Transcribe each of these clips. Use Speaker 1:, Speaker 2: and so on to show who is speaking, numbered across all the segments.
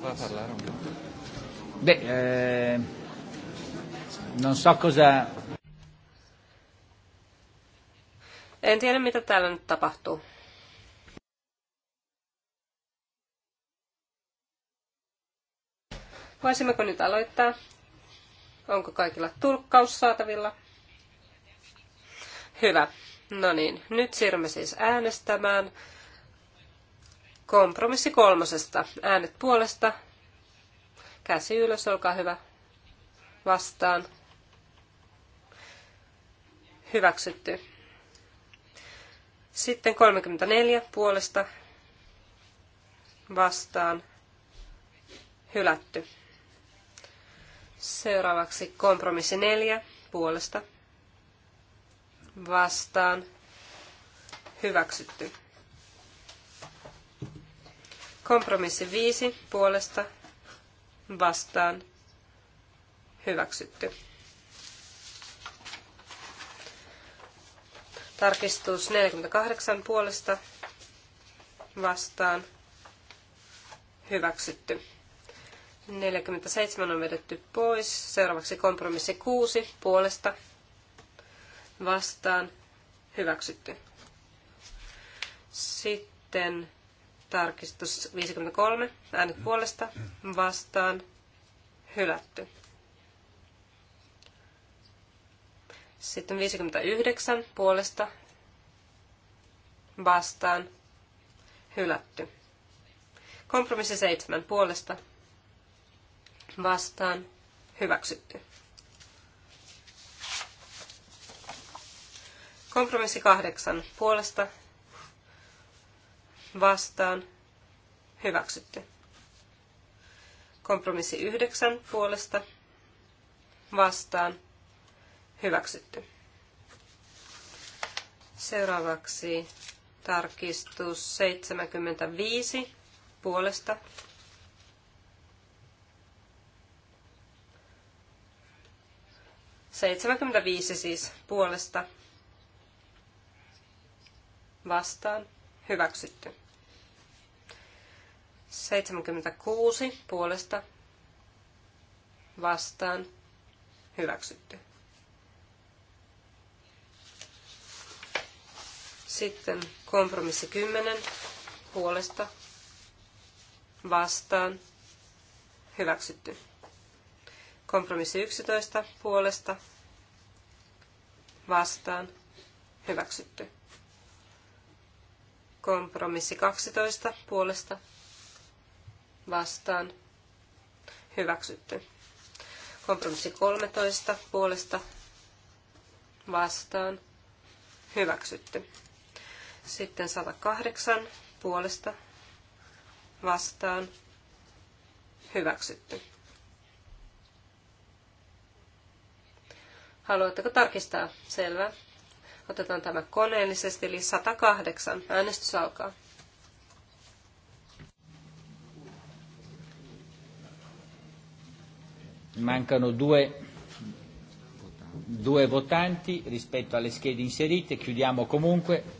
Speaker 1: parlare un
Speaker 2: po'. Beh, eh, non so cosa...
Speaker 3: En tiedä, mitä täällä nyt tapahtuu. Voisimmeko nyt aloittaa? Onko kaikilla tulkkaus saatavilla? Hyvä. No niin, nyt siirrymme siis äänestämään. Kompromissi kolmosesta. Äänet puolesta. Käsi ylös, olkaa hyvä. Vastaan. Hyväksytty. Sitten 34 puolesta vastaan hylätty. Seuraavaksi kompromissi 4 puolesta vastaan hyväksytty. Kompromissi 5 puolesta vastaan hyväksytty. Tarkistus 48 puolesta vastaan hyväksytty. 47 on vedetty pois. Seuraavaksi kompromissi 6 puolesta vastaan hyväksytty. Sitten Tarkistus 53. Äänet puolesta vastaan hylätty. Sitten 59 puolesta vastaan hylätty. Kompromissi 7 puolesta vastaan hyväksytty. Kompromissi 8 puolesta vastaan hyväksytty. Kompromissi 9 puolesta vastaan hyväksytty. Seuraavaksi tarkistus 75 puolesta viisi siis puolesta vastaan hyväksytty. 76 puolesta vastaan hyväksytty. Sitten kompromissi 10 puolesta vastaan hyväksytty. Kompromissi 11 puolesta vastaan hyväksytty. Kompromissi 12 puolesta vastaan hyväksytty. Kompromissi 13 puolesta vastaan hyväksytty. Sitten 108 puolesta vastaan hyväksytty. Haluatteko tarkistaa? Selvä. Otetaan tämä koneellisesti, eli 108. Äänestys alkaa.
Speaker 2: Mancano due, due votanti rispetto alle schede inserite. Chiudiamo comunque.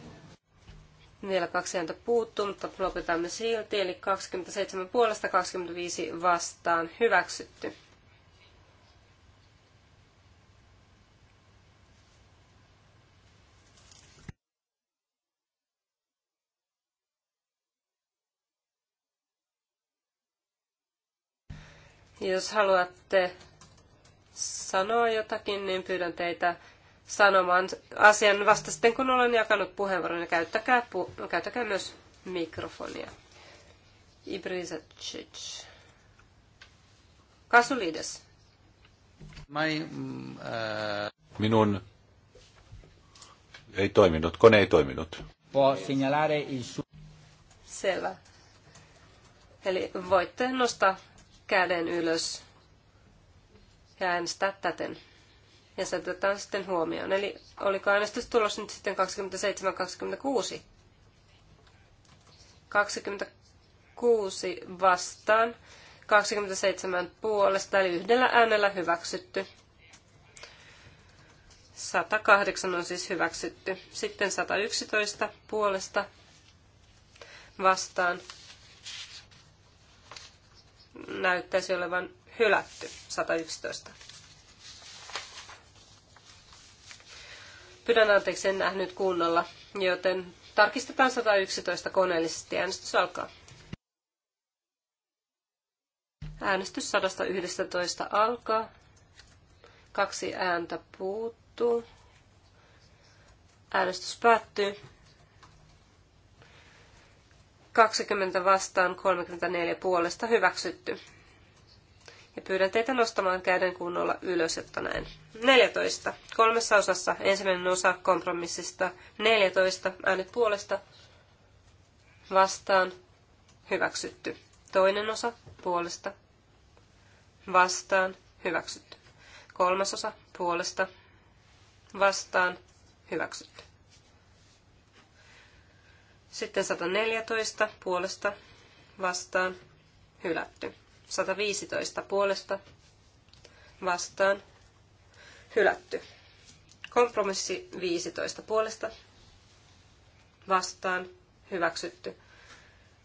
Speaker 3: Vielä kaksi ääntä puuttuu, mutta lopetamme silti, eli 27 puolesta 25 vastaan hyväksytty. Jos haluatte sanoa jotakin, niin pyydän teitä sanomaan asian vasta sitten, kun olen jakanut puheenvuoron. Ja käyttäkää, pu- käyttäkää myös mikrofonia. Ibrisacic. Kasulides.
Speaker 1: My, mm, uh... Minun ei toiminut, kone ei toiminut.
Speaker 3: Selvä. Eli voitte nostaa käden ylös ja äänestää täten. Ja se otetaan sitten huomioon. Eli oliko tulos nyt sitten 27-26? 26 vastaan, 27 puolesta, eli yhdellä äänellä hyväksytty. 108 on siis hyväksytty. Sitten 111 puolesta vastaan näyttäisi olevan hylätty 111. Pyydän anteeksi, en nähnyt kunnolla, joten tarkistetaan 111 koneellisesti. Äänestys alkaa. Äänestys 111 alkaa. Kaksi ääntä puuttuu. Äänestys päättyy. 20 vastaan, 34 puolesta hyväksytty. Ja pyydän teitä nostamaan käden kunnolla ylös, että näin. 14. Kolmessa osassa ensimmäinen osa kompromissista. 14. Äänet puolesta vastaan hyväksytty. Toinen osa puolesta vastaan hyväksytty. Kolmas osa puolesta vastaan hyväksytty. Sitten 114 puolesta vastaan hylätty. 115 puolesta vastaan hylätty. Kompromissi 15 puolesta vastaan hyväksytty.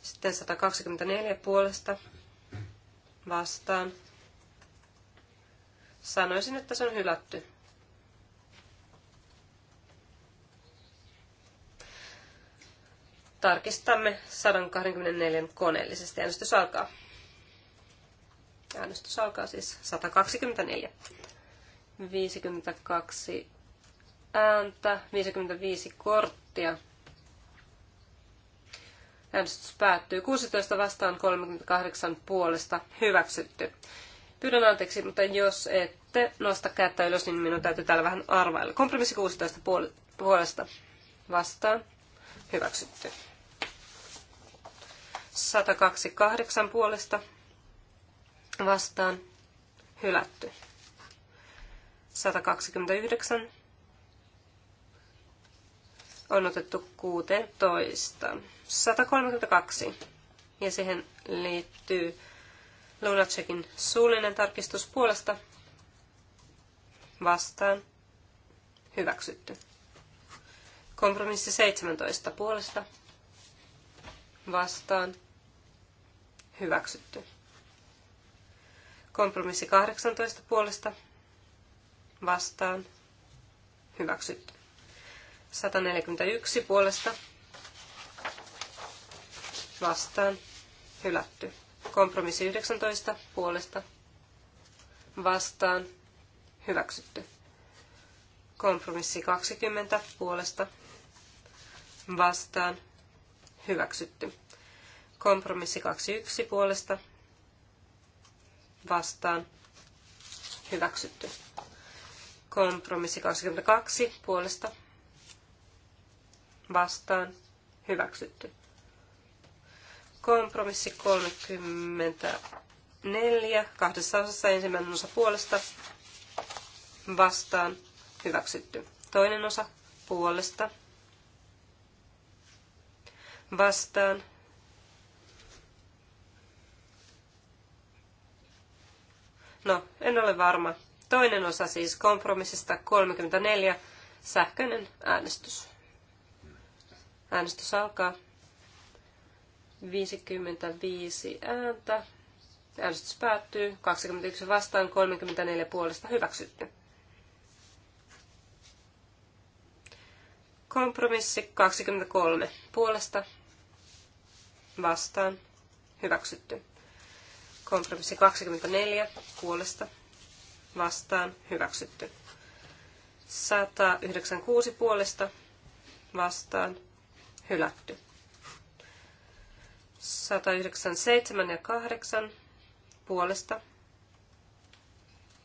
Speaker 3: Sitten 124 puolesta vastaan. Sanoisin, että se on hylätty. Tarkistamme 124 koneellisesti. Äänestys alkaa. Äänestys alkaa siis 124. 52 ääntä, 55 korttia. Äänestys päättyy 16 vastaan 38 puolesta hyväksytty. Pyydän anteeksi, mutta jos ette nosta kättä ylös, niin minun täytyy täällä vähän arvailla. Kompromissi 16 puolesta vastaan hyväksytty. 128 puolesta vastaan hylätty. 129 on otettu 16. 132 ja siihen liittyy Lunacekin suullinen tarkistus puolesta vastaan hyväksytty. Kompromissi 17 puolesta vastaan hyväksytty. Kompromissi 18 puolesta vastaan hyväksytty. 141 puolesta vastaan hylätty. Kompromissi 19 puolesta vastaan hyväksytty. Kompromissi 20 puolesta vastaan hyväksytty. Kompromissi 21 puolesta vastaan hyväksytty. Kompromissi 22 puolesta vastaan hyväksytty. Kompromissi 34 kahdessa osassa ensimmäinen osa puolesta vastaan hyväksytty. Toinen osa puolesta vastaan. No, en ole varma. Toinen osa siis kompromissista 34, sähköinen äänestys. Äänestys alkaa. 55 ääntä. Äänestys päättyy. 21 vastaan, 34 puolesta hyväksytty. Kompromissi 23. Puolesta vastaan hyväksytty. Kompromissi 24. Puolesta vastaan hyväksytty. 196 puolesta vastaan hylätty. 197 ja 8 puolesta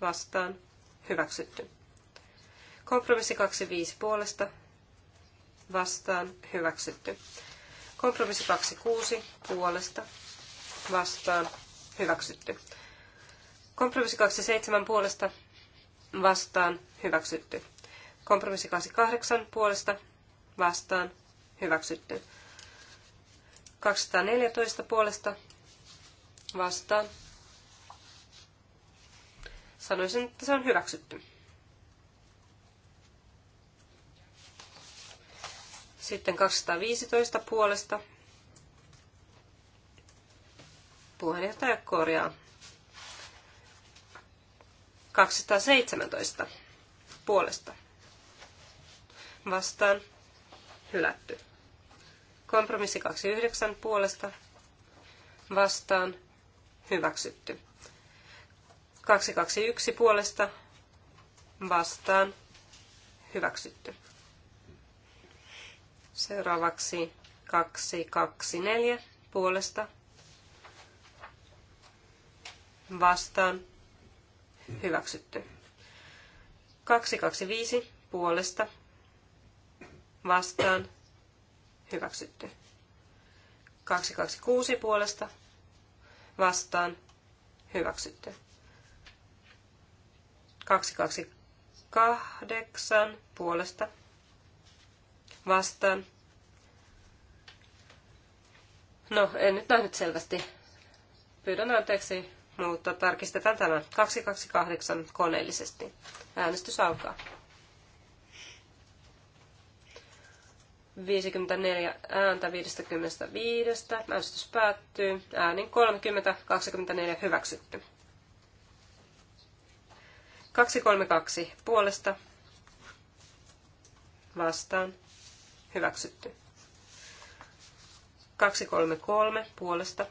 Speaker 3: vastaan hyväksytty. Kompromissi 25 puolesta vastaan hyväksytty. Kompromissi 26 puolesta vastaan hyväksytty. Kompromissi 27 puolesta vastaan hyväksytty. Kompromissi 28 puolesta vastaan hyväksytty. 214 puolesta vastaan. Sanoisin, että se on hyväksytty. Sitten 215 puolesta. Puheenjohtaja korjaa. 217 puolesta. Vastaan hylätty. Kompromissi 29 puolesta vastaan hyväksytty. 221 puolesta vastaan hyväksytty. Seuraavaksi 224 puolesta vastaan hyväksytty. 225 puolesta vastaan hyväksytty. 226 puolesta vastaan hyväksytty. 228 puolesta vastaan. No, en nyt nähnyt selvästi. Pyydän anteeksi, mutta tarkistetaan tämä 228 koneellisesti. Äänestys alkaa. 54 ääntä 55. Äänestys päättyy. Äänin 30-24 hyväksytty. 232 puolesta vastaan Hyväksytty. 233 puolesta.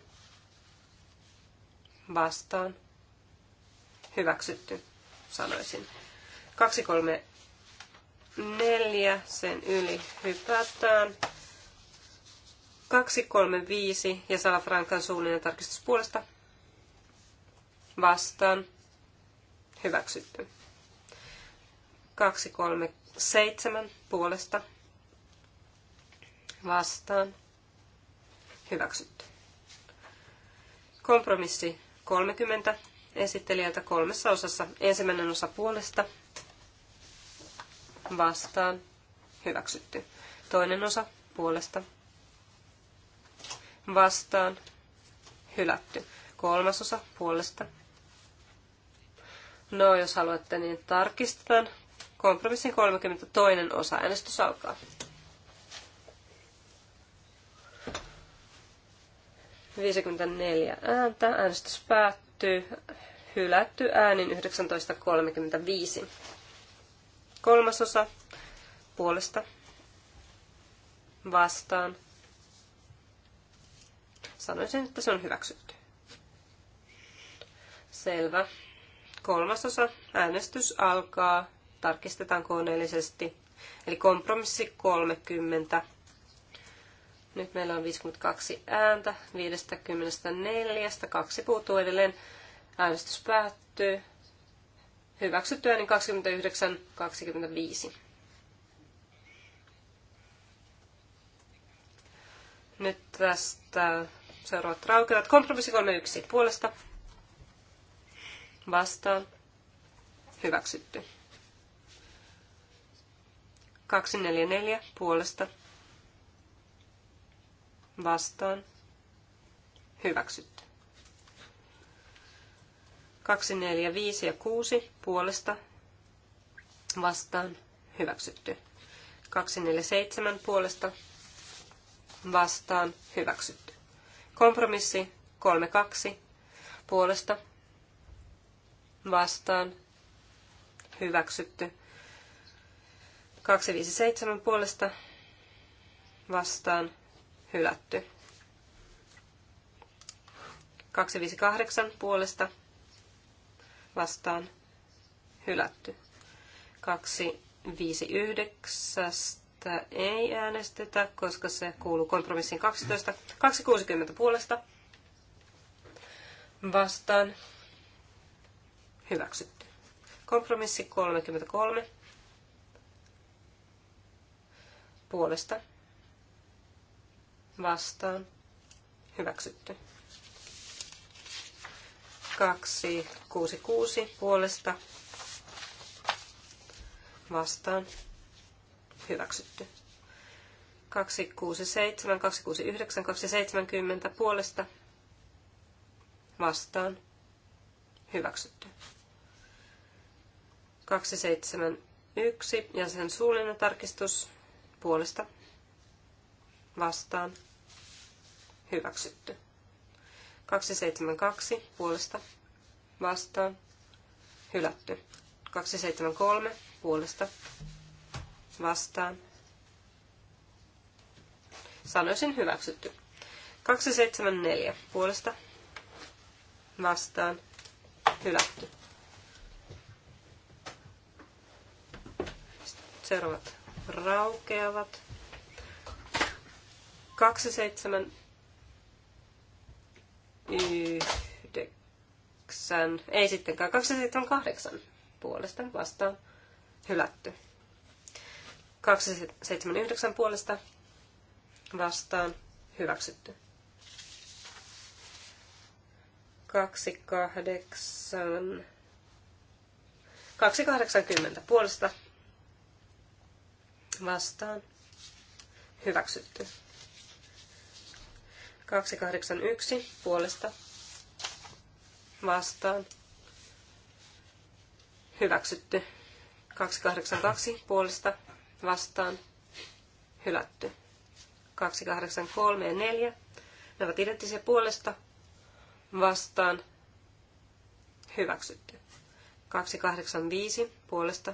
Speaker 3: Vastaan. Hyväksytty, sanoisin. 234 sen yli hypätään. 235 ja Salafrankan suullinen tarkistus puolesta. Vastaan. Hyväksytty. 237 puolesta vastaan hyväksytty. Kompromissi 30 esittelijältä kolmessa osassa. Ensimmäinen osa puolesta vastaan hyväksytty. Toinen osa puolesta vastaan hylätty. Kolmas osa puolesta. No, jos haluatte, niin tarkistetaan. Kompromissin 30 toinen osa. Äänestys alkaa. 54 ääntä. Äänestys päättyy. Hylätty äänin 19.35. Kolmasosa puolesta vastaan. Sanoisin, että se on hyväksytty. Selvä. Kolmasosa. Äänestys alkaa. Tarkistetaan koneellisesti. Eli kompromissi 30. Nyt meillä on 52 ääntä, 54, kaksi puuttuu edelleen. Äänestys päättyy. Hyväksyttyä niin 29, 25. Nyt tästä seuraavat raukeavat. Kompromissi 31 puolesta. Vastaan. Hyväksytty. 244 puolesta vastaan hyväksytty. 2, 4, 5 ja 6 puolesta vastaan hyväksytty. 2, 4, 7 puolesta vastaan hyväksytty. Kompromissi 3, 2 puolesta vastaan hyväksytty. seitsemän puolesta vastaan hylätty. 258 puolesta vastaan hylätty. 259 ei äänestetä, koska se kuuluu kompromissiin 12. 260 puolesta vastaan hyväksytty. Kompromissi 33 puolesta vastaan hyväksytty. 266 puolesta vastaan hyväksytty. 267, 269, 270 puolesta vastaan hyväksytty. 271 ja sen suullinen tarkistus puolesta vastaan hyväksytty. 272 puolesta vastaan hylätty. 273 puolesta vastaan. Sanoisin hyväksytty. 274 puolesta vastaan hylätty. Seuraavat raukeavat. 27 yhdeksän, ei sittenkään, 278 puolesta vastaan hylätty. 279 puolesta vastaan hyväksytty. 28 280 puolesta vastaan hyväksytty. 281 puolesta vastaan. Hyväksytty. 282 puolesta vastaan. Hylätty. 283 ja 4. Ne ovat identtisiä puolesta vastaan. Hyväksytty. 285 puolesta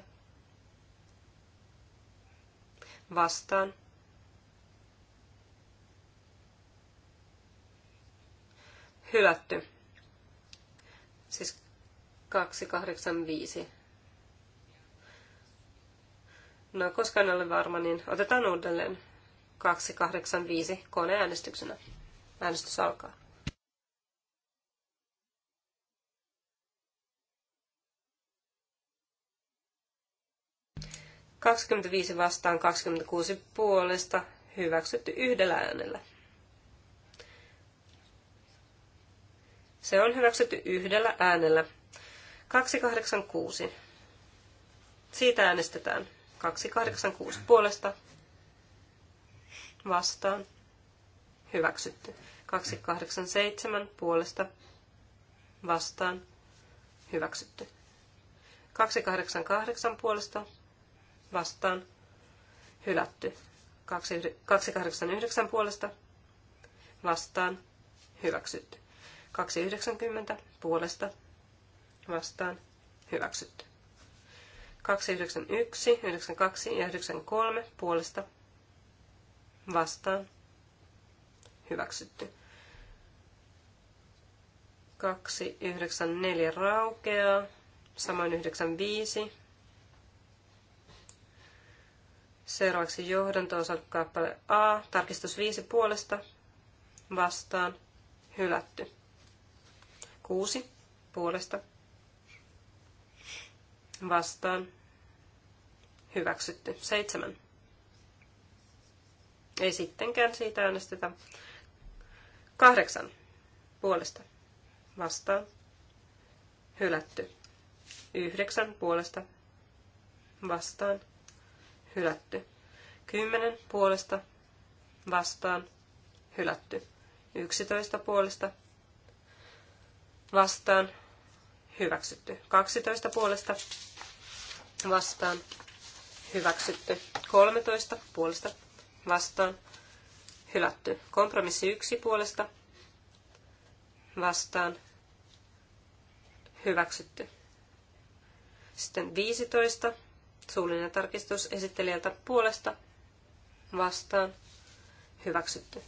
Speaker 3: vastaan. hylätty. Siis 285. No, koska en ole varma, niin otetaan uudelleen 285 koneäänestyksenä. Äänestys alkaa. Kaksikymmentäviisi vastaan 26 puolesta hyväksytty yhdellä äänellä. Se on hyväksytty yhdellä äänellä. 286. Siitä äänestetään. 286 puolesta. Vastaan. Hyväksytty. 287 puolesta. Vastaan. Hyväksytty. 288 puolesta. Vastaan. Hylätty. 289 puolesta. Vastaan. Hyväksytty. 290 puolesta vastaan hyväksytty. 291, 92 ja 93 puolesta vastaan hyväksytty. 294 raukeaa, samoin 95. Seuraavaksi johdanto-osa kappale A, tarkistus 5 puolesta vastaan hylätty kuusi puolesta vastaan hyväksytty seitsemän Ei sittenkään siitä äänestetä. kahdeksan puolesta vastaan hylätty. yhdeksän puolesta vastaan hylätty. kymmenen puolesta vastaan hylätty. yksitoista puolesta vastaan vastaan hyväksytty. 12 puolesta vastaan hyväksytty. 13 puolesta vastaan hylätty. Kompromissi 1 puolesta vastaan hyväksytty. Sitten 15 suullinen tarkistus esittelijältä puolesta vastaan hyväksytty.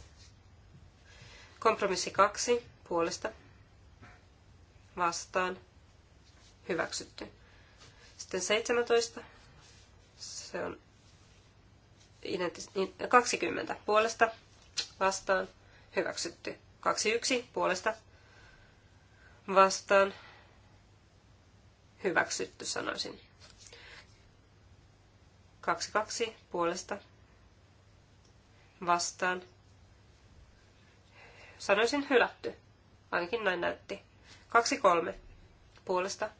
Speaker 3: Kompromissi 2 puolesta vastaan hyväksytty. Sitten 17, se on 20 niin, puolesta vastaan hyväksytty. 21 puolesta vastaan hyväksytty sanoisin. 22 puolesta vastaan sanoisin hylätty. Ainakin näin näytti. Kaksi kolme. Puolesta.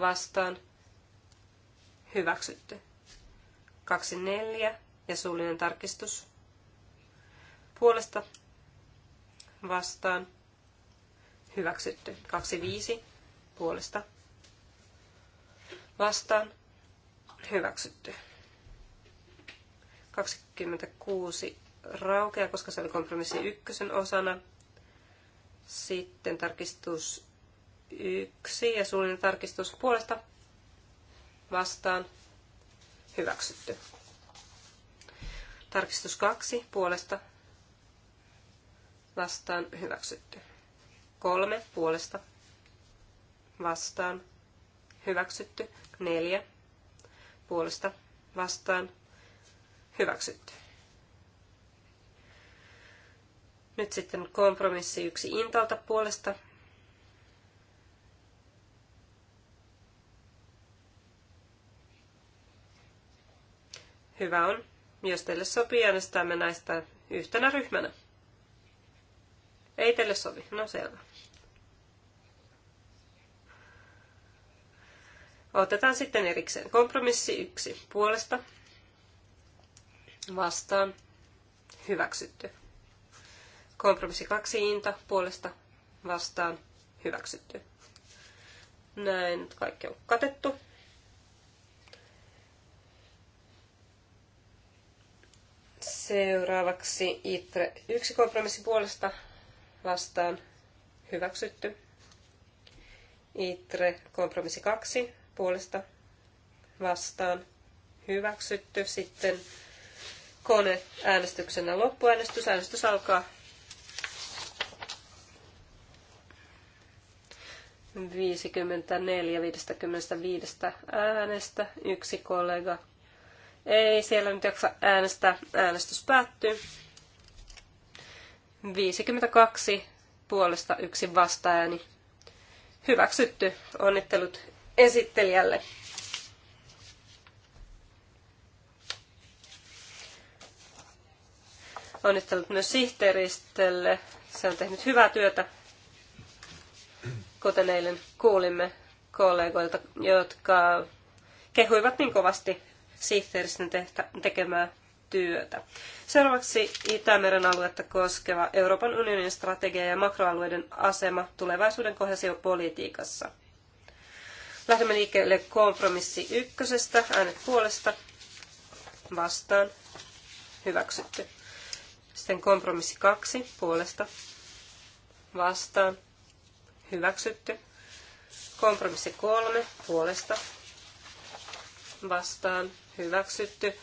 Speaker 3: Vastaan. Hyväksytty. Kaksi neljä. Ja suullinen tarkistus. Puolesta. Vastaan. Hyväksytty. Kaksi viisi. Puolesta. Vastaan. Hyväksytty. 26 raukea, koska se oli kompromissi ykkösen osana. Sitten tarkistus 1 ja suullinen tarkistus puolesta vastaan hyväksytty. Tarkistus 2 puolesta vastaan hyväksytty. 3 puolesta vastaan hyväksytty. 4 puolesta vastaan hyväksytty. Nyt sitten kompromissi yksi Intalta puolesta. Hyvä on. Jos teille sopii, äänestämme näistä yhtenä ryhmänä. Ei teille sovi. No selvä. Otetaan sitten erikseen kompromissi yksi puolesta vastaan hyväksytty. Kompromissi kaksi inta puolesta vastaan hyväksytty. Näin kaikki on katettu. Seuraavaksi ITRE yksi kompromissi puolesta vastaan hyväksytty. ITRE kompromissi kaksi puolesta vastaan hyväksytty. Sitten äänestyksenä loppuäänestys. Äänestys alkaa. 54-55 äänestä. Yksi kollega ei siellä nyt jaksa äänestää. Äänestys päättyy. 52 puolesta yksi vastaääni. Hyväksytty. Onnittelut esittelijälle. Onnittelut myös sihteeristölle. Se on tehnyt hyvää työtä kuten eilen kuulimme kollegoilta, jotka kehuivat niin kovasti sihteeristön tekemää työtä. Seuraavaksi Itämeren aluetta koskeva Euroopan unionin strategia ja makroalueiden asema tulevaisuuden kohesiopolitiikassa. Lähdemme liikkeelle kompromissi ykkösestä, äänet puolesta, vastaan, hyväksytty. Sitten kompromissi kaksi, puolesta, vastaan, hyväksytty. Kompromissi kolme puolesta vastaan hyväksytty.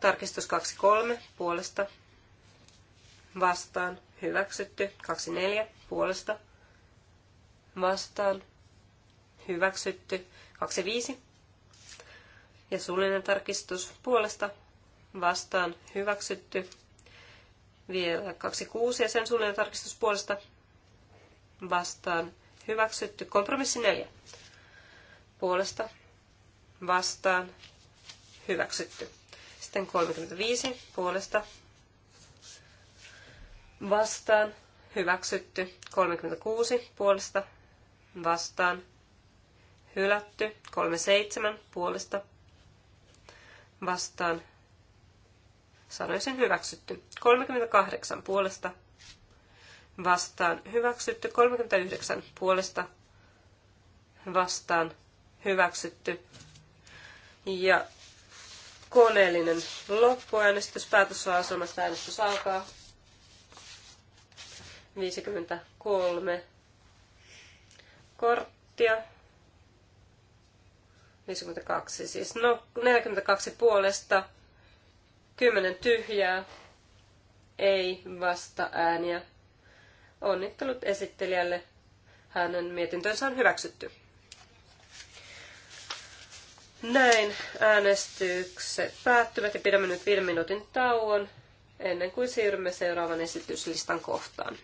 Speaker 3: Tarkistus 23 puolesta vastaan hyväksytty. 24 puolesta vastaan hyväksytty. 25 ja suullinen tarkistus puolesta vastaan hyväksytty. Vielä 26 ja sen suullinen tarkistus puolesta vastaan hyväksytty. Kompromissi 4 puolesta vastaan hyväksytty. Sitten 35 puolesta vastaan hyväksytty. 36 puolesta vastaan hylätty. 37 puolesta vastaan sanoisin hyväksytty. 38 puolesta vastaan hyväksytty. 39 puolesta vastaan hyväksytty. Ja koneellinen loppuäänestys päätösasumasta äänestys alkaa. 53 korttia. 52 siis. No, 42 puolesta. 10 tyhjää. Ei vasta ääniä. Onnittelut esittelijälle. Hänen mietintönsä on hyväksytty. Näin äänestykset päättyvät ja pidämme nyt viiden minuutin tauon ennen kuin siirrymme seuraavan esityslistan kohtaan.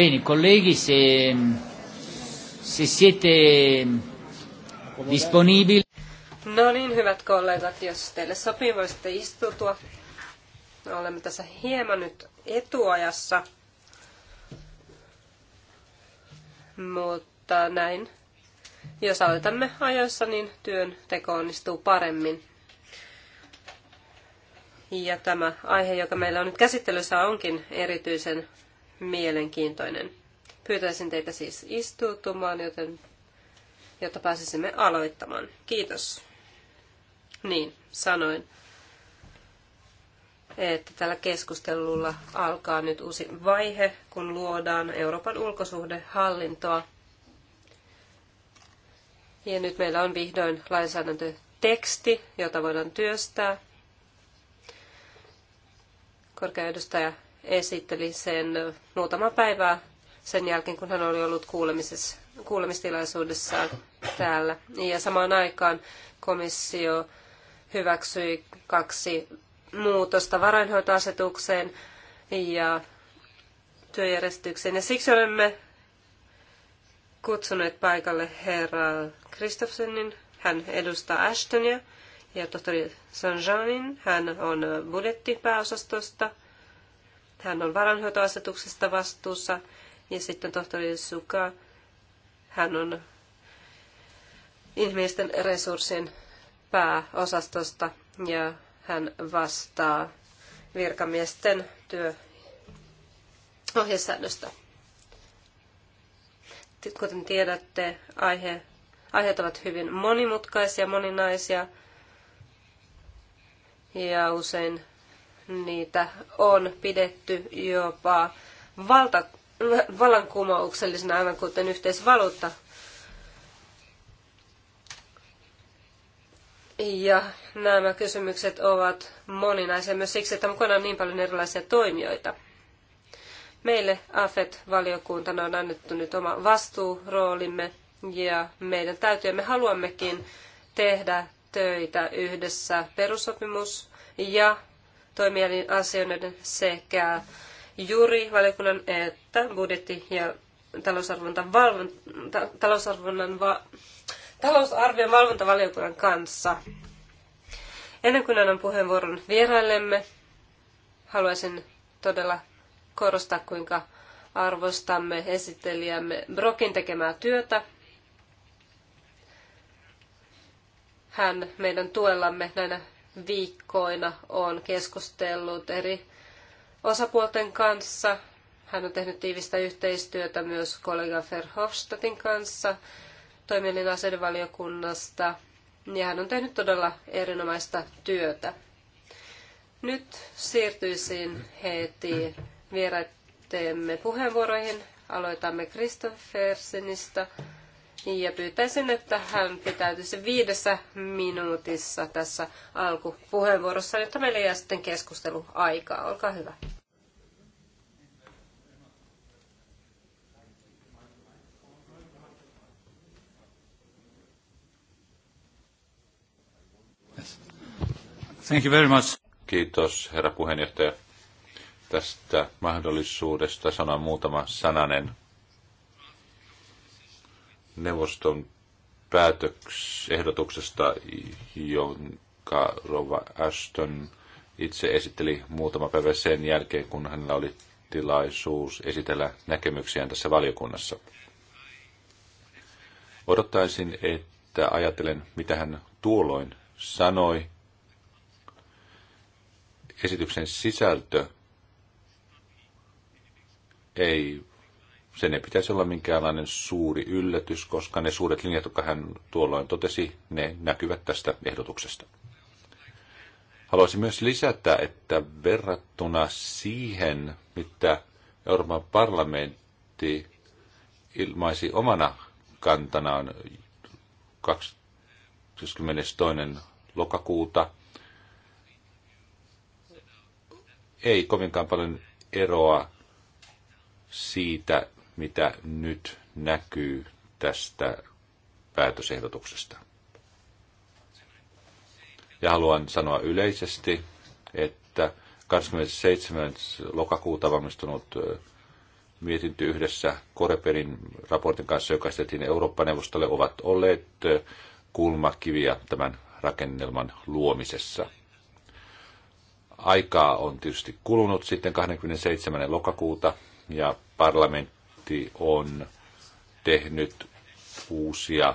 Speaker 2: Bene, colleghi, se, se siete disponibili.
Speaker 3: No niin, hyvät kollegat, jos teille sopii, voisitte istutua. Me no, Olemme tässä hieman nyt etuajassa, mutta näin. Jos aloitamme ajoissa, niin työn teko onnistuu paremmin. Ja tämä aihe, joka meillä on nyt käsittelyssä, onkin erityisen mielenkiintoinen. Pyytäisin teitä siis istuutumaan, joten, jotta pääsisimme aloittamaan. Kiitos. Niin, sanoin, että tällä keskustelulla alkaa nyt uusi vaihe, kun luodaan Euroopan ulkosuhdehallintoa. Ja nyt meillä on vihdoin lainsäädäntöteksti, jota voidaan työstää. Korkea edustaja esitteli sen muutama päivä sen jälkeen, kun hän oli ollut kuulemistilaisuudessaan täällä. Ja samaan aikaan komissio hyväksyi kaksi muutosta varainhoitoasetukseen ja työjärjestykseen. Ja siksi olemme kutsuneet paikalle herra Kristofsenin, hän edustaa Ashtonia, ja tohtori Sanjanin, hän on budjettipääosastosta, hän on varanhoitoasetuksesta vastuussa ja sitten tohtori Suka, hän on ihmisten resurssien pääosastosta ja hän vastaa virkamiesten työohjesäännöstä. Kuten tiedätte, aihe, aiheet ovat hyvin monimutkaisia, moninaisia ja usein Niitä on pidetty jopa valta, vallankumouksellisena, aivan kuten yhteisvaluutta. Ja nämä kysymykset ovat moninaisia myös siksi, että mukana on niin paljon erilaisia toimijoita. Meille AFET-valiokuntana on annettu nyt oma vastuuroolimme ja meidän täytyy ja me haluammekin tehdä töitä yhdessä perussopimus ja toimielin asioiden sekä juri valiokunnan että budjetti- ja talousarvonnan, valvon, talousarvonnan va, talousarvion valvontavaliokunnan kanssa. Ennen kuin annan puheenvuoron vieraillemme, haluaisin todella korostaa, kuinka arvostamme esittelijämme Brokin tekemää työtä. Hän meidän tuellamme näinä viikkoina on keskustellut eri osapuolten kanssa. Hän on tehnyt tiivistä yhteistyötä myös kollega Verhofstadtin kanssa toimielin aseidenvaliokunnasta ja hän on tehnyt todella erinomaista työtä. Nyt siirtyisin heti vieraitteemme puheenvuoroihin. Aloitamme Kristoffersenista. Ja pyytäisin, että hän pitäytyisi viidessä minuutissa tässä alkupuheenvuorossa, jotta meillä jää sitten keskustelu aikaa. Olkaa hyvä.
Speaker 1: Thank you very much. Kiitos, herra puheenjohtaja, tästä mahdollisuudesta sanoa muutama sananen neuvoston päätöksehdotuksesta, jonka Rova Ashton itse esitteli muutama päivä sen jälkeen, kun hänellä oli tilaisuus esitellä näkemyksiään tässä valiokunnassa. Odottaisin, että ajatelen, mitä hän tuolloin sanoi. Esityksen sisältö ei sen ei pitäisi olla minkäänlainen suuri yllätys, koska ne suuret linjat, jotka hän tuolloin totesi, ne näkyvät tästä ehdotuksesta. Haluaisin myös lisätä, että verrattuna siihen, mitä Euroopan parlamentti ilmaisi omana kantanaan 22. lokakuuta, ei kovinkaan paljon eroa siitä, mitä nyt näkyy tästä päätösehdotuksesta. Ja haluan sanoa yleisesti, että 27. lokakuuta valmistunut mietintö yhdessä Koreperin raportin kanssa, joka esitettiin Eurooppa-neuvostolle, ovat olleet kulmakiviä tämän rakennelman luomisessa. Aikaa on tietysti kulunut sitten 27. lokakuuta ja parlamentti parlamentti on tehnyt uusia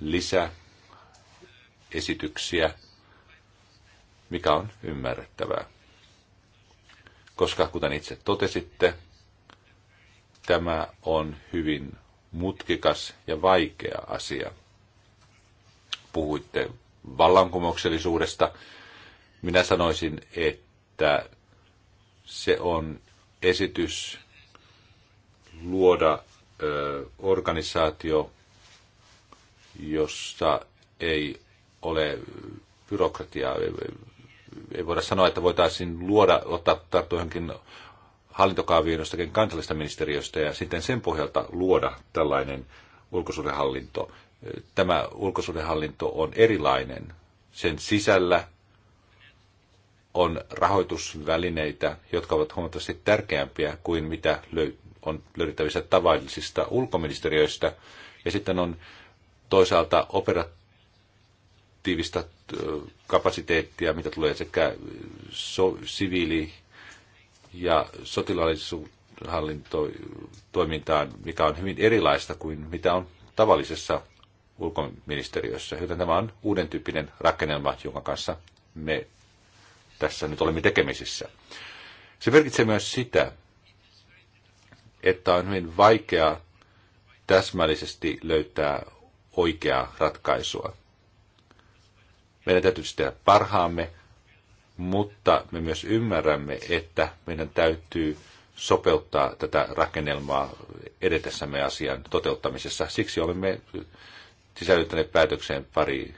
Speaker 1: lisäesityksiä, mikä on ymmärrettävää. Koska, kuten itse totesitte, tämä on hyvin mutkikas ja vaikea asia. Puhuitte vallankumouksellisuudesta. Minä sanoisin, että se on esitys, luoda organisaatio, jossa ei ole byrokratiaa. Ei voida sanoa, että voitaisiin luoda, ottaa tarttua johonkin hallintokaaviin jostakin kansallista ministeriöstä ja sitten sen pohjalta luoda tällainen ulkosuudenhallinto. Tämä ulkosuudenhallinto on erilainen. Sen sisällä on rahoitusvälineitä, jotka ovat huomattavasti tärkeämpiä kuin mitä löytyy on löydettävissä tavallisista ulkoministeriöistä, ja sitten on toisaalta operatiivista kapasiteettia, mitä tulee sekä so, siviili- ja sotilaallisuushallintoimintaan, mikä on hyvin erilaista kuin mitä on tavallisessa ulkoministeriössä. Joten tämä on uuden tyyppinen rakennelma, jonka kanssa me tässä nyt olemme tekemisissä. Se merkitsee myös sitä, että on hyvin vaikea täsmällisesti löytää oikeaa ratkaisua. Meidän täytyy tehdä parhaamme, mutta me myös ymmärrämme, että meidän täytyy sopeuttaa tätä rakennelmaa edetessämme asian toteuttamisessa. Siksi olemme sisällyttäneet päätökseen pari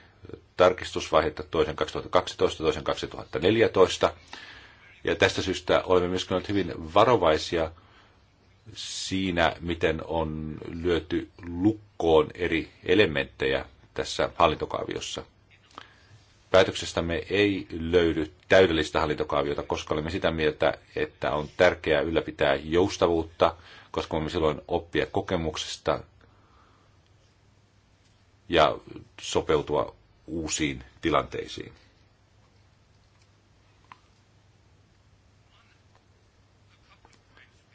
Speaker 1: tarkistusvaihetta, toisen 2012, toisen 2014. Ja tästä syystä olemme myös olleet hyvin varovaisia – siinä, miten on lyöty lukkoon eri elementtejä tässä hallintokaaviossa. Päätöksestämme ei löydy täydellistä hallintokaaviota, koska olemme sitä mieltä, että on tärkeää ylläpitää joustavuutta, koska voimme silloin oppia kokemuksesta ja sopeutua uusiin tilanteisiin.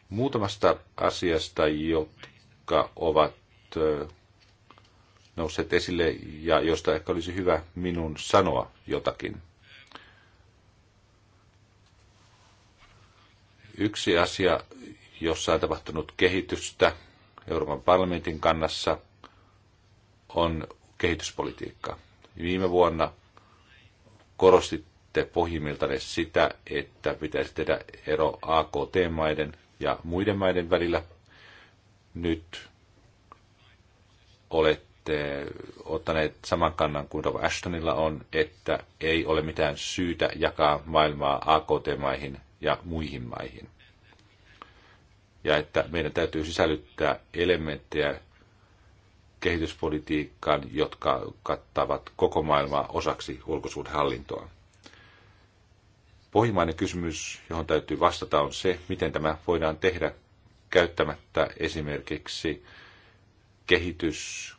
Speaker 1: muutamasta asiasta, jotka ovat nousseet esille ja josta ehkä olisi hyvä minun sanoa jotakin. Yksi asia, jossa on tapahtunut kehitystä Euroopan parlamentin kannassa, on kehityspolitiikka. Viime vuonna korostitte pohjimmiltanne sitä, että pitäisi tehdä ero AKT-maiden ja muiden maiden välillä. Nyt olette ottaneet saman kannan kuin Rova Ashtonilla on, että ei ole mitään syytä jakaa maailmaa AKT-maihin ja muihin maihin. Ja että meidän täytyy sisällyttää elementtejä kehityspolitiikkaan, jotka kattavat koko maailmaa osaksi ulkosuudenhallintoa. Pohjimmainen kysymys, johon täytyy vastata, on se, miten tämä voidaan tehdä käyttämättä esimerkiksi kehitys,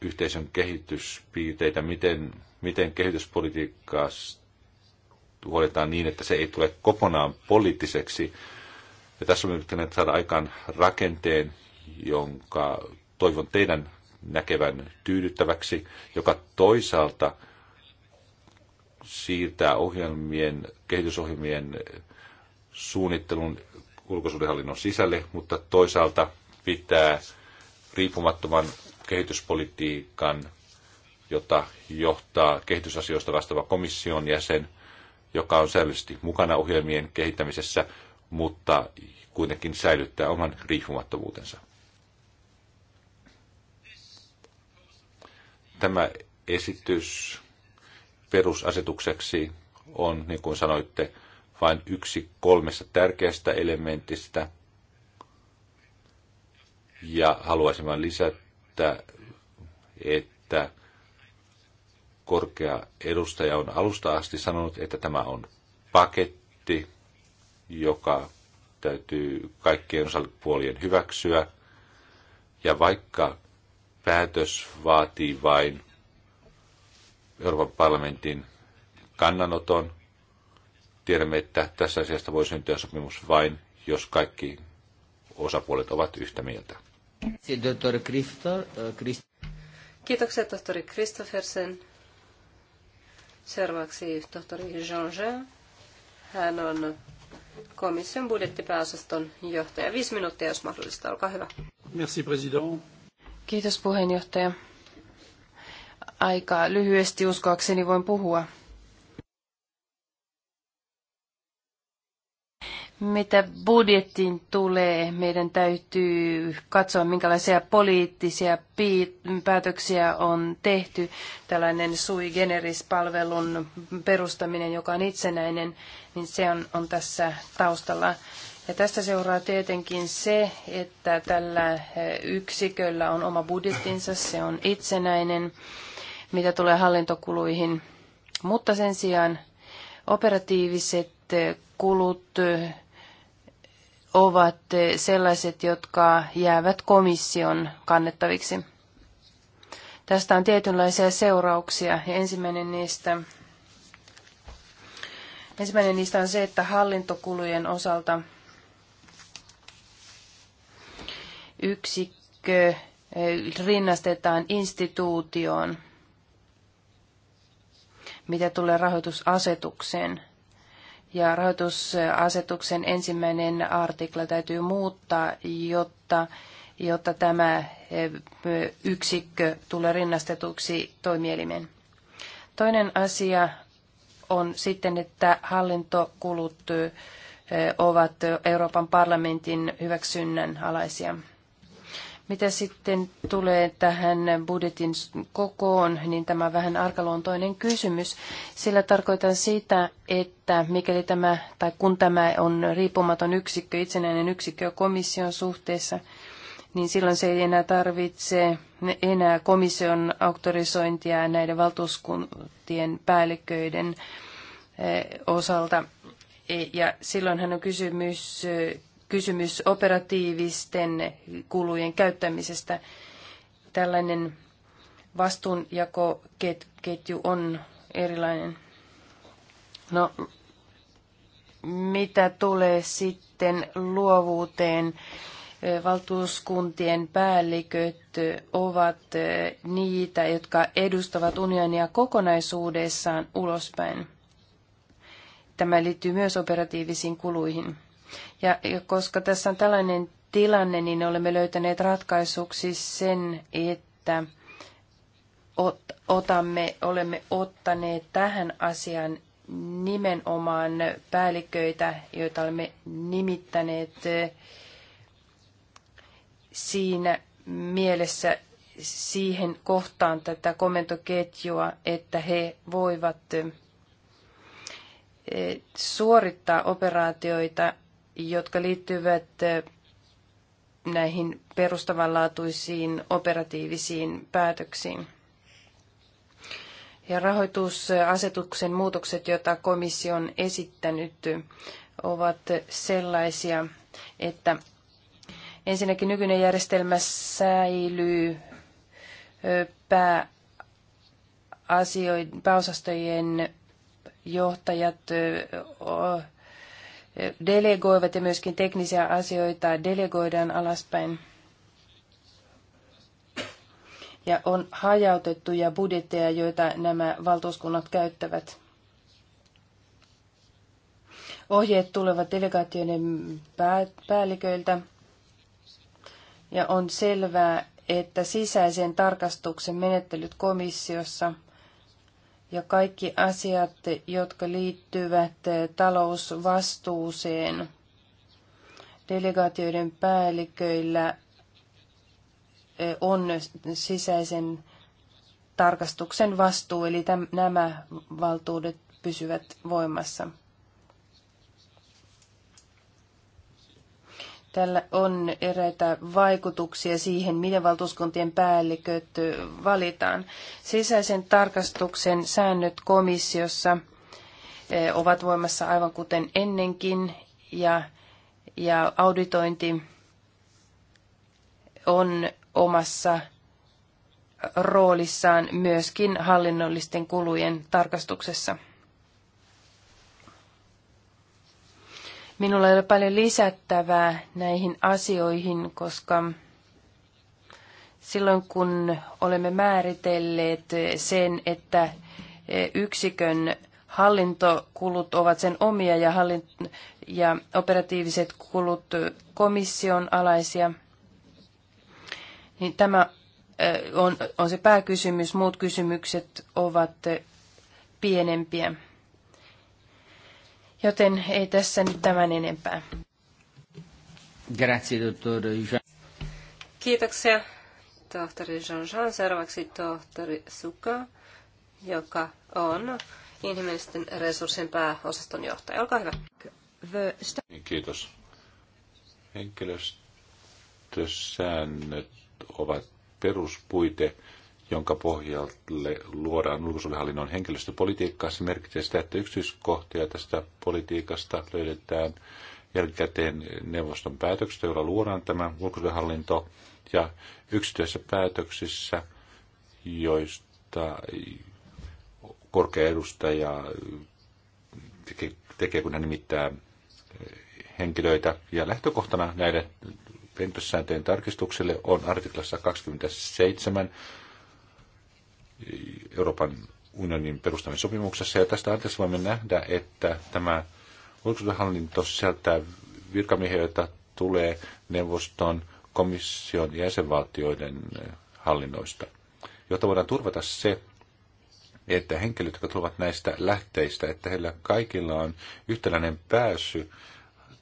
Speaker 1: yhteisön kehityspiirteitä, miten, miten kehityspolitiikkaa huolehditaan niin, että se ei tule kokonaan poliittiseksi. Ja tässä on yrittänyt saada aikaan rakenteen, jonka toivon teidän näkevän tyydyttäväksi, joka toisaalta siirtää ohjelmien, kehitysohjelmien suunnittelun ulkosuudenhallinnon sisälle, mutta toisaalta pitää riippumattoman kehityspolitiikan, jota johtaa kehitysasioista vastaava komission jäsen, joka on säännöllisesti mukana ohjelmien kehittämisessä, mutta kuitenkin säilyttää oman riippumattomuutensa. Tämä esitys perusasetukseksi on, niin kuin sanoitte, vain yksi kolmesta tärkeästä elementistä. Ja haluaisin vain lisätä, että korkea edustaja on alusta asti sanonut, että tämä on paketti, joka täytyy kaikkien osapuolien hyväksyä. Ja vaikka päätös vaatii vain Euroopan parlamentin kannanoton. Tiedämme, että tässä asiasta voi syntyä sopimus vain, jos kaikki osapuolet ovat yhtä mieltä.
Speaker 2: Eh,
Speaker 3: Kiitoksia tohtori Kristoffersen. Seuraavaksi tohtori Jean Jean. Hän on komission budjettipääosaston johtaja. Viisi minuuttia, jos mahdollista. Olkaa hyvä. Merci, president.
Speaker 2: Kiitos puheenjohtaja. Aika lyhyesti uskoakseni voin puhua. Mitä budjettiin tulee, meidän täytyy katsoa, minkälaisia poliittisia päätöksiä on tehty. Tällainen sui generis-palvelun perustaminen, joka on itsenäinen, niin se on, on tässä taustalla. Ja tästä seuraa tietenkin se, että tällä eh, yksiköllä on oma budjettinsa, se on itsenäinen, mitä tulee hallintokuluihin. Mutta sen sijaan operatiiviset eh, kulut eh, ovat sellaiset, jotka jäävät komission kannettaviksi. Tästä on tietynlaisia seurauksia ja ensimmäinen niistä, ensimmäinen niistä on se, että hallintokulujen osalta – yksikkö eh, rinnastetaan instituutioon, mitä tulee rahoitusasetukseen. Ja rahoitusasetuksen ensimmäinen artikla täytyy muuttaa, jotta, jotta tämä eh, yksikkö tulee rinnastetuksi toimielimen. Toinen asia on sitten, että hallintokulut eh, ovat Euroopan parlamentin hyväksynnän alaisia. Mitä sitten tulee tähän budjetin kokoon, niin tämä on vähän arkaluontoinen kysymys. Sillä tarkoitan sitä, että mikäli tämä, tai kun tämä on riippumaton yksikkö, itsenäinen yksikkö komission suhteessa, niin silloin se ei enää tarvitse enää komission auktorisointia näiden valtuuskuntien päälliköiden eh, osalta. E, ja silloinhan on kysymys eh, kysymys operatiivisten kulujen käyttämisestä. Tällainen vastuunjakoketju on erilainen. No, mitä tulee sitten luovuuteen, valtuuskuntien päälliköt ovat niitä, jotka edustavat unionia kokonaisuudessaan ulospäin. Tämä liittyy myös operatiivisiin kuluihin. Ja, ja koska tässä on tällainen tilanne, niin olemme löytäneet ratkaisuksi sen, että otamme, olemme ottaneet tähän asian nimenomaan päälliköitä, joita olemme nimittäneet siinä mielessä siihen kohtaan tätä komentoketjua, että he voivat suorittaa operaatioita jotka liittyvät eh, näihin perustavanlaatuisiin operatiivisiin päätöksiin. Ja rahoitusasetuksen muutokset, joita komissio on esittänyt, ovat sellaisia, että ensinnäkin nykyinen järjestelmä säilyy pääasioiden, pääosastojen johtajat delegoivat ja myöskin teknisiä asioita delegoidaan alaspäin. Ja on hajautettuja budjetteja, joita nämä valtuuskunnat käyttävät. Ohjeet tulevat delegaatioiden päälliköiltä ja on selvää, että sisäisen tarkastuksen menettelyt komissiossa – ja kaikki asiat, jotka liittyvät eh, talousvastuuseen delegaatioiden päälliköillä eh, on sisäisen tarkastuksen vastuu, eli täm, nämä valtuudet pysyvät voimassa. Tällä on eräitä vaikutuksia siihen, miten valtuuskuntien päälliköt valitaan. Sisäisen tarkastuksen säännöt komissiossa eh, ovat voimassa aivan kuten ennenkin ja, ja auditointi on omassa roolissaan myöskin hallinnollisten kulujen tarkastuksessa. Minulla ei ole paljon lisättävää näihin asioihin, koska silloin kun olemme määritelleet sen, että e, yksikön hallintokulut ovat sen omia ja, hallint- ja operatiiviset kulut komission alaisia, niin tämä e, on, on se pääkysymys. Muut kysymykset ovat pienempiä. Joten ei tässä nyt tämän enempää. Grazie, Jean.
Speaker 3: Kiitoksia, tohtori Jean-Jean. Seuraavaksi tohtori Suka, joka on inhimillisten resurssien pääosaston johtaja. Olkaa hyvä.
Speaker 1: Niin, kiitos. Henkilöstösäännöt ovat peruspuite jonka pohjalle luodaan ulkosuhdehallinnon henkilöstöpolitiikkaa. Se merkitsee sitä, että yksityiskohtia tästä politiikasta löydetään jälkikäteen neuvoston päätöksestä, jolla luodaan tämä ulkosuhdehallinto ja yksityisissä päätöksissä, joista korkea edustaja tekee, kun hän nimittää henkilöitä. Ja lähtökohtana näiden pentösääntöjen tarkistukselle on artiklassa 27 Euroopan unionin perustamissopimuksessa. Ja tästä anteeksi voimme nähdä, että tämä ulkosuhdehallinto sisältää virkamiehiä, joita tulee neuvoston, komission ja jäsenvaltioiden eh, hallinnoista, jotta voidaan turvata se, että henkilöt, jotka tulevat näistä lähteistä, että heillä kaikilla on yhtäläinen pääsy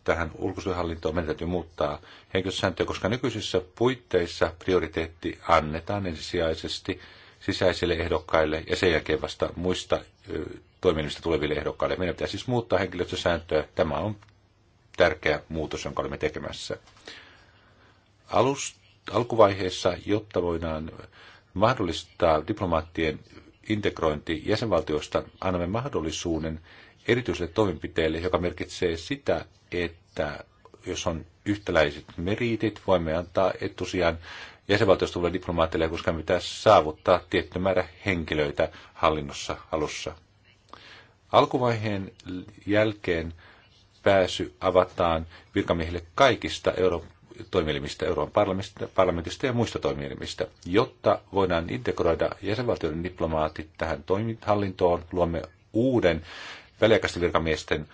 Speaker 1: tähän ulkosuhdehallintoon, Meidän täytyy muuttaa henkilösääntöjä, koska nykyisissä puitteissa prioriteetti annetaan ensisijaisesti sisäisille ehdokkaille ja sen jälkeen vasta muista toimimista tuleville ehdokkaille. Meidän pitää siis muuttaa henkilöstösääntöä. Tämä on tärkeä muutos, jonka olemme tekemässä. Alust, alkuvaiheessa, jotta voidaan mahdollistaa diplomaattien integrointi jäsenvaltioista, annamme mahdollisuuden erityiselle toimenpiteelle, joka merkitsee sitä, että jos on yhtäläiset meriitit, voimme antaa etusijan jäsenvaltiosta tulee diplomaatille, koska me pitää saavuttaa tietty määrä henkilöitä hallinnossa alussa. Alkuvaiheen jälkeen pääsy avataan virkamiehille kaikista euro- toimielimistä, Euroopan parlamentista, parlamentista ja muista toimielimistä. Jotta voidaan integroida jäsenvaltioiden diplomaatit tähän hallintoon, luomme uuden väliaikaisten virkamiesten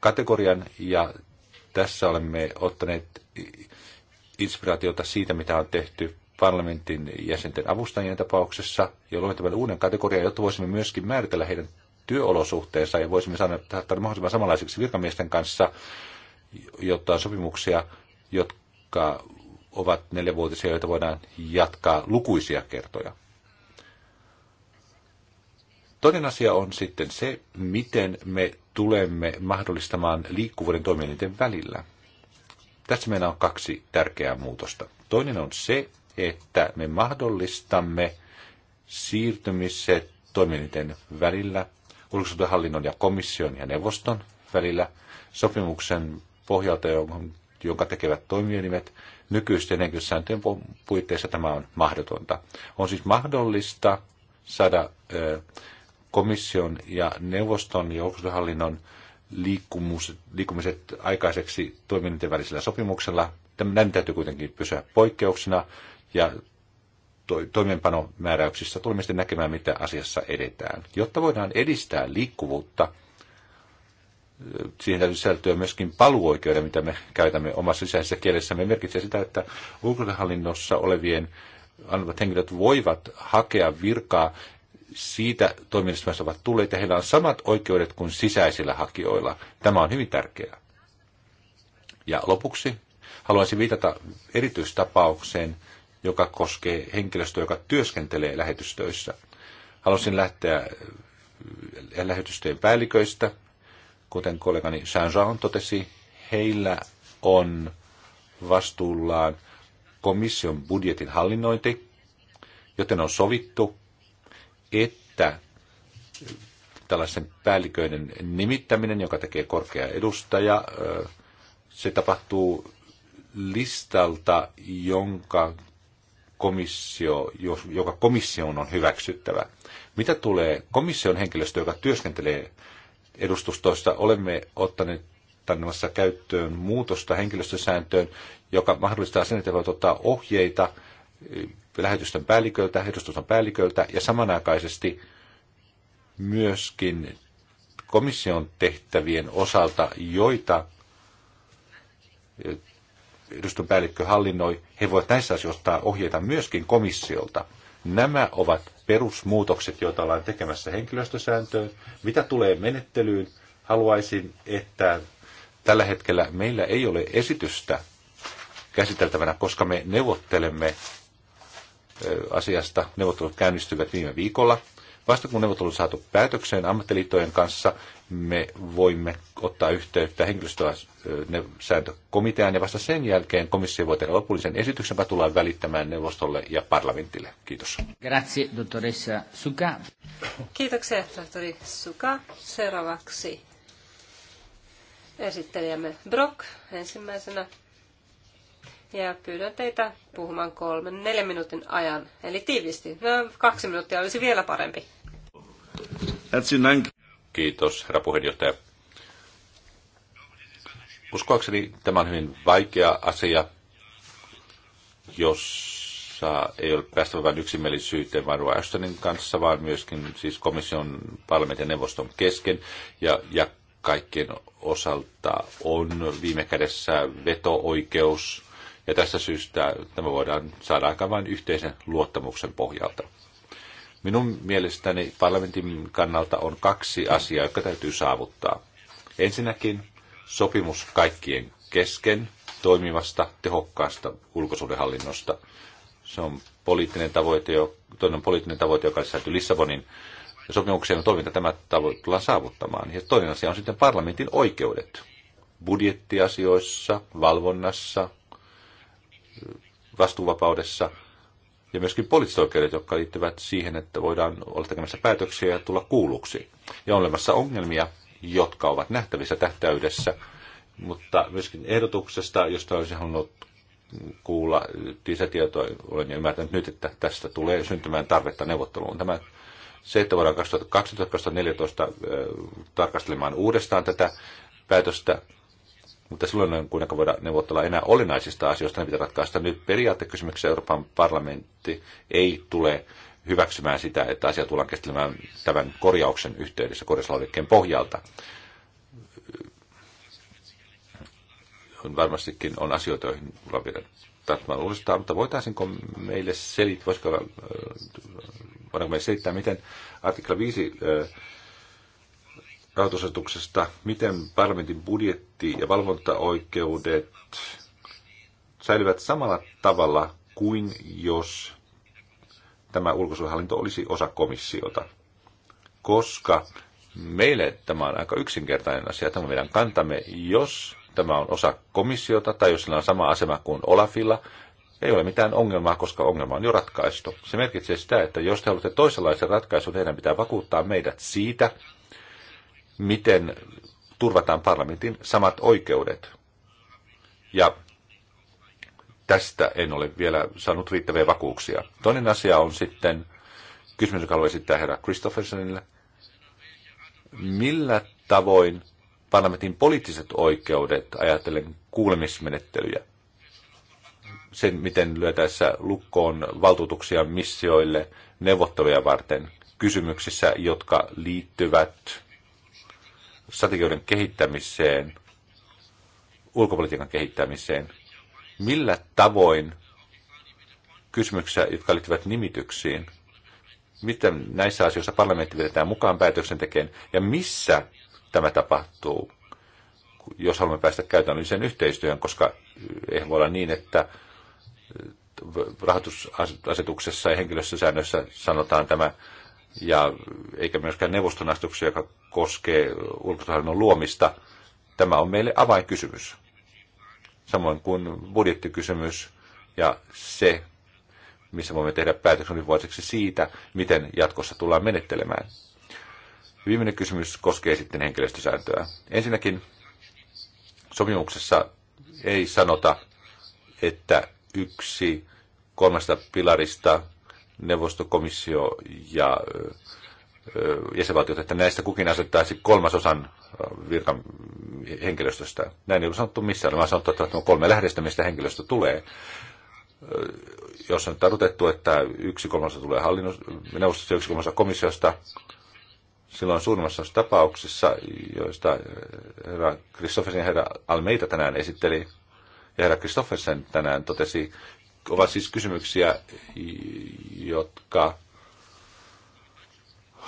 Speaker 1: kategorian ja tässä olemme ottaneet inspiraatiota siitä, mitä on tehty parlamentin jäsenten avustajien tapauksessa, jolloin tämän uuden kategorian, jotta voisimme myöskin määritellä heidän työolosuhteensa ja voisimme saada mahdollisimman samanlaisiksi virkamiesten kanssa, jotta on sopimuksia, jotka ovat neljävuotisia, joita voidaan jatkaa lukuisia kertoja. Toinen asia on sitten se, miten me tulemme mahdollistamaan liikkuvuuden toimielinten välillä. Tässä meillä on kaksi tärkeää muutosta. Toinen on se, että me mahdollistamme siirtymiset toimielinten välillä, ulkosuhdehallinnon ja komission ja neuvoston välillä, sopimuksen pohjalta, jonka tekevät toimielimet, nykyisten henkilösääntöjen puitteissa tämä on mahdotonta. On siis mahdollista saada komission ja neuvoston ja ulkoisuushallinnon liikkumus, liikkumiset aikaiseksi toiminnan välisellä sopimuksella. Näin täytyy kuitenkin pysyä poikkeuksena ja toimeenpanomääräyksissä tulemme sitten näkemään, mitä asiassa edetään. Jotta voidaan edistää liikkuvuutta, siihen täytyy sisältyä myöskin paluoikeuden, mitä me käytämme omassa sisäisessä kielessämme. Merkitsee sitä, että ulkohallinnossa olevien antavat henkilöt voivat hakea virkaa siitä toiminnasta ovat tulleet ja heillä on samat oikeudet kuin sisäisillä hakijoilla. Tämä on hyvin tärkeää. Ja lopuksi haluaisin viitata erityistapaukseen, joka koskee henkilöstöä, joka työskentelee lähetystöissä. Halusin lähteä äh, lähetystöjen päälliköistä. Kuten kollegani Saint-Jean totesi, heillä on vastuullaan komission budjetin hallinnointi, joten on sovittu, että tällaisen päälliköiden nimittäminen, joka tekee korkea edustaja, se tapahtuu listalta, jonka komissio, joka komission on hyväksyttävä. Mitä tulee komission henkilöstö, joka työskentelee edustustoissa, olemme ottaneet tannemassa käyttöön muutosta henkilöstösääntöön, joka mahdollistaa sen, että voi ottaa ohjeita lähetystön päälliköltä, edustuston päälliköltä ja samanaikaisesti myöskin komission tehtävien osalta, joita edustuston päällikkö hallinnoi, he voivat näissä asioissa ottaa ohjeita myöskin komissiolta. Nämä ovat perusmuutokset, joita ollaan tekemässä henkilöstösääntöön. Mitä tulee menettelyyn, haluaisin, että tällä hetkellä meillä ei ole esitystä käsiteltävänä, koska me neuvottelemme asiasta. Neuvottelut käynnistyivät viime viikolla. Vasta kun neuvottelut saatu päätökseen ammattiliittojen kanssa, me voimme ottaa yhteyttä henkilöstösääntökomiteaan ja vasta sen jälkeen komissio voi tehdä lopullisen esityksen, joka tullaan välittämään neuvostolle ja parlamentille. Kiitos.
Speaker 2: Grazie, dottoressa Suka.
Speaker 3: Kiitoksia, tohtori Suka. Seuraavaksi esittelijämme Brock ensimmäisenä. Ja pyydän teitä puhumaan kolmen, neljän minuutin ajan, eli tiivisti. No, kaksi minuuttia olisi vielä parempi.
Speaker 1: Kiitos, herra puheenjohtaja. Uskoakseni tämä on hyvin vaikea asia, jossa ei ole päästävä vain yksimielisyyteen Marua Ashtonin kanssa, vaan myöskin siis komission, parlamentin ja neuvoston kesken. Ja, ja kaikkien osalta on viime kädessä veto-oikeus ja tässä syystä tämä voidaan saada aikaan vain yhteisen luottamuksen pohjalta. Minun mielestäni parlamentin kannalta on kaksi asiaa, jotka täytyy saavuttaa. Ensinnäkin sopimus kaikkien kesken toimivasta, tehokkaasta ulkosuhdehallinnosta. Se on poliittinen tavoite, toinen poliittinen tavoite, joka sisältyy Lissabonin sopimukseen, toiminta tämä tullaan saavuttamaan. Ja toinen asia on sitten parlamentin oikeudet budjettiasioissa, valvonnassa, vastuuvapaudessa ja myöskin poliittiset oikeudet, jotka liittyvät siihen, että voidaan olla tekemässä päätöksiä ja tulla kuulluksi. Ja on olemassa ongelmia, jotka ovat nähtävissä tähtäydessä, mutta myöskin ehdotuksesta, josta olisin halunnut kuulla lisätietoa, olen ymmärtänyt nyt, että tästä tulee syntymään tarvetta neuvotteluun. Tämä se, että voidaan 2012-2014 tarkastelemaan uudestaan tätä päätöstä mutta silloin ei kuitenkaan voida neuvotella enää olennaisista asioista, ne pitää ratkaista nyt periaatekysymyksessä Euroopan parlamentti ei tule hyväksymään sitä, että asia tullaan käsittelemään tämän korjauksen yhteydessä korjauslaulikkeen pohjalta. On varmastikin on asioita, joihin ollaan vielä tarttumaan uudestaan, mutta voitaisiinko meille selittää, voisiko, voidaanko meille selittää, miten artikla 5 rahoitusasetuksesta, miten parlamentin budjetti- ja valvontaoikeudet säilyvät samalla tavalla kuin jos tämä ulkosuojelhallinto olisi osa komissiota. Koska meille tämä on aika yksinkertainen asia, tämä meidän kantamme, jos tämä on osa komissiota tai jos sillä on sama asema kuin Olafilla, ei ole mitään ongelmaa, koska ongelma on jo ratkaistu. Se merkitsee sitä, että jos te haluatte toisenlaisen ratkaisun, teidän pitää vakuuttaa meidät siitä, miten turvataan parlamentin samat oikeudet. Ja tästä en ole vielä saanut riittäviä vakuuksia. Toinen asia on sitten kysymys, joka haluaisin esittää herra Christoffersonille. Millä tavoin parlamentin poliittiset oikeudet ajatellen kuulemismenettelyjä? Sen, miten lyötäessä lukkoon valtuutuksia missioille neuvotteluja varten kysymyksissä, jotka liittyvät strategioiden kehittämiseen, ulkopolitiikan kehittämiseen, millä tavoin kysymyksiä, jotka liittyvät nimityksiin, miten näissä asioissa parlamentti vedetään mukaan päätöksentekeen ja missä tämä tapahtuu, jos haluamme päästä käytännölliseen yhteistyöhön, koska eh, ei voi olla niin, että eh, rahoitusasetuksessa ja henkilöstösäännöissä sanotaan tämä ja eikä myöskään neuvostonastuksia, joka koskee ulkosuhdehallinnon luomista. Tämä on meille avainkysymys. Samoin kuin budjettikysymys ja se, missä voimme tehdä päätöksen vuosiksi siitä, miten jatkossa tullaan menettelemään. Viimeinen kysymys koskee sitten henkilöstösääntöä. Ensinnäkin sopimuksessa ei sanota, että yksi kolmesta pilarista neuvostokomissio ja jäsenvaltiot, että näistä kukin asettaisi kolmasosan virkan henkilöstöstä. Näin ei ole sanottu missään, vaan sanottu, että on kolme lähdestä, mistä henkilöstö tulee. Jos on tarkoitettu, että yksi kolmasosa tulee neuvostosta ja yksi kolmasosa komissiosta, silloin suurimmassa tapauksessa, joista herra Kristoffersen ja herra Almeida tänään esitteli, ja herra Kristoffersen tänään totesi, ovat siis kysymyksiä, jotka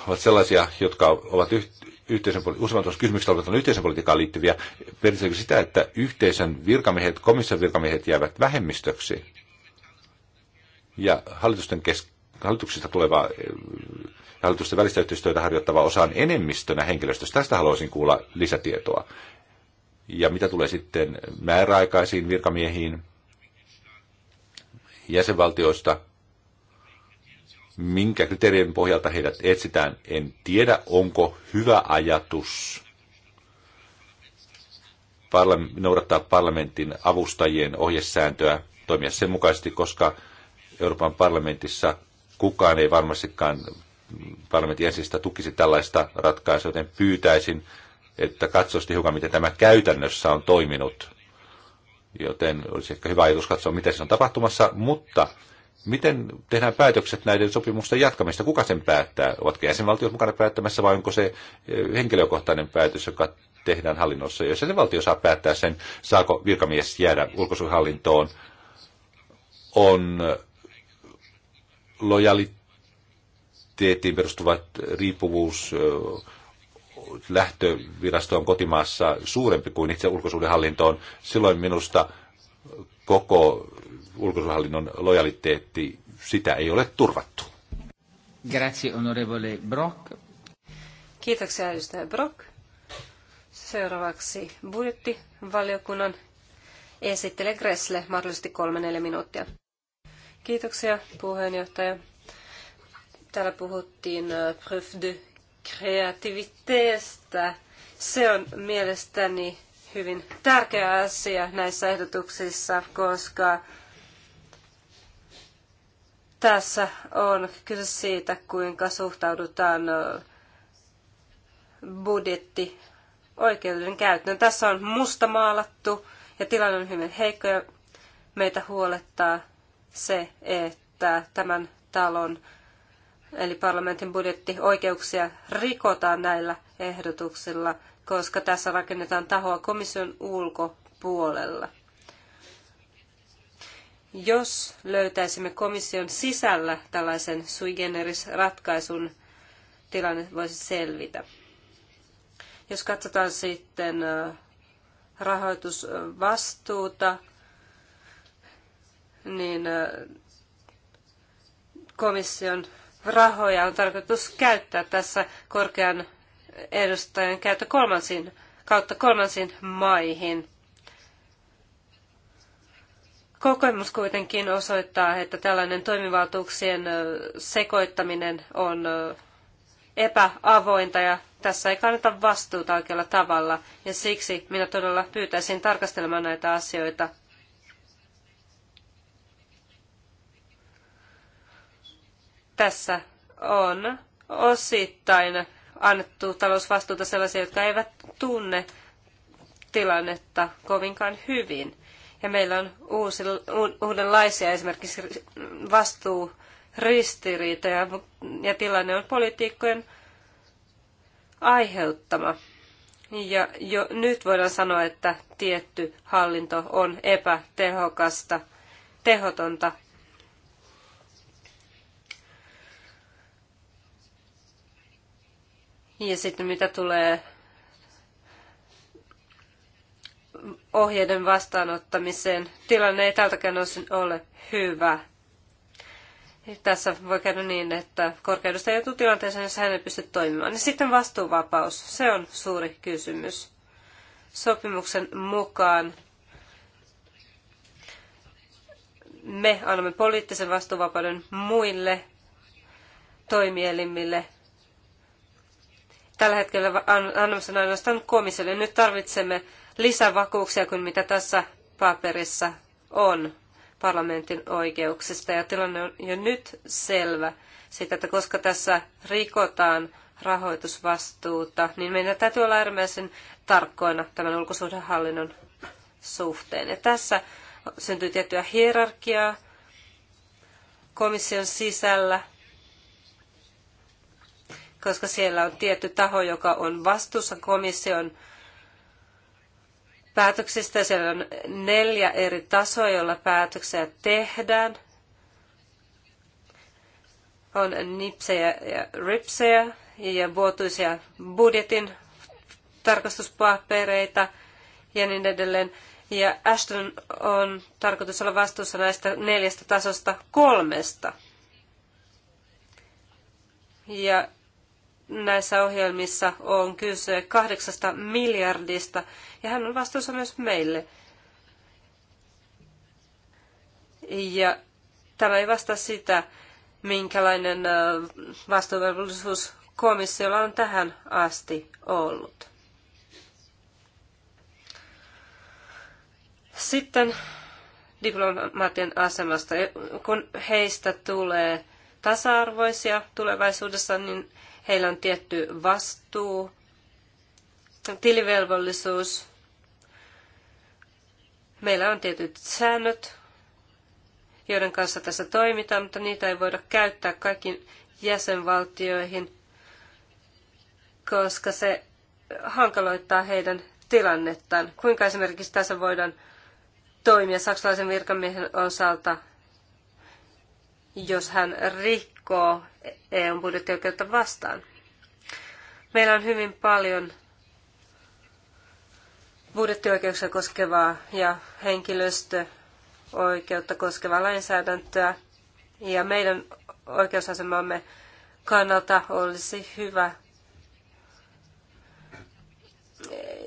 Speaker 1: ovat sellaisia, jotka ovat yh, yhteisön, useimmat kysymykset ovat yhteisön politiikkaan liittyviä. Merkitsekö sitä, että yhteisön virkamiehet, komission virkamiehet jäävät vähemmistöksi? Ja hallitusten kes, hallituksista tuleva äh, hallitusten välistä yhteistyötä harjoittava osa on enemmistönä henkilöstöstä. Tästä haluaisin kuulla lisätietoa. Ja mitä tulee sitten määräaikaisiin virkamiehiin, jäsenvaltioista. Minkä kriteerien pohjalta heidät etsitään, en tiedä, onko hyvä ajatus noudattaa parlamentin avustajien ohjesääntöä, toimia sen mukaisesti, koska Euroopan parlamentissa kukaan ei varmastikaan parlamentin ensistä tukisi tällaista ratkaisua, joten pyytäisin, että katsoisi hiukan, miten tämä käytännössä on toiminut joten olisi ehkä hyvä ajatus katsoa, mitä siinä on tapahtumassa, mutta miten tehdään päätökset näiden sopimusten jatkamista? Kuka sen päättää? Ovatko jäsenvaltiot mukana päättämässä vai onko se e, henkilökohtainen päätös, joka tehdään hallinnossa? Jos jäsenvaltio saa päättää sen, saako virkamies jäädä ulkosuhallintoon, on e, lojaliteettiin perustuvat riippuvuus e, lähtövirasto on kotimaassa suurempi kuin itse ulkosuhdehallinto on, silloin minusta koko ulkosuhdehallinnon lojaliteetti, sitä ei ole turvattu.
Speaker 2: Grazie, onorevole Brock.
Speaker 3: Kiitoksia, edustaja Brock. Seuraavaksi budjettivaliokunnan esittelee Gressle mahdollisesti kolme neljä minuuttia. Kiitoksia, puheenjohtaja. Täällä puhuttiin äh, preuve de kreativiteestä. Se on mielestäni hyvin tärkeä asia näissä ehdotuksissa, koska tässä on kyse siitä, kuinka suhtaudutaan budjetti oikeuden käyttöön. Tässä on musta maalattu ja tilanne on hyvin heikko ja meitä huolettaa se, että tämän talon eli parlamentin budjettioikeuksia rikotaan näillä ehdotuksilla, koska tässä rakennetaan tahoa komission ulkopuolella. Jos löytäisimme komission sisällä tällaisen sui generis ratkaisun, tilanne voisi selvitä. Jos katsotaan sitten rahoitusvastuuta, niin komission rahoja on tarkoitus käyttää tässä korkean edustajan käyttö kolmansiin, kautta kolmansiin maihin. Kokemus kuitenkin osoittaa, että tällainen toimivaltuuksien sekoittaminen on epäavointa ja tässä ei kanneta vastuuta oikealla tavalla. Ja siksi minä todella pyytäisin tarkastelemaan näitä asioita Tässä on osittain annettu talousvastuuta sellaisia, jotka eivät tunne tilannetta kovinkaan hyvin. Ja meillä on uusi, uudenlaisia esimerkiksi vastuuristiriitoja, ja tilanne on poliitikkojen aiheuttama. Ja jo nyt voidaan sanoa, että tietty hallinto on epätehokasta, tehotonta Ja sitten mitä tulee ohjeiden vastaanottamiseen, tilanne ei tältäkään osin ole hyvä. Tässä voi käydä niin, että korkeudesta joutuu tilanteeseen, jos hän ei pysty toimimaan. Ja sitten vastuuvapaus, se on suuri kysymys. Sopimuksen mukaan me annamme poliittisen vastuuvapauden muille toimielimille Tällä hetkellä annamme sen ainoastaan komissiolle. Nyt tarvitsemme lisävakuuksia kuin mitä tässä paperissa on parlamentin oikeuksista. Ja tilanne on jo nyt selvä siitä, että koska tässä rikotaan rahoitusvastuuta, niin meidän täytyy olla äärimmäisen tarkkoina tämän ulkosuhdehallinnon suhteen. Ja tässä syntyy tiettyä hierarkiaa komission sisällä koska siellä on tietty taho, joka on vastuussa komission päätöksistä. Siellä on neljä eri tasoa, joilla päätöksiä tehdään. On nipsejä ja ripsejä ja vuotuisia budjetin tarkastuspapereita ja niin edelleen. Ja Ashton on tarkoitus olla vastuussa näistä neljästä tasosta kolmesta. Ja näissä ohjelmissa on kyse kahdeksasta miljardista, ja hän on vastuussa myös meille. Ja tämä ei vastaa sitä, minkälainen vastuuvelvollisuus komissiolla on tähän asti ollut. Sitten diplomaattien asemasta. Kun heistä tulee tasa-arvoisia tulevaisuudessa, niin Heillä on tietty vastuu, tilivelvollisuus. Meillä on tietyt säännöt, joiden kanssa tässä toimitaan, mutta niitä ei voida käyttää kaikkiin jäsenvaltioihin, koska se hankaloittaa heidän tilannettaan. Kuinka esimerkiksi tässä voidaan toimia saksalaisen virkamiehen osalta, jos hän rikkoo rikkoo EUn budjettioikeutta vastaan. Meillä on hyvin paljon budjettioikeuksia koskevaa ja henkilöstöoikeutta koskevaa lainsäädäntöä. Ja meidän oikeusasemamme kannalta olisi hyvä,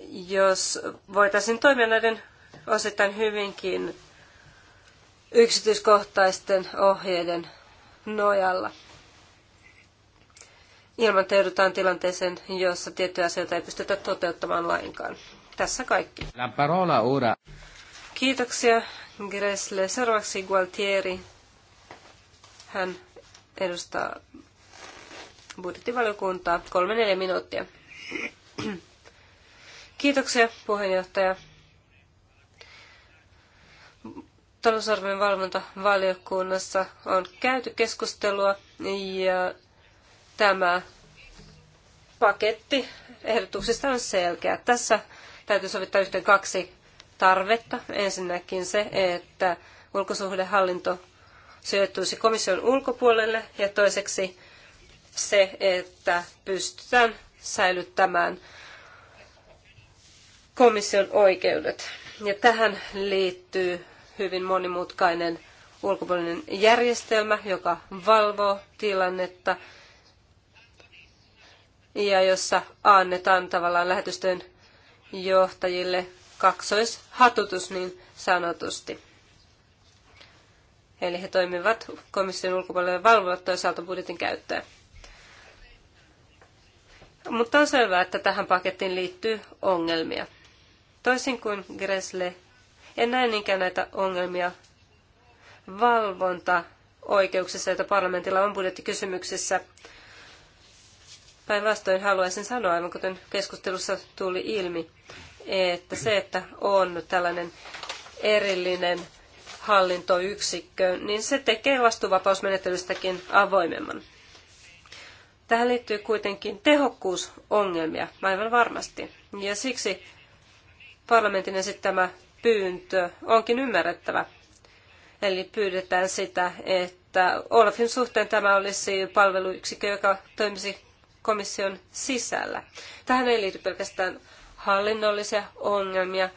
Speaker 3: jos voitaisiin toimia näiden osittain hyvinkin yksityiskohtaisten ohjeiden nojalla. Ilman, että joudutaan tilanteeseen, jossa tiettyjä asioita ei pystytä toteuttamaan lainkaan. Tässä kaikki.
Speaker 2: La parola ora.
Speaker 3: Kiitoksia Gresle. Seuraavaksi Gualtieri. Hän edustaa budjettivaliokuntaa. Kolme neljä minuuttia. Kiitoksia puheenjohtaja. talousarvion valvontavaliokunnassa on käyty keskustelua ja tämä paketti ehdotuksista on selkeä. Tässä täytyy sovittaa yhteen kaksi tarvetta. Ensinnäkin se, että ulkosuhdehallinto sijoittuisi komission ulkopuolelle ja toiseksi se, että pystytään säilyttämään komission oikeudet. Ja tähän liittyy hyvin monimutkainen ulkopuolinen järjestelmä, joka valvoo tilannetta ja jossa annetaan tavallaan lähetystöjen johtajille kaksoishatutus niin sanotusti. Eli he toimivat komission ulkopuolella ja valvovat toisaalta budjetin käyttöä. Mutta on selvää, että tähän pakettiin liittyy ongelmia. Toisin kuin Gresle en näe niinkään näitä ongelmia valvonta oikeuksissa, joita parlamentilla on budjettikysymyksissä. Päinvastoin haluaisin sanoa, aivan kuten keskustelussa tuli ilmi, että se, että on tällainen erillinen hallintoyksikkö, niin se tekee vastuuvapausmenettelystäkin avoimemman. Tähän liittyy kuitenkin tehokkuusongelmia, aivan varmasti. Ja siksi parlamentin esittämä pyyntö onkin ymmärrettävä. Eli pyydetään sitä, että Olafin suhteen tämä olisi palveluyksikkö, joka toimisi komission sisällä. Tähän ei liity pelkästään hallinnollisia ongelmia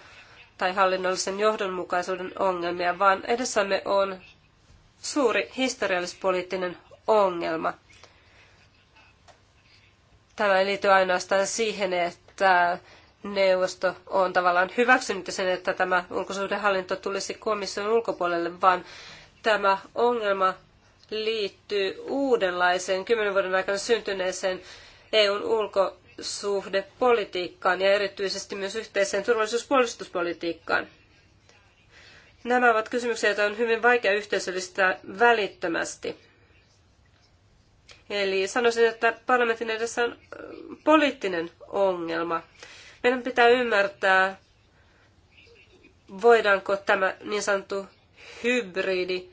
Speaker 3: tai hallinnollisen johdonmukaisuuden ongelmia, vaan edessämme on suuri historiallispoliittinen ongelma. Tämä ei liity ainoastaan siihen, että neuvosto on tavallaan hyväksynyt sen, että tämä ulkosuhdehallinto tulisi komission ulkopuolelle, vaan tämä ongelma liittyy uudenlaiseen kymmenen vuoden aikana syntyneeseen EUn ulkosuhdepolitiikkaan ja erityisesti myös yhteiseen turvallisuuspuolustuspolitiikkaan. Nämä ovat kysymyksiä, joita on hyvin vaikea yhteisöllistää välittömästi. Eli sanoisin, että parlamentin edessä on poliittinen ongelma. Meidän pitää ymmärtää, voidaanko tämä niin sanottu hybridi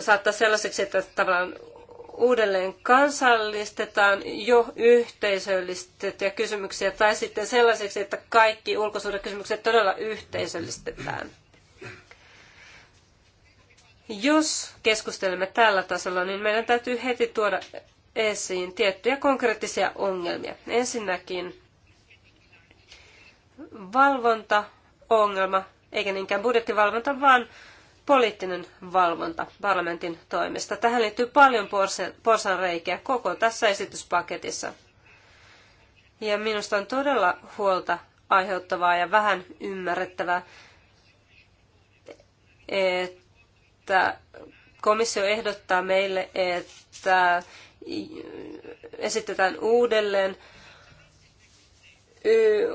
Speaker 3: saattaa sellaiseksi, että tavallaan uudelleen kansallistetaan jo yhteisöllistettyjä kysymyksiä, tai sitten sellaiseksi, että kaikki ulkosuhdekysymykset todella yhteisöllistetään. Jos keskustelemme tällä tasolla, niin meidän täytyy heti tuoda esiin tiettyjä konkreettisia ongelmia. Ensinnäkin valvontaongelma, eikä niinkään budjettivalvonta, vaan poliittinen valvonta parlamentin toimesta. Tähän liittyy paljon reikiä koko tässä esityspaketissa. Ja minusta on todella huolta aiheuttavaa ja vähän ymmärrettävää, että komissio ehdottaa meille, että esitetään uudelleen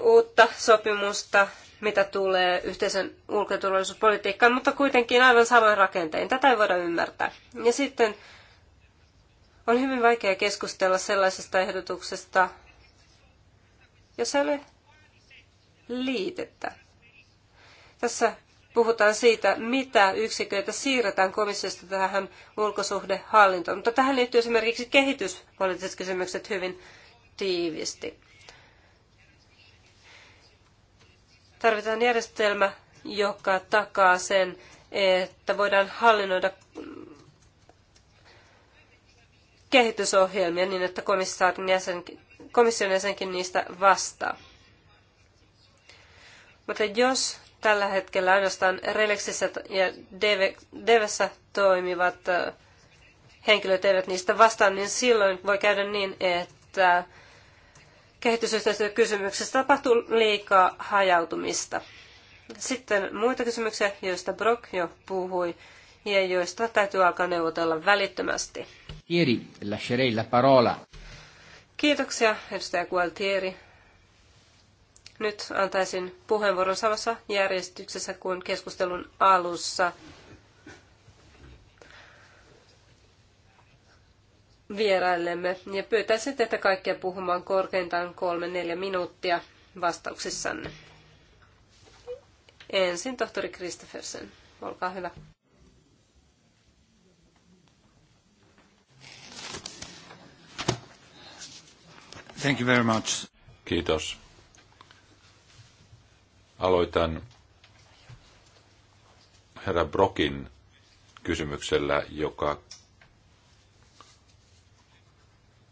Speaker 3: uutta sopimusta, mitä tulee yhteisen ulko- ja turvallisuuspolitiikkaan, mutta kuitenkin aivan samoin rakentein. Tätä ei voida ymmärtää. Ja sitten on hyvin vaikea keskustella sellaisesta ehdotuksesta, jos ei ole liitettä. Tässä puhutaan siitä, mitä yksiköitä siirretään komissiosta tähän ulkosuhdehallintoon, mutta tähän liittyy esimerkiksi kehityspoliittiset kysymykset hyvin tiivisti. Tarvitaan järjestelmä, joka takaa sen, että voidaan hallinnoida kehitysohjelmia niin, että komissaarin jäsen, komission jäsenkin niistä vastaa. Mutta jos tällä hetkellä ainoastaan Relexissä ja Devessä toimivat henkilöt eivät niistä vastaa, niin silloin voi käydä niin, että kehitysyhteistyökysymyksessä tapahtuu liikaa hajautumista. Sitten muita kysymyksiä, joista Brock jo puhui ja joista täytyy alkaa neuvotella välittömästi.
Speaker 2: Tieri, lascerei la parola.
Speaker 3: Kiitoksia, edustaja Gualtieri. Nyt antaisin puheenvuoron samassa järjestyksessä kuin keskustelun alussa vieraillemme ja pyytäisin teitä kaikkia puhumaan korkeintaan kolme neljä minuuttia vastauksissanne. Ensin tohtori Kristoffersen, olkaa hyvä.
Speaker 1: Thank you very much. Kiitos. Aloitan herra Brokin kysymyksellä, joka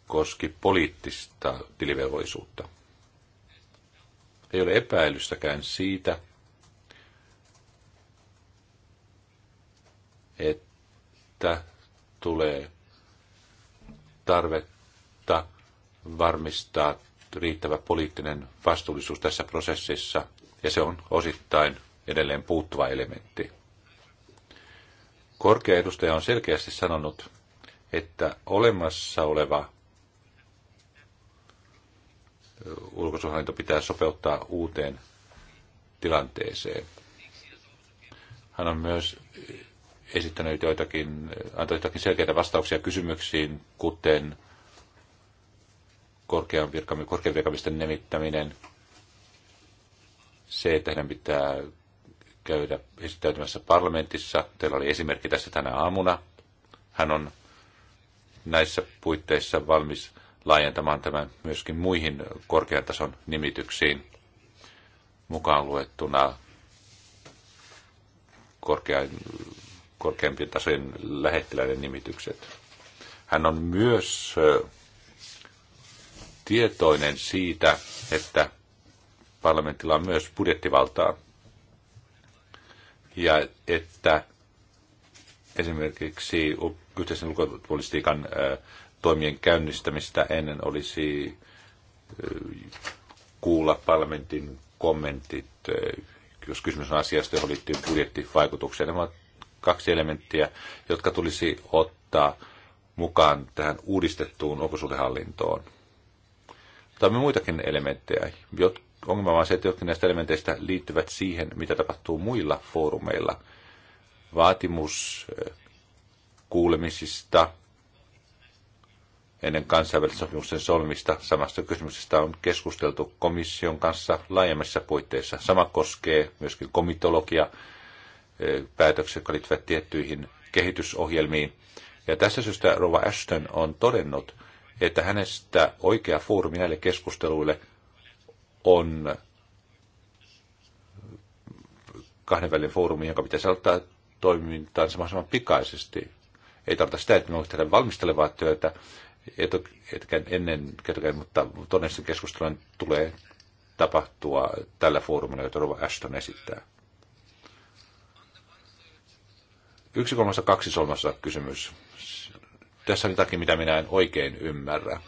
Speaker 1: koski poliittista tilivelvollisuutta. Ei ole epäilystäkään siitä, että tulee tarvetta varmistaa riittävä poliittinen vastuullisuus tässä prosessissa, ja se on osittain edelleen puuttuva elementti. Korkea edustaja on selkeästi sanonut, että olemassa oleva ulkosuhallinto pitää sopeuttaa uuteen tilanteeseen. Hän on myös esittänyt joitakin, antoi joitakin selkeitä vastauksia kysymyksiin, kuten korkean, virka, korkean virkamisten nimittäminen, se, että hänen pitää käydä esittäytymässä parlamentissa. Teillä oli esimerkki tässä tänä aamuna. Hän on näissä puitteissa valmis laajentamaan tämän myöskin muihin korkeatason nimityksiin mukaan luettuna korkean, korkeampien tasojen lähettiläiden nimitykset. Hän on myös tietoinen siitä, että parlamentilla on myös budjettivaltaa ja että esimerkiksi yhteisen ulkopolitiikan toimien käynnistämistä ennen olisi kuulla parlamentin kommentit, jos kysymys on asiasta, johon liittyy budjettivaikutuksia. Nämä ovat kaksi elementtiä, jotka tulisi ottaa mukaan tähän uudistettuun opusuhdehallintoon. Tai muitakin elementtejä. Jot, ongelma on se, että jotkin näistä elementeistä liittyvät siihen, mitä tapahtuu muilla foorumeilla. Vaatimus kuulemisista, ennen kansainvälisen sopimuksen solmista. Samasta kysymyksestä on keskusteltu komission kanssa laajemmissa puitteissa. Sama koskee myöskin komitologia e, päätöksiä, jotka liittyvät tiettyihin kehitysohjelmiin. Ja tässä syystä Rova Ashton on todennut, että hänestä oikea foorumi näille keskusteluille on kahdenvälinen foorumi, jonka pitäisi aloittaa toimintaan mahdollisimman pikaisesti. Ei tarvita sitä, että me tehdä valmistelevaa työtä, etu, etukäteen ennen etukäteen, mutta todennäköisesti keskustelun tulee tapahtua tällä foorumilla, jota Rova Ashton esittää. Yksi kolmassa, kaksi solmassa kysymys. Tässä on jotakin, mitä minä en oikein ymmärrä.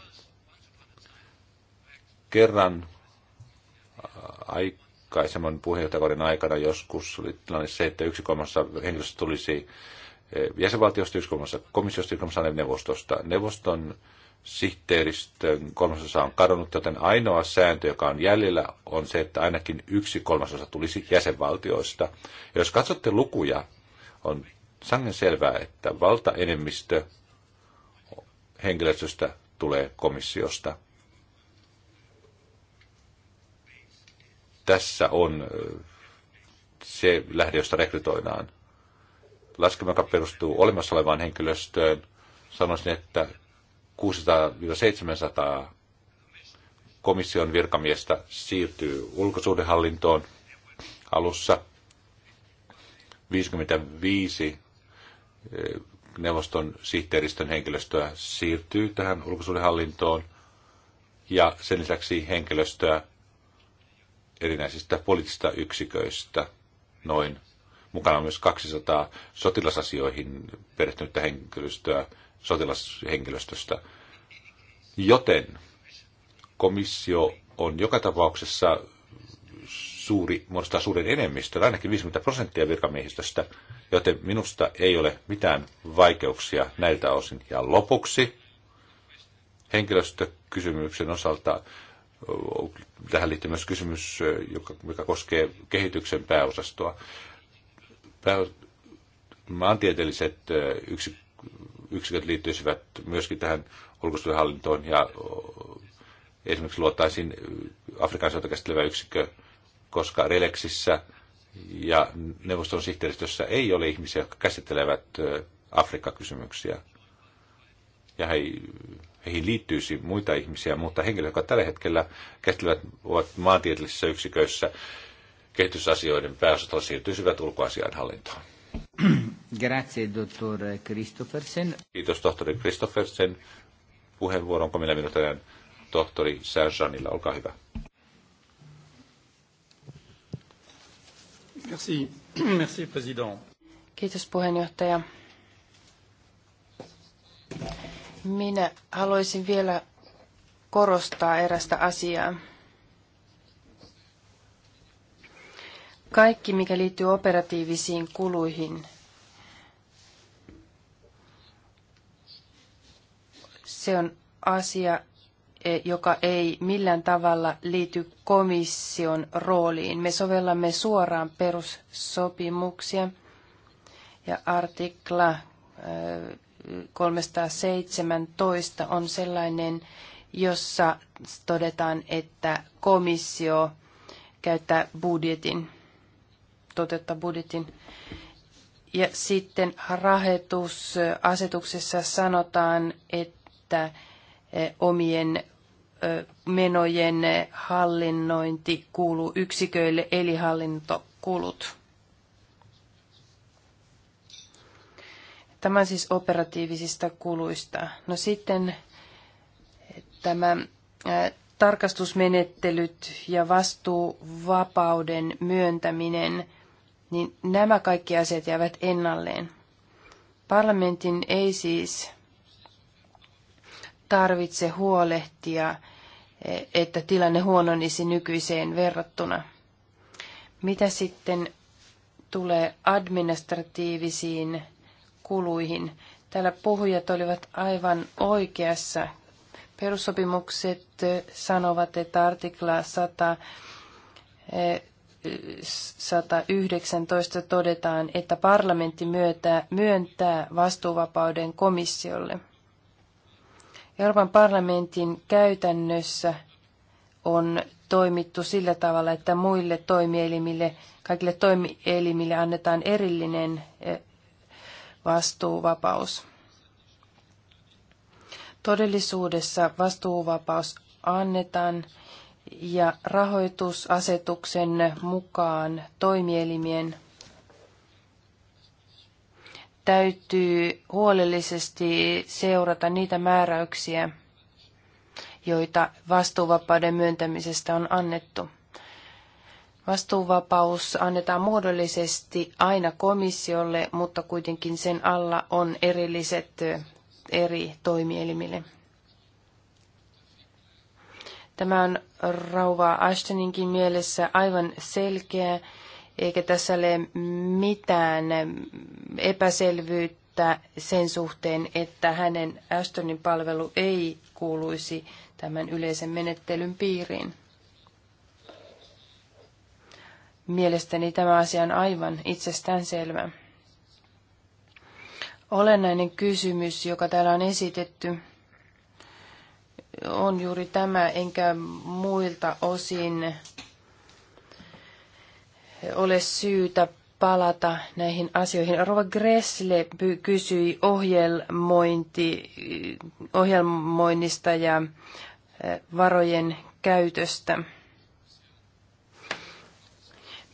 Speaker 1: Kerran äh, aikaisemman puheenjohtajakauden aikana joskus oli tilanne se, että yksi kolmassa henkilöstä tulisi jäsenvaltiosta, yksi on komissiosta, neuvostosta. Neuvoston sihteeristön kolmasosa on kadonnut, joten ainoa sääntö, joka on jäljellä, on se, että ainakin yksi kolmasosa tulisi jäsenvaltioista. Ja jos katsotte lukuja, on sangen selvää, että valtaenemmistö henkilöstöstä tulee komissiosta. Tässä on se lähde, josta rekrytoidaan laskelma, joka perustuu olemassa olevaan henkilöstöön, sanoisin, että 600-700 komission virkamiestä siirtyy ulkosuhdehallintoon alussa. 55 eh, neuvoston sihteeristön henkilöstöä siirtyy tähän ulkosuhdehallintoon ja sen lisäksi henkilöstöä erinäisistä poliittisista yksiköistä noin Mukana on myös 200 sotilasasioihin perehtynyttä henkilöstöä sotilashenkilöstöstä. Joten komissio on joka tapauksessa suuri, muodostaa suuren enemmistön, ainakin 50 prosenttia virkamiehistöstä, joten minusta ei ole mitään vaikeuksia näiltä osin. Ja lopuksi henkilöstökysymyksen osalta tähän liittyy myös kysymys, joka, joka koskee kehityksen pääosastoa maantieteelliset yksiköt liittyisivät myöskin tähän ulkosuhdehallintoon ja esimerkiksi luotaisiin Afrikan soita käsittelevä yksikkö, koska Relexissä ja neuvoston sihteeristössä ei ole ihmisiä, jotka käsittelevät Afrikka-kysymyksiä. Ja he, heihin liittyisi muita ihmisiä, mutta henkilöt, jotka tällä hetkellä käsittelevät, ovat maantieteellisissä yksiköissä, kehitysasioiden pääosastolla siirtyisivät ulkoasiainhallintoon.
Speaker 2: Grazie, dottor Christoffersen.
Speaker 1: Kiitos, tohtori Christoffersen. Puheenvuoron komilla minuutin tohtori Serjanilla. Olkaa hyvä. Merci. Merci, president.
Speaker 2: Kiitos, puheenjohtaja. Minä haluaisin vielä korostaa erästä asiaa. kaikki, mikä liittyy operatiivisiin kuluihin, se on asia, e, joka ei millään tavalla liity komission rooliin. Me sovellamme suoraan perussopimuksia ja artikla 317 e, on sellainen, jossa todetaan, että komissio käyttää budjetin toteuttaa budjetin. Ja sitten rahoitusasetuksessa sanotaan, että eh, omien eh, menojen hallinnointi kuuluu yksiköille, eli hallintokulut. Tämä siis operatiivisista kuluista. No sitten eh, tämä tarkastusmenettelyt ja vastuuvapauden myöntäminen – niin nämä kaikki asiat jäävät ennalleen. Parlamentin ei siis tarvitse huolehtia, eh, että tilanne huononisi nykyiseen verrattuna. Mitä sitten tulee administratiivisiin kuluihin? Täällä puhujat olivat aivan oikeassa. Perussopimukset sanovat, että artikla 100 119 todetaan, että parlamentti myöntää, myöntää vastuuvapauden komissiolle. Euroopan parlamentin käytännössä on toimittu sillä tavalla, että muille toimielimille, kaikille toimielimille annetaan erillinen eh, vastuuvapaus. Todellisuudessa vastuuvapaus annetaan ja rahoitusasetuksen mukaan toimielimien täytyy huolellisesti seurata niitä määräyksiä, joita vastuuvapauden myöntämisestä on annettu. Vastuuvapaus annetaan muodollisesti aina komissiolle, mutta kuitenkin sen alla on erilliset eri toimielimille. Tämä on rauva Ashtoninkin mielessä aivan selkeä, eikä tässä ole mitään epäselvyyttä sen suhteen, että hänen Ashtonin palvelu ei kuuluisi tämän yleisen menettelyn piiriin. Mielestäni tämä asia on aivan itsestäänselvä. Olennainen kysymys, joka täällä on esitetty, on juuri tämä, enkä muilta osin ole syytä palata näihin asioihin. Rova Gressle kysyi ohjelmointi, ohjelmoinnista ja eh, varojen käytöstä.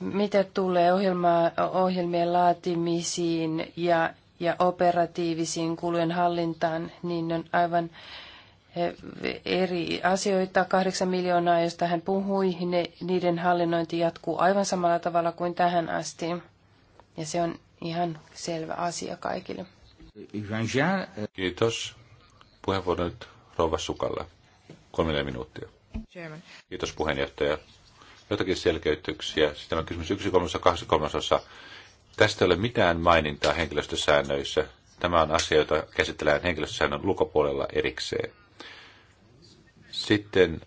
Speaker 2: Mitä tulee ohjelma, ohjelmien laatimisiin ja, ja operatiivisiin kulujen hallintaan, niin on aivan äh, eri asioita, kahdeksan miljoonaa, josta hän puhui, ne, niiden hallinnointi jatkuu aivan samalla tavalla kuin tähän asti. Ja se on ihan selvä asia kaikille.
Speaker 1: Kiitos. Puheenvuoro nyt Rouva Sukalla. Kolme minuuttia. Kiitos puheenjohtaja. Jotakin selkeytyksiä. Sitten on kysymys yksi kolmasosa, kaksi kolmasosa Tästä ei ole mitään mainintaa henkilöstösäännöissä. Tämä on asia, jota käsitellään henkilöstösäännön ulkopuolella erikseen. Sitten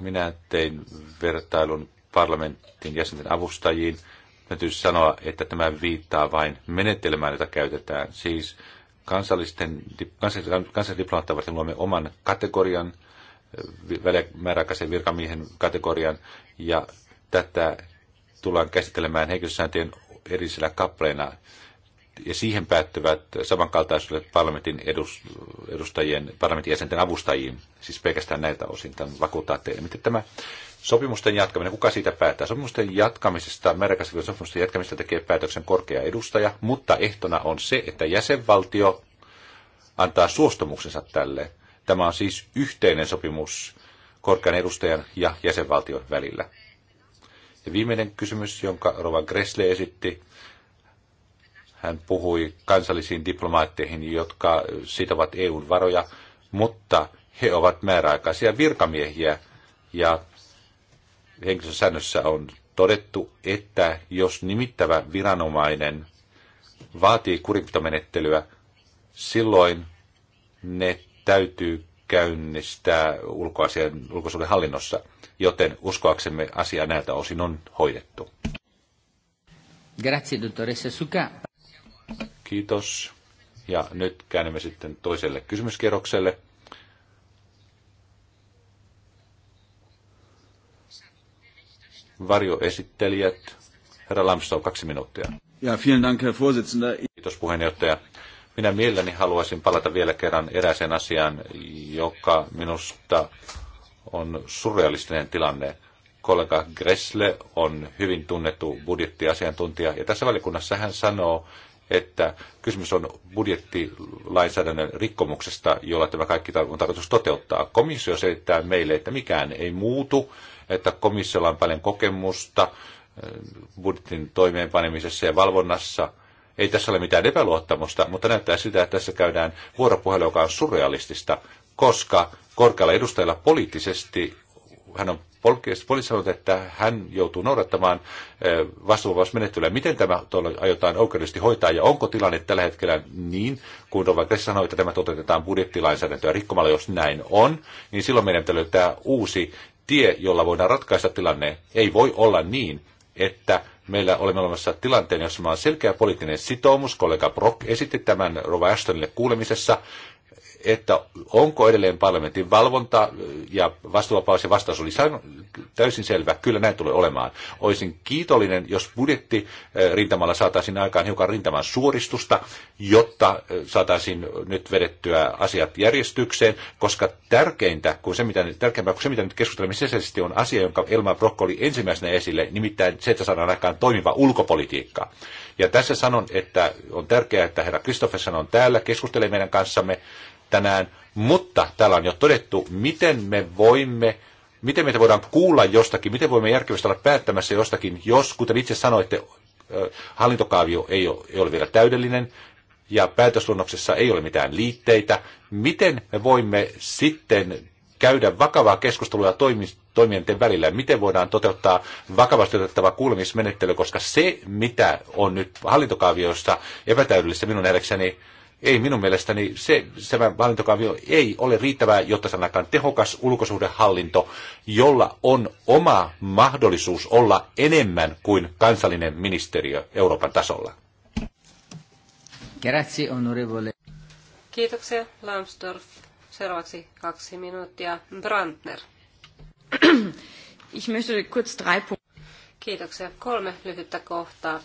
Speaker 1: minä tein vertailun parlamentin jäsenten avustajiin. Täytyy sanoa, että tämä viittaa vain menetelmään, jota käytetään. Siis kansallisten, kansallisdiplomaattia varten luomme oman kategorian, määräaikaisen virkamiehen kategorian, ja tätä tullaan käsittelemään henkilösääntöjen erillisellä kappaleena ja siihen päättyvät samankaltaisille parlamentin edustajien, parlamentin jäsenten avustajiin, siis pelkästään näiltä osin tämän vakuuttaa teille. Miten tämä sopimusten jatkaminen, kuka siitä päättää? Sopimusten jatkamisesta, määräkäsivien sopimusten jatkamisesta tekee päätöksen korkea edustaja, mutta ehtona on se, että jäsenvaltio antaa suostumuksensa tälle. Tämä on siis yhteinen sopimus korkean edustajan ja jäsenvaltion välillä. Ja viimeinen kysymys, jonka Rova Gressle esitti, hän puhui kansallisiin diplomaatteihin, jotka sitovat EUn varoja, mutta he ovat määräaikaisia virkamiehiä ja henkilöstösäännössä on todettu, että jos nimittävä viranomainen vaatii kurinpitomenettelyä, silloin ne täytyy käynnistää ulkoasian, ulkosuuden hallinnossa, joten uskoaksemme asia näiltä osin on hoidettu.
Speaker 2: Grazie, dottoressa
Speaker 3: Suka.
Speaker 1: Kiitos. Ja nyt käännymme sitten toiselle kysymyskierrokselle. Varjoesittelijät. Herra Lamstov, kaksi minuuttia. Ja, vielen dank, Herr Vorsitzender. Kiitos puheenjohtaja. Minä mielelläni haluaisin palata vielä kerran erääseen asiaan, joka minusta on surrealistinen tilanne. Kollega Gressle on hyvin tunnettu budjettiasiantuntija, ja tässä valikunnassa hän sanoo, että kysymys on budjettilainsäädännön rikkomuksesta, jolla tämä kaikki on tarkoitus toteuttaa. Komissio selittää meille, että mikään ei muutu, että komissiolla on paljon kokemusta äh, budjetin toimeenpanemisessa ja valvonnassa. Ei tässä ole mitään epäluottamusta, mutta näyttää sitä, että tässä käydään vuoropuhelu, joka on surrealistista, koska korkealla edustajalla poliittisesti hän on poliisi sanonut, että hän joutuu noudattamaan eh, vastuunvausmenettelyä. Miten tämä aiotaan oikeudellisesti hoitaa ja onko tilanne tällä hetkellä niin, kun Rovakes sanoi, että tämä toteutetaan budjettilainsäädäntöä rikkomalla, jos näin on, niin silloin meidän pitää löytää uusi tie, jolla voidaan ratkaista tilanne. Ei voi olla niin, että meillä olemme olemassa tilanteen, jossa on selkeä poliittinen sitoumus. Kollega Brock esitti tämän Rova Ashtonille kuulemisessa että onko edelleen parlamentin valvonta äh, ja vastuvapaus ja vastaus oli täysin selvä, kyllä näin tulee olemaan. Olisin kiitollinen, jos budjetti äh, rintamalla saataisiin aikaan hiukan rintaman suoristusta, jotta äh, saataisiin nyt vedettyä asiat järjestykseen, koska tärkeintä kuin se, mitä, tärkeämpää kuin se, mitä nyt keskustelemme sisäisesti, on asia, jonka Elma Brokko oli ensimmäisenä esille, nimittäin se, että saadaan aikaan toimiva ulkopolitiikka. Ja tässä sanon, että on tärkeää, että herra Kristoffersson on täällä, keskustelee meidän kanssamme, tänään, mutta täällä on jo todettu, miten me voimme Miten meitä voidaan kuulla jostakin, miten voimme järkevästi olla päättämässä jostakin, jos, kuten itse sanoitte, hallintokaavio ei ole, ei ole vielä täydellinen ja päätösluonnoksessa ei ole mitään liitteitä, miten me voimme sitten käydä vakavaa keskustelua toimijoiden välillä, miten voidaan toteuttaa vakavasti otettava kuulemismenettely, koska se, mitä on nyt hallintokaavioissa epätäydellistä minun nähdäkseni, ei minun mielestäni se, se hallintokaavio ei ole riittävää, jotta sanakaan tehokas ulkosuhdehallinto, jolla on oma mahdollisuus olla enemmän kuin kansallinen ministeriö Euroopan tasolla.
Speaker 2: Grazie, onorevole.
Speaker 3: Kiitoksia, Lambsdorff. Seuraavaksi kaksi minuuttia. Brandner. Ich
Speaker 1: möchte kurz drei
Speaker 3: Kiitoksia. Kolme lyhyttä kohtaa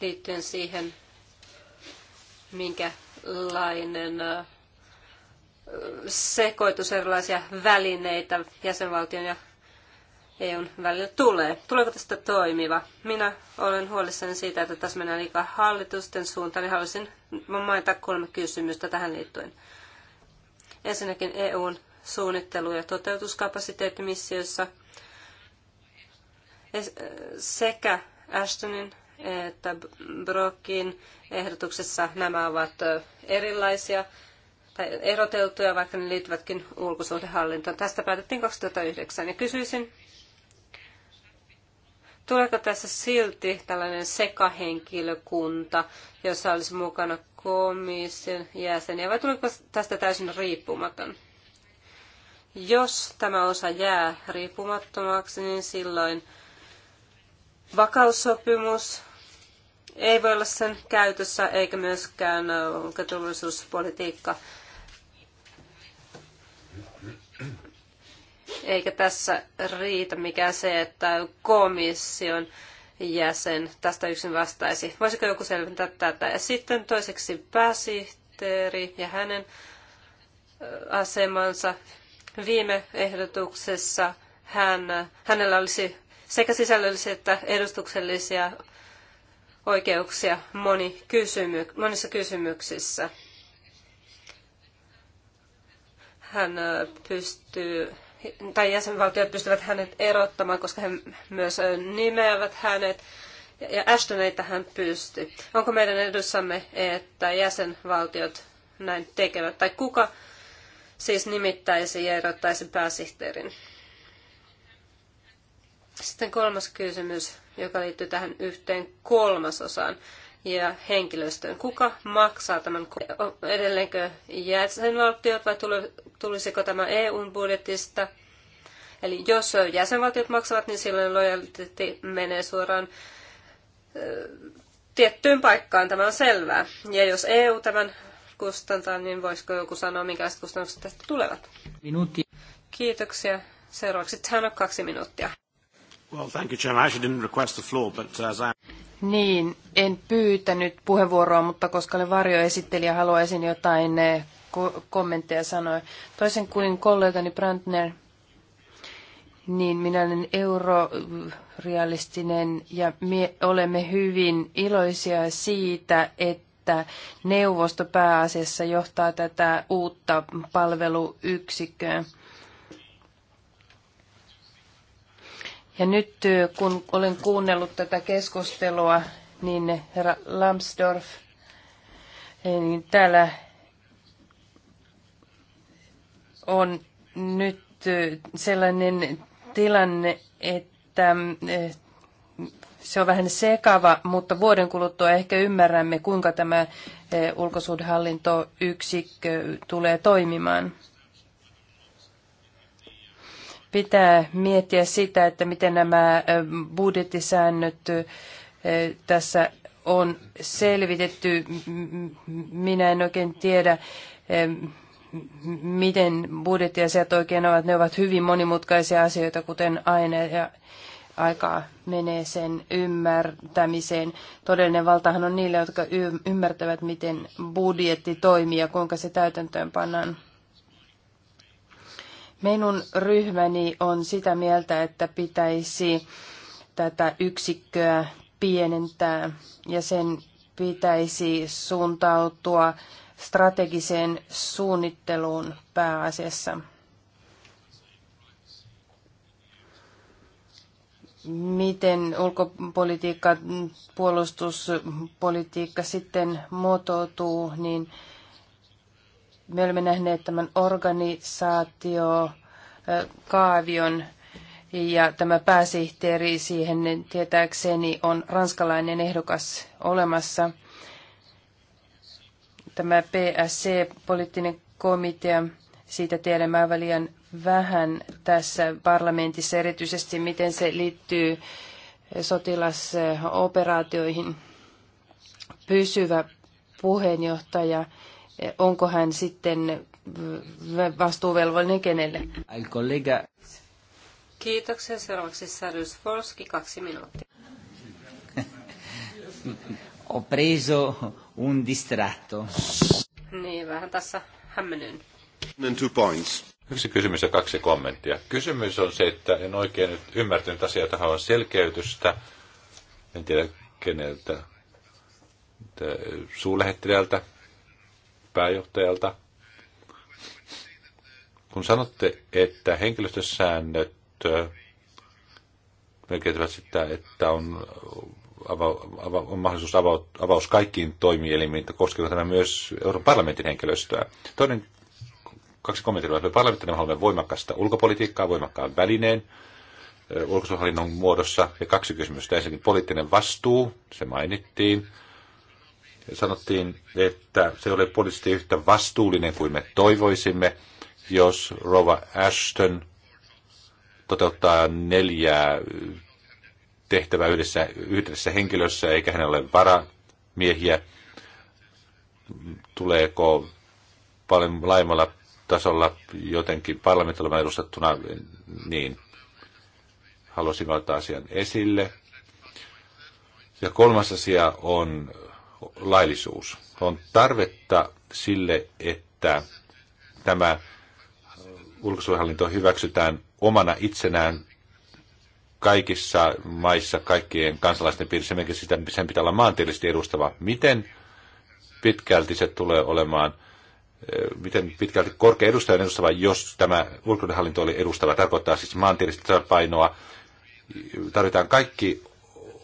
Speaker 3: liittyen siihen, minkälainen sekoitus erilaisia välineitä jäsenvaltion ja EUn välillä tulee. Tuleeko tästä toimiva? Minä olen huolissani siitä, että tässä mennään liikaa hallitusten suuntaan, niin haluaisin mainita kolme kysymystä tähän liittyen. Ensinnäkin EUn suunnittelu- ja toteutuskapasiteettimissiossa sekä Ashtonin että Brokin ehdotuksessa nämä ovat erilaisia tai eroteltuja, vaikka ne liittyvätkin ulkosuhdehallintoon. Tästä päätettiin 2009 ja kysyisin, tuleeko tässä silti tällainen sekahenkilökunta, jossa olisi mukana komission jäseniä, vai tuleeko tästä täysin riippumaton? Jos tämä osa jää riippumattomaksi, niin silloin vakaussopimus ei voi olla sen käytössä eikä myöskään ulkoturvallisuuspolitiikka. Eikä tässä riitä mikään se, että komission jäsen tästä yksin vastaisi. Voisiko joku selventää tätä? Ja sitten toiseksi pääsihteeri ja hänen asemansa. Viime ehdotuksessa hän, hänellä olisi sekä sisällöllisiä että edustuksellisia oikeuksia moni kysymy, monissa kysymyksissä. Hän pystyy, tai jäsenvaltiot pystyvät hänet erottamaan, koska he myös nimeävät hänet. Ja Ashton ei tähän pysty. Onko meidän edussamme, että jäsenvaltiot näin tekevät? Tai kuka siis nimittäisi ja erottaisi pääsihteerin? Sitten kolmas kysymys, joka liittyy tähän yhteen kolmasosaan ja henkilöstöön. Kuka maksaa tämän? Edelleenkö jäsenvaltiot vai tulisiko tämä EUn budjetista? Eli jos jäsenvaltiot maksavat, niin silloin lojaliteetti menee suoraan tiettyyn paikkaan, tämä on selvää. Ja jos EU tämän kustantaa, niin voisiko joku sanoa, minkälaiset kustannukset tästä tulevat? Minuutti. Kiitoksia. Seuraavaksi on kaksi minuuttia.
Speaker 1: Well, thank you, Chairman. I actually didn't request the floor, but uh, as I...
Speaker 2: Niin, en pyytänyt puheenvuoroa, mutta koska olen varjoesittelijä, haluaisin jotain eh, ko- kommentteja sanoa. Toisen kuin kollegani Brandner, niin minä olen eurorealistinen ja me olemme hyvin iloisia siitä, että neuvosto pääasiassa johtaa tätä uutta palveluyksikköä. Ja nyt kun olen kuunnellut tätä keskustelua, niin herra Lambsdorff, e, niin täällä on nyt sellainen tilanne, että e, se on vähän sekava, mutta vuoden kuluttua ehkä ymmärrämme, kuinka tämä e, ulkosuhdehallintoyksikkö tulee toimimaan pitää miettiä sitä, että miten nämä budjettisäännöt tässä on selvitetty. Minä en oikein tiedä, miten budjettiasiat oikein ovat. Ne ovat hyvin monimutkaisia asioita, kuten aina, ja aikaa menee sen ymmärtämiseen. Todellinen valtahan on niille, jotka ymmärtävät, miten budjetti toimii ja kuinka se täytäntöön pannaan. Minun ryhmäni on sitä mieltä, että pitäisi tätä yksikköä pienentää ja sen pitäisi suuntautua strategiseen suunnitteluun pääasiassa. Miten ulkopolitiikka, puolustuspolitiikka sitten muotoutuu, niin me olemme nähneet tämän organisaatio kaavion ja tämä pääsihteeri siihen tietääkseni on ranskalainen ehdokas olemassa. Tämä PSC, poliittinen komitea, siitä tiedän aivan liian vähän tässä parlamentissa, erityisesti miten se liittyy sotilasoperaatioihin. Pysyvä puheenjohtaja onko hän sitten vastuuvelvollinen kenelle. Kollega.
Speaker 3: Kiitoksia. Seuraavaksi Sarius Forski, kaksi minuuttia. Ho preso un distratto. Niin, vähän tässä hämmenyn.
Speaker 1: Two points. Yksi kysymys ja kaksi kommenttia. Kysymys on se, että en oikein nyt ymmärtänyt asiaa, että haluan selkeytystä. En tiedä keneltä. Eh, Suulähettiläältä pääjohtajalta. Kun sanotte, että henkilöstösäännöt merkitsevät sitä, että on, ava, ava, on mahdollisuus ava, avaus kaikkiin toimielimiin, että koskeeko tämä myös Euroopan parlamentin henkilöstöä. Toinen kaksi kommenttia. Me parlamentin haluamme voimakasta ulkopolitiikkaa, voimakkaan välineen ulkosuhallinnon muodossa. Ja kaksi kysymystä. Ensinnäkin poliittinen vastuu, se mainittiin sanottiin, että se oli poliittisesti yhtä vastuullinen kuin me toivoisimme, jos Rova Ashton toteuttaa neljää tehtävää yhdessä, yhdessä henkilössä, eikä hänellä ole varamiehiä. Tuleeko paljon laajemmalla tasolla jotenkin parlamentilla edustettuna, niin haluaisin ottaa asian esille. Ja kolmas asia on laillisuus. On tarvetta sille, että tämä ulkosuojelhallinto hyväksytään omana itsenään kaikissa maissa, kaikkien kansalaisten piirissä, mikä sitä, sen pitää olla maantieteellisesti edustava. Miten pitkälti se tulee olemaan, eh, miten pitkälti korkea edustaja on edustava, jos tämä ulkosuojelhallinto oli edustava, tarkoittaa siis maantieteellistä painoa. Tarvitaan kaikki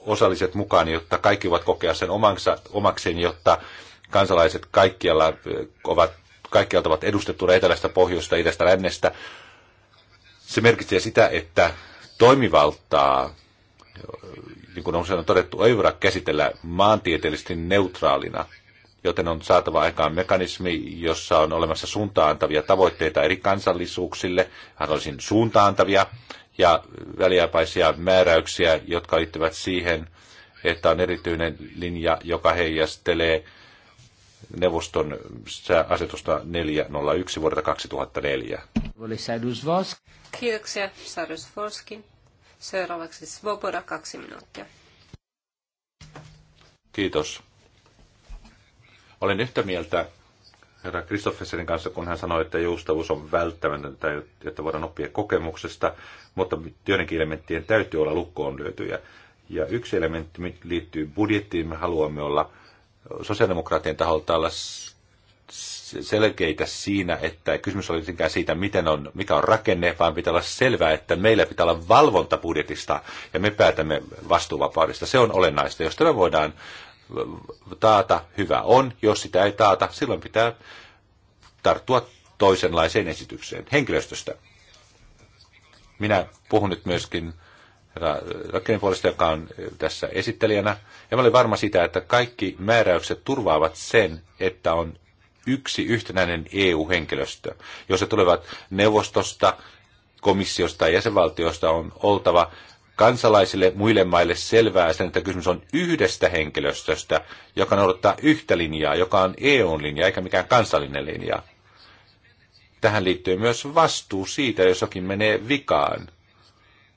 Speaker 1: osalliset mukaan, jotta kaikki ovat kokea sen omaksa, omakseen, jotta kansalaiset kaikkialla ovat, kaikkialta ovat edustettuna etelästä, pohjoista, idästä, lännestä. Se merkitsee sitä, että toimivaltaa, niin kuin on usein todettu, ei voida käsitellä maantieteellisesti neutraalina, joten on saatava aikaan mekanismi, jossa on olemassa suuntaantavia tavoitteita eri kansallisuuksille, olisi suuntaantavia, ja väliaikaisia määräyksiä, jotka liittyvät siihen, että on erityinen linja, joka heijastelee neuvoston asetusta 401 vuodelta 2004.
Speaker 3: Kiitoksia, Sarus Voski. Seuraavaksi Svoboda, kaksi minuuttia.
Speaker 1: Kiitos. Olen yhtä mieltä herra Kristoffersenin kanssa, kun hän sanoi, että joustavuus on välttämätöntä, jotta voidaan oppia kokemuksesta, mutta joidenkin elementtien täytyy olla lukkoon lyötyjä. Ja yksi elementti liittyy budjettiin. Me haluamme olla sosiaalidemokraattien taholta olla selkeitä siinä, että kysymys olisinkään siitä, miten on, mikä on rakenne, vaan pitää olla selvää, että meillä pitää olla valvonta budjetista ja me päätämme vastuuvapaudesta. Se on olennaista. Jos tämä voidaan taata, hyvä on. Jos sitä ei taata, silloin pitää tarttua toisenlaiseen esitykseen henkilöstöstä. Minä puhun nyt myöskin Rakkinen puolesta, joka on tässä esittelijänä. Ja mä olin varma sitä, että kaikki määräykset turvaavat sen, että on yksi yhtenäinen EU-henkilöstö. Jos se tulevat neuvostosta, komissiosta ja jäsenvaltiosta, on oltava kansalaisille muille maille selvää sen, että kysymys on yhdestä henkilöstöstä, joka noudattaa yhtä linjaa, joka on eu linja eikä mikään kansallinen linja. Tähän liittyy myös vastuu siitä, jos jokin menee vikaan.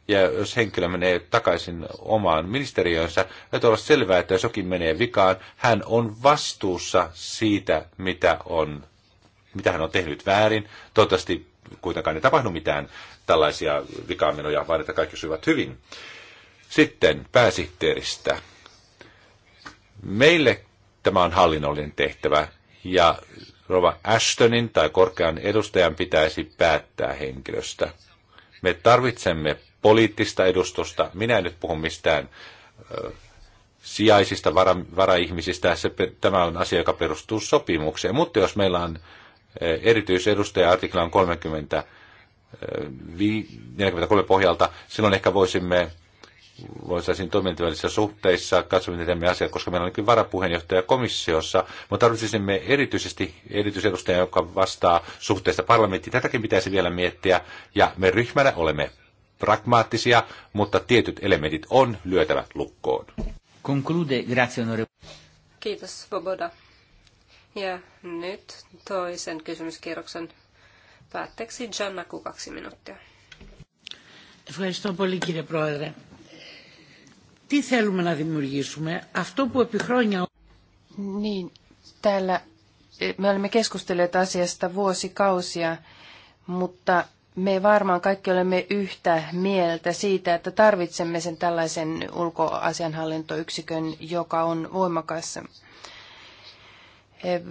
Speaker 1: Ja jos henkilö menee takaisin omaan ministeriöönsä, täytyy olla selvää, että jos jokin menee vikaan, hän on vastuussa siitä, mitä, on, mitä hän on tehnyt väärin. Toivottavasti kuitenkaan ei tapahdu mitään tällaisia vikamenoja, vaan että kaikki syvät hyvin. Sitten pääsihteeristä. Meille tämä on hallinnollinen tehtävä ja Rova Ashtonin tai korkean edustajan pitäisi päättää henkilöstä. Me tarvitsemme poliittista edustusta. Minä en nyt puhu mistään sijaisista vara, varaihmisistä. Se, tämä on asia, joka perustuu sopimukseen. Mutta jos meillä on erityisedustaja artiklaan 30 43 pohjalta, silloin ehkä voisimme voitaisiin toimintavälisissä suhteissa katsoa, miten teemme asiat, koska meillä on nykyään varapuheenjohtaja komissiossa, mutta tarvitsisimme erityisesti erityisedustajan, joka vastaa suhteesta parlamenttiin. Tätäkin pitäisi vielä miettiä, ja me ryhmänä olemme pragmaattisia, mutta tietyt elementit on lyötävä lukkoon.
Speaker 2: Conclude,
Speaker 1: grazie onore.
Speaker 3: Kiitos, Boboda. Ja nyt toisen kysymyskierroksen Päätteeksi Giannaku kaksi minuuttia. Ευχαριστώ πολύ κύριε Πρόεδρε. Τι θέλουμε να δημιουργήσουμε, αυτό που επί χρόνια...
Speaker 2: Niin, täällä me olemme keskustelleet asiasta vuosikausia, mutta me varmaan kaikki olemme yhtä mieltä siitä, että tarvitsemme sen tällaisen ulkoasianhallintoyksikön, joka on voimakas Eh,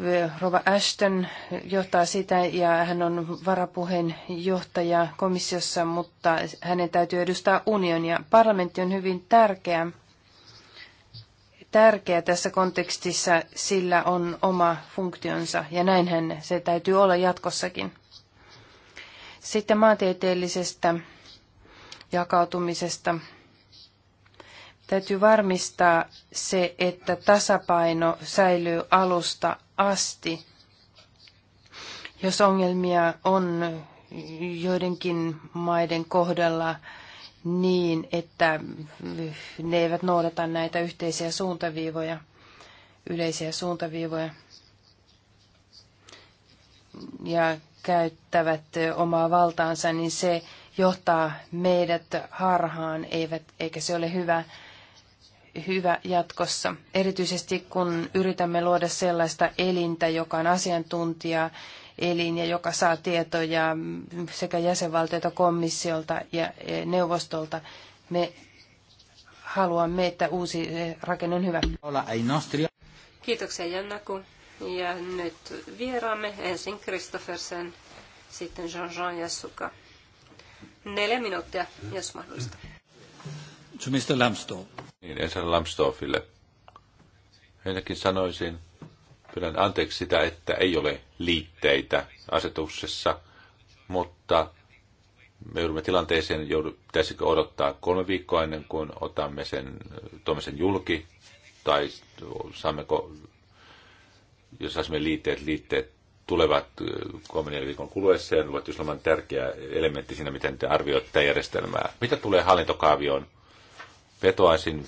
Speaker 2: Rova Ashton johtaa sitä ja hän on varapuheenjohtaja komissiossa, mutta hänen täytyy edustaa unionia. Parlamentti on hyvin tärkeä, tärkeä tässä kontekstissa, sillä on oma funktionsa ja näinhän se täytyy olla jatkossakin. Sitten maantieteellisestä jakautumisesta. Täytyy varmistaa se, että tasapaino säilyy alusta asti. Jos ongelmia on joidenkin maiden kohdalla niin, että ne eivät noudata näitä yhteisiä suuntaviivoja, yleisiä suuntaviivoja, ja käyttävät omaa valtaansa, niin se johtaa meidät harhaan, eivät, eikä se ole hyvä hyvä jatkossa, erityisesti kun yritämme luoda sellaista elintä, joka on asiantuntija elin ja joka saa tietoja sekä jäsenvaltiolta, komissiolta ja e, neuvostolta. Me haluamme, että uusi e, rakenne on hyvä.
Speaker 3: Kiitoksia Jannaku. Ja nyt vieraamme ensin Kristoffersen, sitten Jean-Jean ja Suka. Neljä minuuttia, jos mahdollista.
Speaker 1: To Mr. Lambsdorff. Niin, ensin Lambsdorffille. Ensinnäkin sanoisin, pyydän anteeksi sitä, että ei ole liitteitä asetuksessa, mutta me joudumme tilanteeseen, joudu, pitäisikö odottaa kolme viikkoa ennen kuin otamme sen, tuomme sen julki, tai saammeko, jos saisimme liitteet, liitteet tulevat kolmen viikon kuluessa ja ne ovat tärkeä elementti siinä, miten te arvioitte järjestelmää. Mitä tulee hallintokaavioon? vetoaisin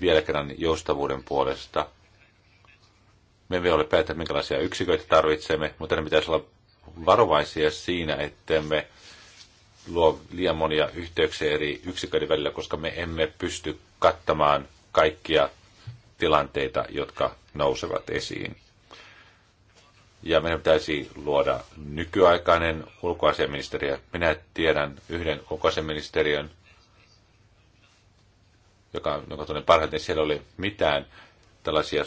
Speaker 1: vielä kerran joustavuuden puolesta. Me emme ole päättäneet, minkälaisia yksiköitä tarvitsemme, mutta ne pitäisi olla varovaisia siinä, että me luo liian monia yhteyksiä eri yksiköiden välillä, koska me emme pysty kattamaan kaikkia tilanteita, jotka nousevat esiin. Ja meidän pitäisi luoda nykyaikainen ulkoasiaministeriö. Minä tiedän yhden ulkoasiaministeriön, joka, joka tunnen parhaiten, niin siellä oli mitään tällaisia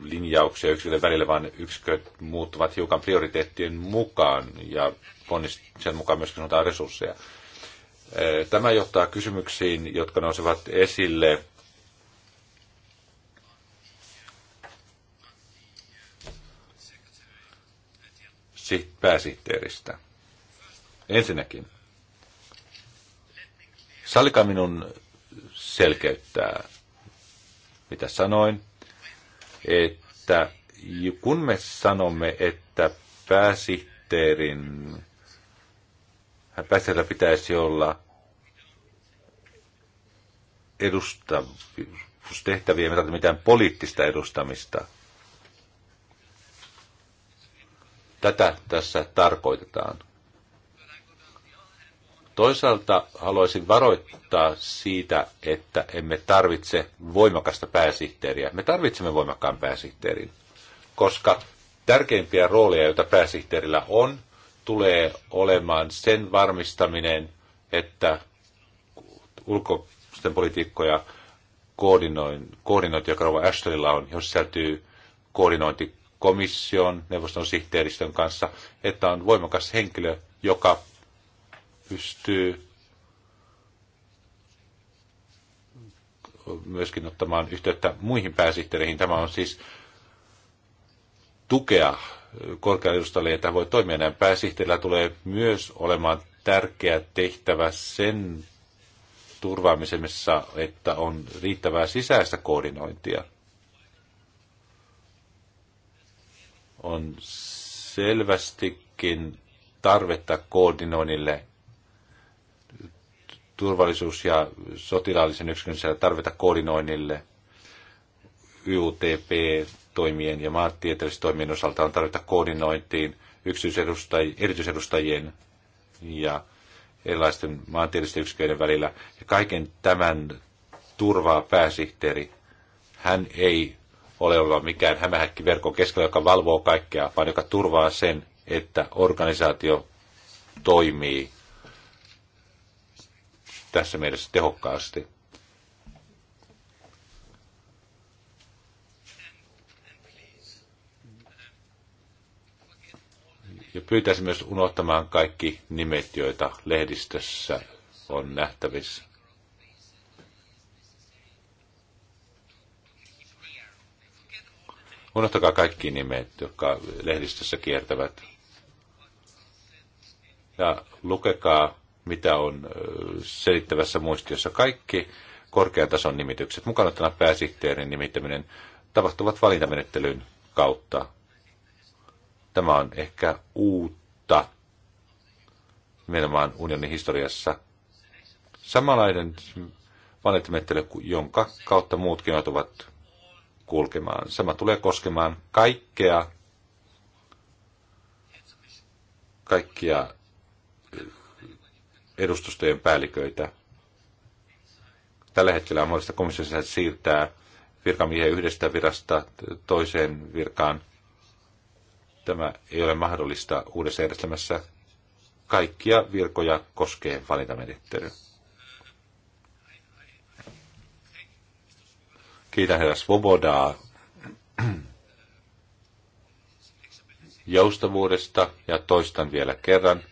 Speaker 1: linjauksia yksilöiden välillä, vaan yksiköt muuttuvat hiukan prioriteettien mukaan ja ponnist, sen mukaan myöskin sanotaan resursseja. Tämä johtaa kysymyksiin, jotka nousevat esille pääsihteeristä. Ensinnäkin, sallikaa minun selkeyttää, mitä sanoin, että kun me sanomme, että pääsihteerin, pääsihteerillä pitäisi olla edustavustehtäviä, ei tarvitse mitään poliittista edustamista. Tätä tässä tarkoitetaan. Toisaalta haluaisin varoittaa siitä, että emme tarvitse voimakasta pääsihteeriä. Me tarvitsemme voimakkaan pääsihteerin, koska tärkeimpiä rooleja, joita pääsihteerillä on, tulee olemaan sen varmistaminen, että ulkoisten politiikkoja koordinointi, joka Rova Ashtonilla on, jos sisältyy koordinointi komission, neuvoston sihteeristön kanssa, että on voimakas henkilö, joka pystyy myöskin ottamaan yhteyttä muihin pääsihteereihin. Tämä on siis tukea korkealle edustajalle, ja tämä voi toimia näin. Pääsihteerillä tulee myös olemaan tärkeä tehtävä sen turvaamisessa, että on riittävää sisäistä koordinointia. On selvästikin tarvetta koordinoinnille turvallisuus- ja sotilaallisen yksikön sisällä tarvita koordinoinnille YUTP-toimien ja maantieteellisten toimien osalta on tarvita koordinointiin erityisedustajien ja erilaisten maantieteellisten yksiköiden välillä. Ja kaiken tämän turvaa pääsihteeri. Hän ei ole ollut mikään hämähäkki verkon keskellä, joka valvoo kaikkea, vaan joka turvaa sen, että organisaatio toimii tässä mielessä tehokkaasti. Ja pyytäisin myös unohtamaan kaikki nimet, joita lehdistössä on nähtävissä. Unohtakaa kaikki nimet, jotka lehdistössä kiertävät. Ja lukekaa mitä on selittävässä muistiossa. Kaikki korkeatason nimitykset, mukana tämä pääsihteerin nimittäminen, tapahtuvat valintamenettelyn kautta. Tämä on ehkä uutta nimenomaan unionin historiassa. Samanlainen valintamenettely, jonka kautta muutkin joutuvat kulkemaan. Sama tulee koskemaan kaikkea, kaikkia edustustojen päälliköitä. Tällä hetkellä on mahdollista komissiossa siirtää virkamiehiä yhdestä virasta toiseen virkaan. Tämä ei ole mahdollista uudessa järjestelmässä. Kaikkia virkoja koskee valintamenettely. Kiitän herra Svobodaa joustavuudesta ja toistan vielä kerran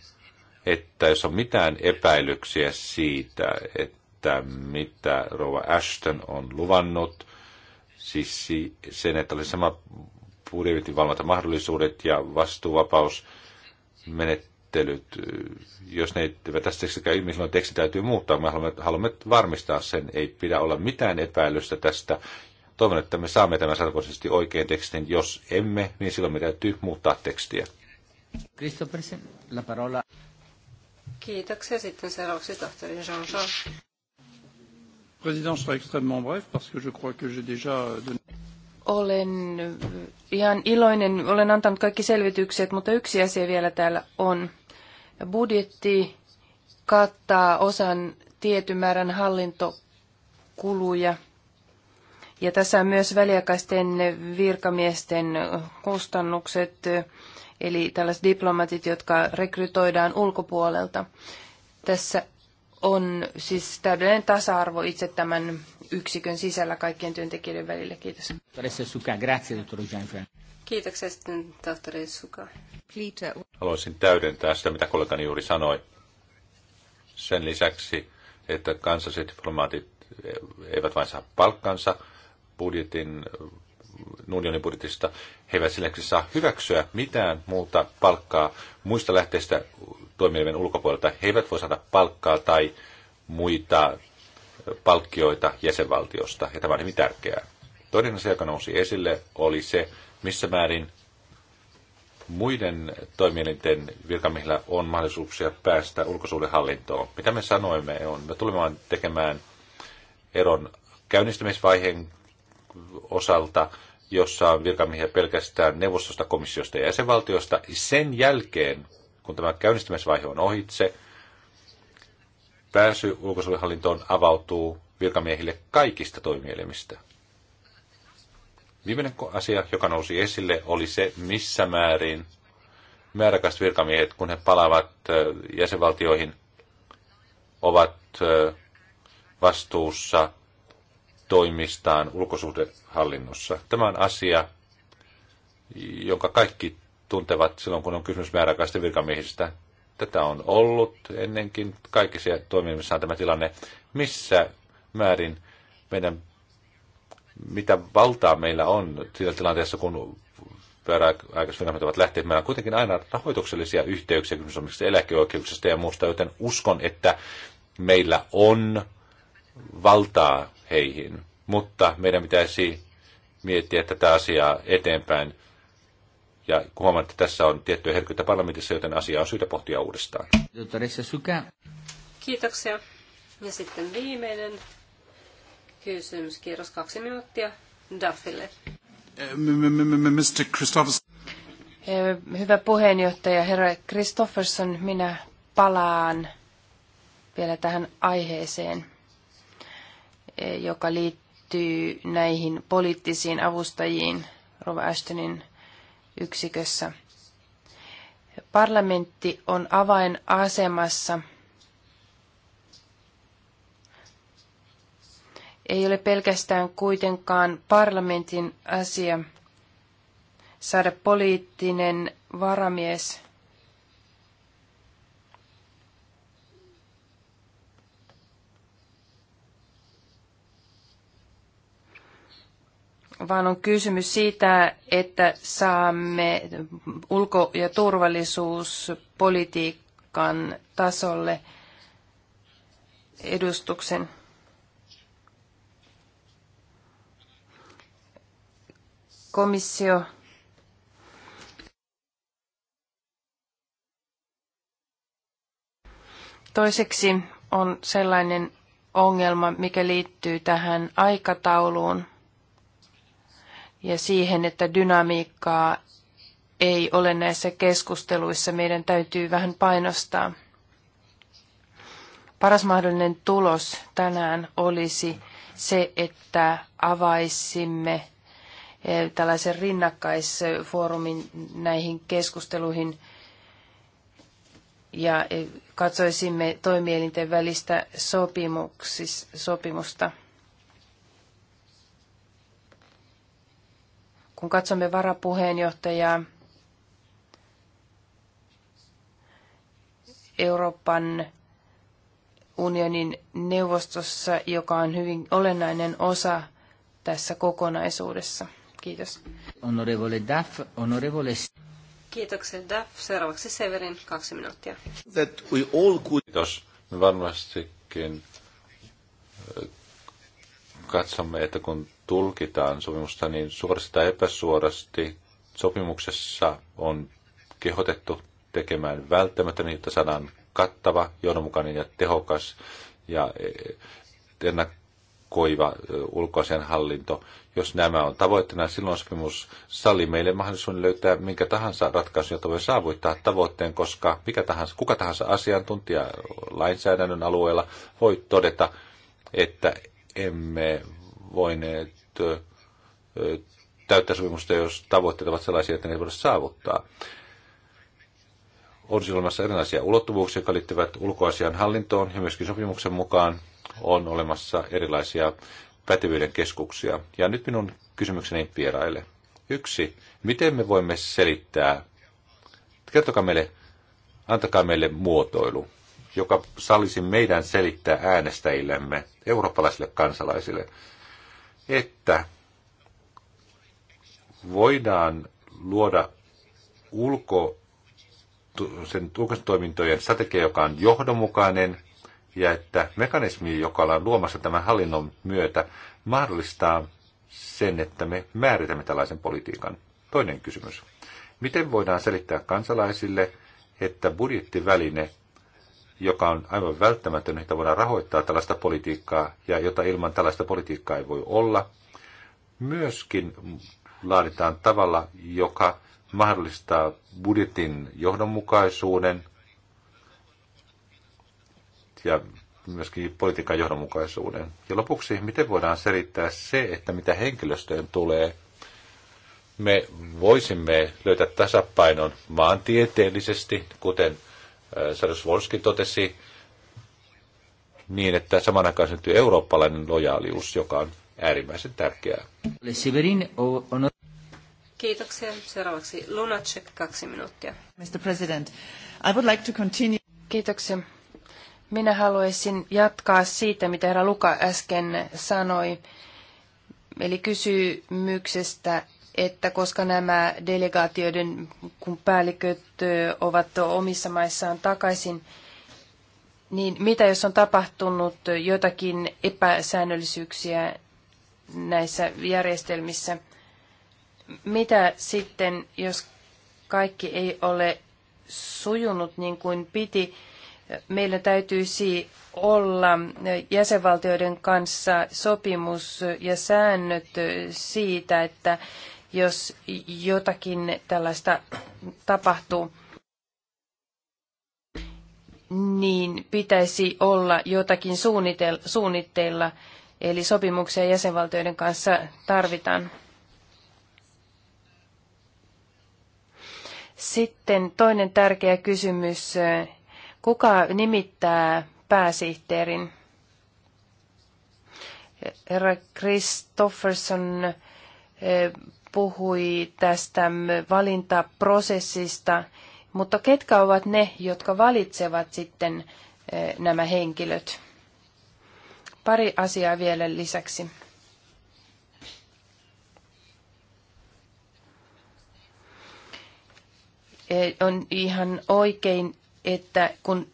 Speaker 1: että jos on mitään epäilyksiä siitä, että mitä Rova Ashton on luvannut, siis sen, että oli sama budjetin mahdollisuudet ja vastuuvapaus menettelyt, jos ne eivät tästä tekstistä ilmi, silloin teksti täytyy muuttaa. Me haluamme, haluamme varmistaa sen, ei pidä olla mitään epäilystä tästä. Toivon, että me saamme tämän sarkoisesti oikein tekstin. Jos emme, niin silloin me täytyy muuttaa tekstiä.
Speaker 3: Kiitoksia. Sitten seuraavaksi tohtori Jean-Jean.
Speaker 1: Président, je serai extrêmement bref parce que je crois
Speaker 2: que j'ai déjà euh, donné olen äh, ihan iloinen, olen antanut kaikki selvitykset, mutta yksi asia vielä täällä on. Budjetti kattaa osan tietyn määrän hallintokuluja. Ja tässä on myös väliaikaisten virkamiesten kustannukset eli tällaiset diplomatit, jotka rekrytoidaan ulkopuolelta. Tässä on siis täydellinen tasa-arvo itse tämän yksikön sisällä kaikkien
Speaker 3: työntekijöiden välillä. Kiitos. Kiitoksia sitten, tohtori Suka. Uh,
Speaker 1: Haluaisin täydentää sitä, mitä kollegani juuri sanoi. Sen lisäksi, että kansalliset diplomaatit eh, eivät vain saa palkkansa budjetin eh, unionin budjetista. He eivät sinäksi saa hyväksyä mitään muuta palkkaa muista lähteistä toimivien ulkopuolelta. He eivät voi saada palkkaa tai muita palkkioita jäsenvaltiosta, ja tämä on hyvin tärkeää. Toinen asia, joka nousi esille, oli se, missä määrin muiden toimielinten virkamiehillä on mahdollisuuksia päästä hallintoon. Mitä me sanoimme on, me tulemme tekemään eron käynnistymisvaiheen osalta jossa on virkamiehiä pelkästään neuvostosta, komissiosta ja jäsenvaltiosta. Sen jälkeen, kun tämä käynnistymisvaihe on ohitse, pääsy ulkosuojelhallintoon avautuu virkamiehille kaikista toimielimistä. Viimeinen asia, joka nousi esille, oli se, missä määrin määräkäs virkamiehet, kun he palaavat jäsenvaltioihin, ovat vastuussa toimistaan ulkosuhdehallinnossa. Tämä on asia, jonka kaikki tuntevat silloin, kun on kysymys määräaikaisista virkamiehistä. Tätä on ollut ennenkin kaikissa toimimissa on tämä tilanne. Missä määrin meidän, mitä valtaa meillä on siinä tilanteessa, kun määräaikaiset virkamiehet ovat lähteet. Meillä on kuitenkin aina rahoituksellisia yhteyksiä kysymys eläkeoikeuksista ja muusta, joten uskon, että meillä on valtaa heihin. Mutta meidän pitäisi miettiä tätä asiaa eteenpäin. Ja huomaan, että tässä on tiettyä herkkyyttä parlamentissa, joten asiaa on syytä pohtia uudestaan.
Speaker 3: Kiitoksia. Ja sitten viimeinen kysymys. Kierros kaksi minuuttia Duffille.
Speaker 2: Mr. Eh, hyvä puheenjohtaja, herra Kristofferson, minä palaan vielä tähän aiheeseen. Eh, joka liittyy näihin poliittisiin avustajiin Rova Ashtonin yksikössä. Parlamentti on avainasemassa. Ei ole pelkästään kuitenkaan parlamentin asia saada poliittinen varamies – vaan on kysymys siitä, että saamme ulko- ja turvallisuuspolitiikan tasolle edustuksen. Komissio Toiseksi on sellainen ongelma, mikä liittyy tähän aikatauluun – ja siihen, että dynamiikkaa ei ole näissä keskusteluissa. Meidän täytyy vähän painostaa. Paras mahdollinen tulos tänään olisi se, että avaisimme eh, tällaisen rinnakkaisfoorumin näihin keskusteluihin ja eh, katsoisimme toimielinten välistä sopimusta. Kun katsomme varapuheenjohtajaa, Euroopan unionin neuvostossa, joka on hyvin olennainen osa tässä
Speaker 3: kokonaisuudessa. Kiitos.
Speaker 2: Honorevole Daff, honorevole...
Speaker 3: Kiitoksia Daff. Seuraavaksi Severin, kaksi minuuttia.
Speaker 1: That we all could... Kiitos. Me varmastikin katsomme, että kun tulkitaan sopimusta, niin suorasti tai epäsuorasti sopimuksessa on kehotettu tekemään niin että saadaan kattava, johdonmukainen ja tehokas ja e, ennakoiva e, ulkoisen hallinto. Jos nämä on tavoitteena, silloin sopimus salli meille mahdollisuuden löytää minkä tahansa ratkaisun, jota voi saavuttaa tavoitteen, koska mikä tahansa, kuka tahansa asiantuntija lainsäädännön alueella voi todeta, että emme voineet täyttää sopimusta, jos tavoitteet ovat sellaisia, että ne ei voida saavuttaa. On siis olemassa erilaisia ulottuvuuksia, jotka liittyvät ulkoasian hallintoon ja myöskin sopimuksen mukaan on olemassa erilaisia pätevyyden keskuksia. Ja nyt minun kysymykseni vieraille. Yksi, miten me voimme selittää, kertokaa meille, antakaa meille muotoilu, joka sallisi meidän selittää äänestäjillemme, eurooppalaisille kansalaisille, että voidaan luoda ulko, sen ulkoistoimintojen strategia, joka on johdonmukainen, ja että mekanismi, joka ollaan luomassa tämän hallinnon myötä, mahdollistaa sen, että me määritämme tällaisen politiikan. Toinen kysymys. Miten voidaan selittää kansalaisille, että budjettiväline joka on aivan välttämätön, että voidaan rahoittaa tällaista politiikkaa ja jota ilman tällaista politiikkaa ei voi olla, myöskin laaditaan tavalla, joka mahdollistaa budjetin johdonmukaisuuden ja myöskin politiikan johdonmukaisuuden. Ja lopuksi, miten voidaan selittää se, että mitä henkilöstöön tulee, me voisimme löytää tasapainon maantieteellisesti, kuten Äh, Sarasvolski totesi, niin että saman aikaan syntyy eurooppalainen lojaalius, joka on äärimmäisen tärkeää.
Speaker 3: Kiitoksia. Seuraavaksi Lunacek, kaksi minuuttia.
Speaker 2: Mr. President, I would like to continue... Kiitoksia. Minä haluaisin jatkaa siitä, mitä herra Luka äsken sanoi, eli kysymyksestä että koska nämä delegaatioiden päälliköt ovat omissa maissaan takaisin, niin mitä jos on tapahtunut jotakin epäsäännöllisyyksiä näissä järjestelmissä? Mitä sitten, jos kaikki ei ole sujunut niin kuin piti? Meillä täytyisi olla jäsenvaltioiden kanssa sopimus ja säännöt siitä, että jos jotakin tällaista tapahtuu, niin pitäisi olla jotakin suunnitteilla, eli sopimuksia jäsenvaltioiden kanssa tarvitaan. Sitten toinen tärkeä kysymys. Kuka nimittää pääsihteerin? Herra Kristofferson puhui tästä valintaprosessista, mutta ketkä ovat ne, jotka valitsevat sitten eh, nämä henkilöt? Pari asiaa vielä lisäksi. Eh, on ihan oikein, että kun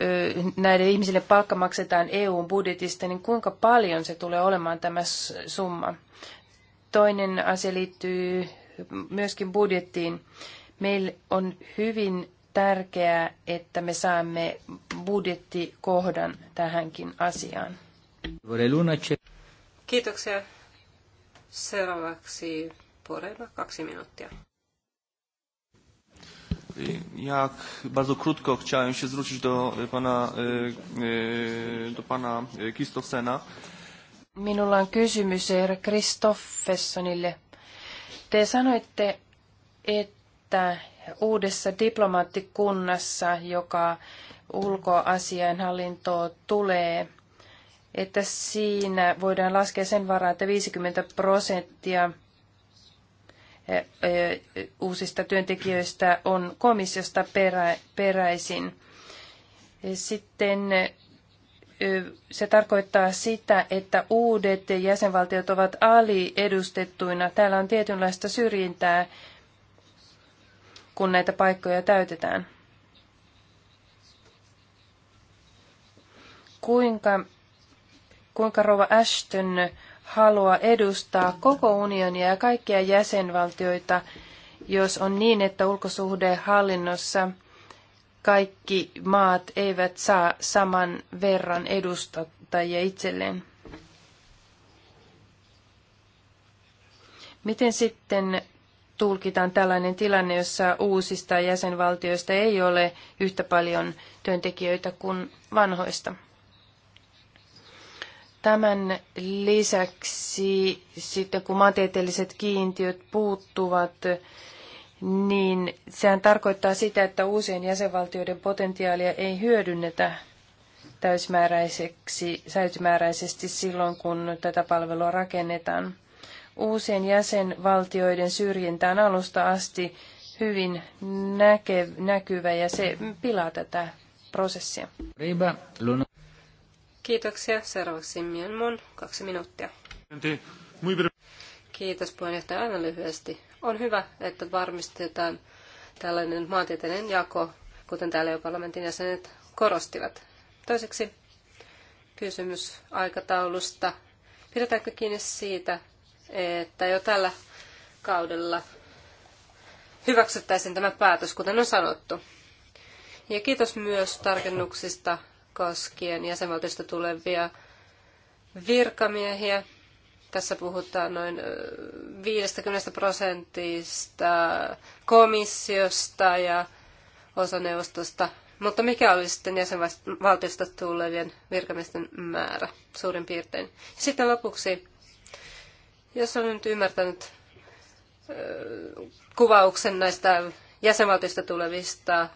Speaker 2: eh, näille ihmisille palkka maksetaan EUn budjetista, niin kuinka paljon se tulee olemaan tämä summa? Toinen asia liittyy myöskin budjettiin. Meillä on hyvin tärkeää, että me saamme budjettikohdan tähänkin asiaan.
Speaker 3: Kiitoksia. Seuraavaksi Poreba, kaksi minuuttia.
Speaker 1: Jak bardzo krótko chciałem się zwrócić do pana, e, e, do pana Kistosena.
Speaker 2: Minulla on kysymys herra Kristoffessonille. Te sanoitte, että uudessa diplomaattikunnassa, joka ulkoasiainhallintoon tulee, että siinä voidaan laskea sen varaa, että 50 prosenttia eh, eh, uusista työntekijöistä on komissiosta perä, peräisin. Sitten se tarkoittaa sitä, että uudet jäsenvaltiot ovat aliedustettuina. Täällä on tietynlaista syrjintää, kun näitä paikkoja täytetään. Kuinka, kuinka Rova Ashton haluaa edustaa koko unionia ja kaikkia jäsenvaltioita, jos on niin, että ulkosuhdehallinnossa hallinnossa kaikki maat eivät saa saman verran edustajia itselleen. Miten sitten tulkitaan tällainen tilanne, jossa uusista jäsenvaltioista ei ole yhtä paljon työntekijöitä kuin vanhoista? Tämän lisäksi sitten kun maantieteelliset kiintiöt puuttuvat, niin sehän tarkoittaa sitä, että uusien jäsenvaltioiden potentiaalia ei hyödynnetä täysimääräiseksi, täysimääräisesti silloin, kun tätä palvelua rakennetaan. Uusien jäsenvaltioiden syrjintään alusta asti hyvin näke, näkyvä ja se pilaa tätä prosessia.
Speaker 3: Kiitoksia. Seuraavaksi Mianmon kaksi minuuttia. Kiitos puheenjohtaja aivan lyhyesti. On hyvä, että varmistetaan tällainen maantieteellinen jako, kuten täällä jo parlamentin jäsenet korostivat. Toiseksi kysymys aikataulusta. Pidetäänkö kiinni siitä, että jo tällä kaudella hyväksyttäisiin tämä päätös, kuten on sanottu. Ja kiitos myös tarkennuksista koskien jäsenvaltiosta tulevia virkamiehiä. Tässä puhutaan noin 50 prosentista komissiosta ja osaneuvostosta. Mutta mikä oli sitten jäsenvaltiosta tulevien virkamiesten määrä suurin piirtein? Sitten lopuksi, jos olen nyt ymmärtänyt kuvauksen näistä jäsenvaltiosta tulevista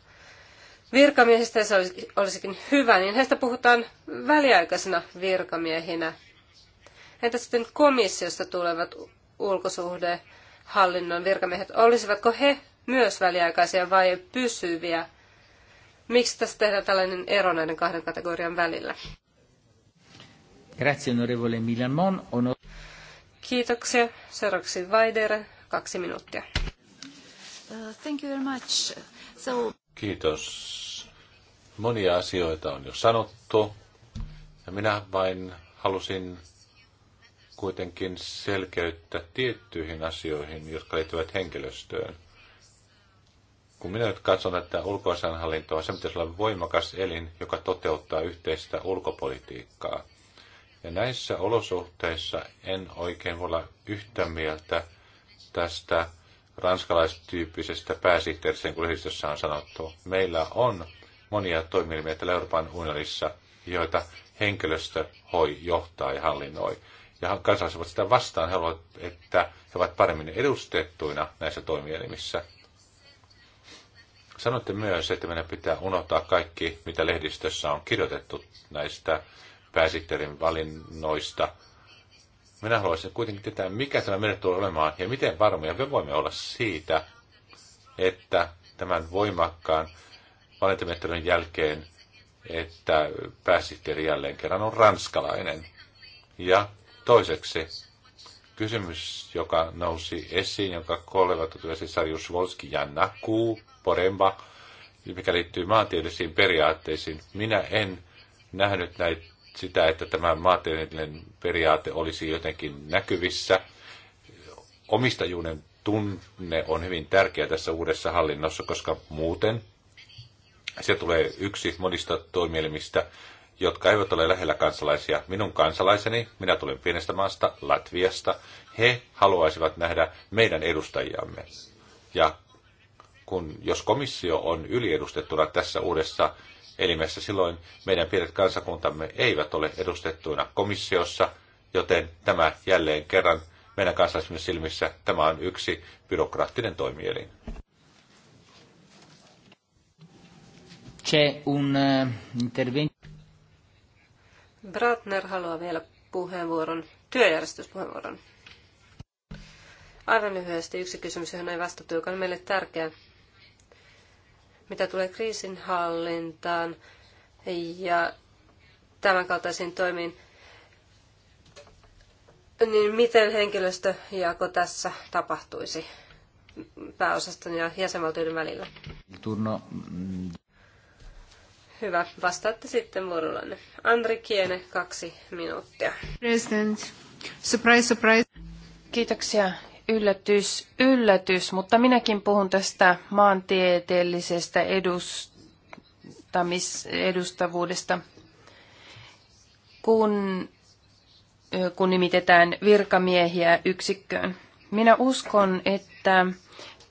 Speaker 3: virkamiehistä, ja se olisikin hyvä, niin heistä puhutaan väliaikaisena virkamiehinä – Entä sitten komissiosta tulevat ulkosuhdehallinnon virkamiehet, olisivatko he myös väliaikaisia vai pysyviä? Miksi tässä tehdään tällainen ero näiden kahden kategorian välillä?
Speaker 2: Grazie, onorevole Milamon. Ono...
Speaker 3: Kiitoksia. Seuraavaksi Vaider, kaksi minuuttia. Uh, thank you very much. So...
Speaker 1: Kiitos. Monia asioita on jo sanottu. Ja minä vain halusin kuitenkin selkeyttä tiettyihin asioihin, jotka liittyvät henkilöstöön. Kun minä nyt katson että ulkoasianhallintoa, se pitäisi olla voimakas elin, joka toteuttaa yhteistä ulkopolitiikkaa. Ja näissä olosuhteissa en oikein voi olla yhtä mieltä tästä ranskalaistyyppisestä pääsihteerisen niin kun lehdistössä on sanottu. Meillä on monia toimielimiä täällä Euroopan unionissa, joita henkilöstö hoi, johtaa ja hallinnoi ja kansalaiset ovat sitä vastaan. He haluavat, että he ovat paremmin edustettuina näissä toimielimissä. Sanoitte myös, että meidän pitää unohtaa kaikki, mitä lehdistössä on kirjoitettu näistä pääsihteerin valinnoista. Minä haluaisin kuitenkin tietää, mikä tämä meille tulee olemaan ja miten varmoja me voimme olla siitä, että tämän voimakkaan valintamenettelyn jälkeen, että pääsihteeri jälleen kerran on ranskalainen. Ja Toiseksi kysymys, joka nousi esiin, jonka kollegat ottivat siis Sarjus Volski ja Naku, Poremba, mikä liittyy maantieteellisiin periaatteisiin. Minä en nähnyt näitä sitä, että tämä maantieteellinen periaate olisi jotenkin näkyvissä. Omistajuuden tunne on hyvin tärkeä tässä uudessa hallinnossa, koska muuten se tulee yksi monista toimielimistä, jotka eivät ole lähellä kansalaisia. Minun kansalaiseni, minä tulin pienestä maasta, Latviasta, he haluaisivat nähdä meidän edustajiamme. Ja kun, jos komissio on yliedustettuna tässä uudessa elimessä, silloin meidän pienet kansakuntamme eivät ole edustettuina komissiossa, joten tämä jälleen kerran meidän kansalaisemme silmissä tämä on yksi byrokraattinen toimielin.
Speaker 2: C'è un eh, intervento.
Speaker 3: Bratner haluaa vielä puheenvuoron, työjärjestyspuheenvuoron. Aivan lyhyesti yksi kysymys, johon ei vastattu, joka on meille tärkeä. Mitä tulee kriisinhallintaan ja tämänkaltaisiin toimiin, niin miten henkilöstöjako tässä tapahtuisi pääosaston ja jäsenvaltioiden välillä? Turno. Hyvä, vastaatte sitten vuorollanne. Andri Kiene, kaksi minuuttia. President, surprise, surprise.
Speaker 2: Kiitoksia. Yllätys, yllätys, mutta minäkin puhun tästä maantieteellisestä edustavuudesta. Kun, kun nimitetään virkamiehiä yksikköön. Minä uskon, että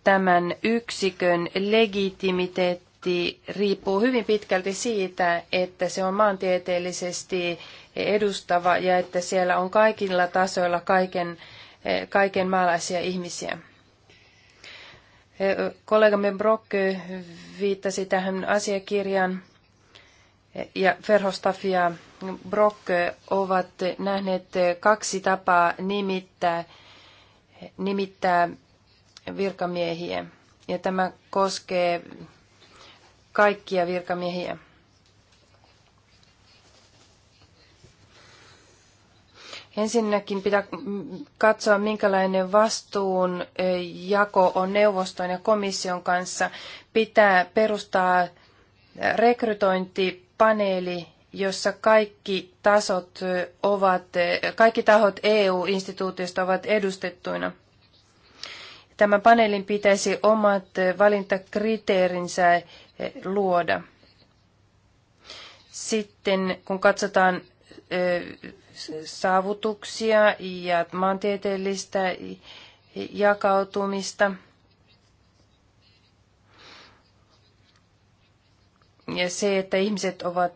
Speaker 2: tämän yksikön legitimiteetti budjetti riippuu hyvin pitkälti siitä, että se on maantieteellisesti edustava ja että siellä on kaikilla tasoilla kaiken, eh, kaiken maalaisia ihmisiä. Eh, kollegamme Brock viittasi tähän asiakirjaan eh, ja Verhostaff ja Brock ovat nähneet kaksi tapaa nimittää, nimittää virkamiehiä. Ja tämä koskee kaikkia virkamiehiä. Ensinnäkin pitää katsoa, minkälainen vastuun jako on neuvoston ja komission kanssa. Pitää perustaa rekrytointipaneeli, jossa kaikki, tasot ovat, kaikki tahot EU-instituutiosta ovat edustettuina. Tämän paneelin pitäisi omat valintakriteerinsä luoda. Sitten kun katsotaan saavutuksia ja maantieteellistä jakautumista, ja se, että ihmiset ovat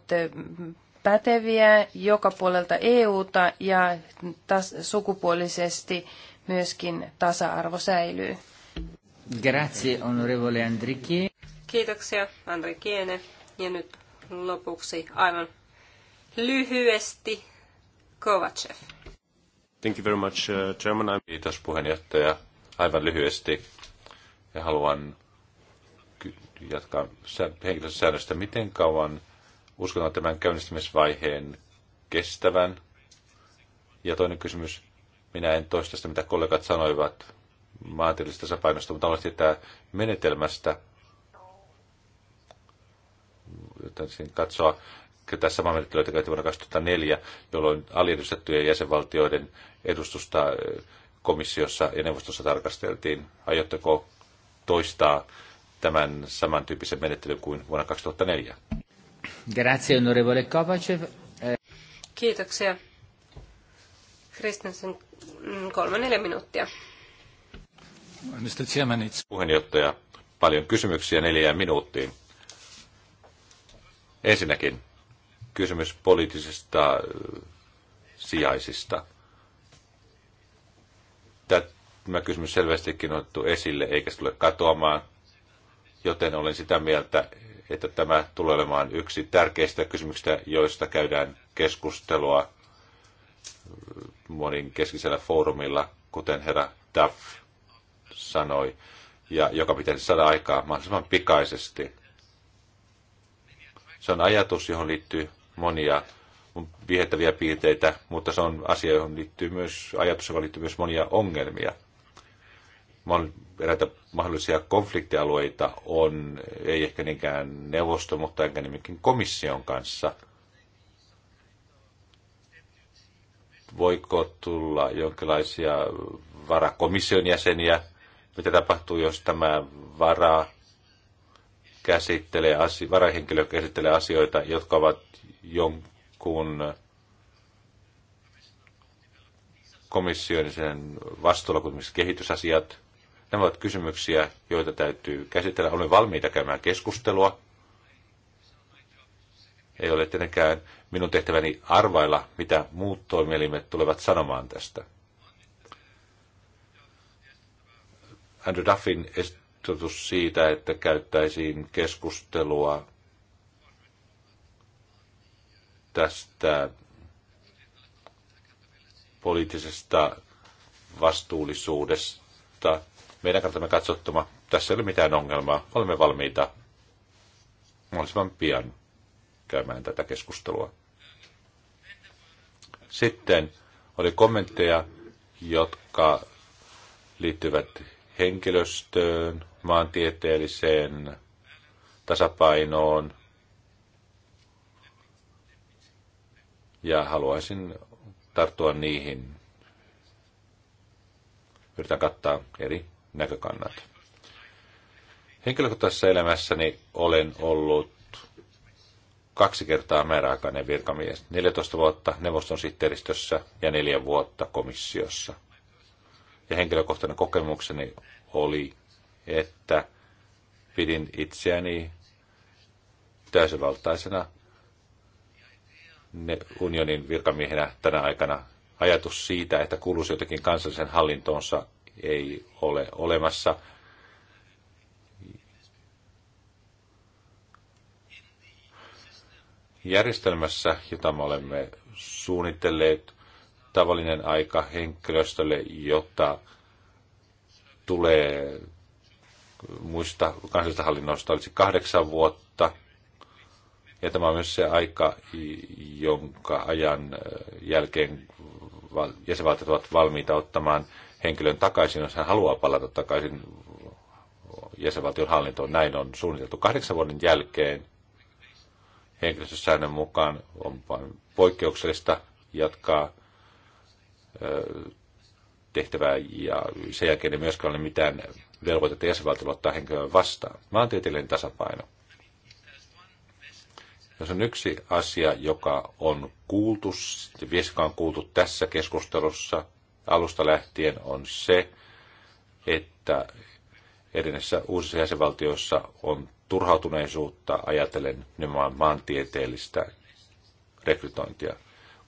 Speaker 2: päteviä joka puolelta EUta ja tas- sukupuolisesti myöskin tasa-arvo säilyy.
Speaker 3: Grazie, onorevole Andrikki. Kiitoksia, Andre Kiene. Ja nyt lopuksi aivan lyhyesti Kovacev.
Speaker 1: Thank you very much, uh, Chairman. Kiitos puheenjohtaja. Aivan lyhyesti. Ja haluan jatkaa henkilöstösäännöstä. Miten kauan uskotaan tämän käynnistymisvaiheen kestävän? Ja toinen kysymys. Minä en toista sitä, mitä kollegat sanoivat maantiellisestä tasapainosta, mutta haluaisin tietää menetelmästä, katsoa tässä maanmenettelyitä käytiin vuonna 2004, jolloin aliedustettujen jäsenvaltioiden edustusta eh, komissiossa ja neuvostossa tarkasteltiin. Aiotteko toistaa tämän samantyyppisen menettelyn kuin vuonna 2004?
Speaker 2: Grazie, onorevole Kovacev.
Speaker 3: Kiitoksia. Kristensen mm, kolme neljä minuuttia.
Speaker 1: Mr. Puheenjohtaja, paljon kysymyksiä neljään minuuttiin. Ensinnäkin kysymys poliittisista sijaisista. Tämä kysymys selvästikin on otettu esille, eikä se tule katoamaan, joten olen sitä mieltä, että tämä tulee olemaan yksi tärkeistä kysymyksistä, joista käydään keskustelua monin keskisellä foorumilla, kuten herra Duff sanoi, ja joka pitäisi saada aikaa mahdollisimman pikaisesti. Se on ajatus, johon liittyy monia viehettäviä piirteitä, mutta se on asia, johon liittyy myös ajatus, joka liittyy myös monia ongelmia. Eräitä mahdollisia konfliktialueita on, ei ehkä niinkään neuvosto, mutta enkä nimikin komission kanssa. Voiko tulla jonkinlaisia varakomission jäseniä? Mitä tapahtuu, jos tämä vara käsittelee asi varahenkilö käsittelee asioita, jotka ovat jonkun komission sen vastuulla, kuten kehitysasiat. Nämä ovat kysymyksiä, joita täytyy käsitellä. Olemme valmiita käymään keskustelua. Ei ole tietenkään minun tehtäväni arvailla, mitä muut toimielimet tulevat sanomaan tästä. Andrew Duffin ehdotus siitä, että käyttäisiin keskustelua tästä poliittisesta vastuullisuudesta. Meidän kannatamme katsottuma. tässä ei ole mitään ongelmaa. Olemme valmiita mahdollisimman pian käymään tätä keskustelua. Sitten oli kommentteja, jotka liittyvät henkilöstöön, maantieteelliseen tasapainoon. Ja haluaisin tarttua niihin. Yritän kattaa eri näkökannat. Henkilökohtaisessa elämässäni olen ollut kaksi kertaa määräaikainen virkamies, 14 vuotta neuvoston sihteeristössä ja neljä vuotta komissiossa. Ja henkilökohtainen kokemukseni oli että pidin itseäni täysivaltaisena unionin virkamiehenä tänä aikana. Ajatus siitä, että kuuluisi jotenkin kansallisen hallintoonsa, ei ole olemassa. Järjestelmässä, jota me olemme suunnitelleet, tavallinen aika henkilöstölle, jota tulee muista kansallisesta hallinnosta olisi kahdeksan vuotta. Ja tämä on myös se aika, jonka ajan jälkeen jäsenvaltiot ovat valmiita ottamaan henkilön takaisin, jos hän haluaa palata takaisin jäsenvaltion hallintoon. Näin on suunniteltu kahdeksan vuoden jälkeen. Henkilöstösäännön mukaan on vain poikkeuksellista jatkaa tehtävää ja sen jälkeen ei myöskään ole mitään velvoitetta jäsenvaltiolla ottaa henkilöä vastaan. Maantieteellinen tasapaino. Jos on yksi asia, joka on kuultu, joka on kuultu tässä keskustelussa alusta lähtien, on se, että erinäisissä uusissa jäsenvaltioissa on turhautuneisuutta ajatellen nimenomaan maantieteellistä rekrytointia.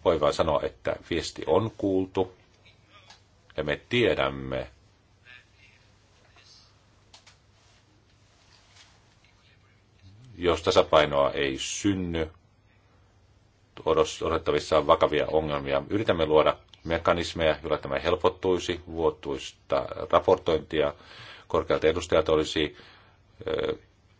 Speaker 1: Voi vain sanoa, että viesti on kuultu ja me tiedämme, Jos tasapainoa ei synny, odottavissa on vakavia ongelmia. Yritämme luoda mekanismeja, joilla tämä helpottuisi, vuotuista raportointia, korkealta edustajat olisi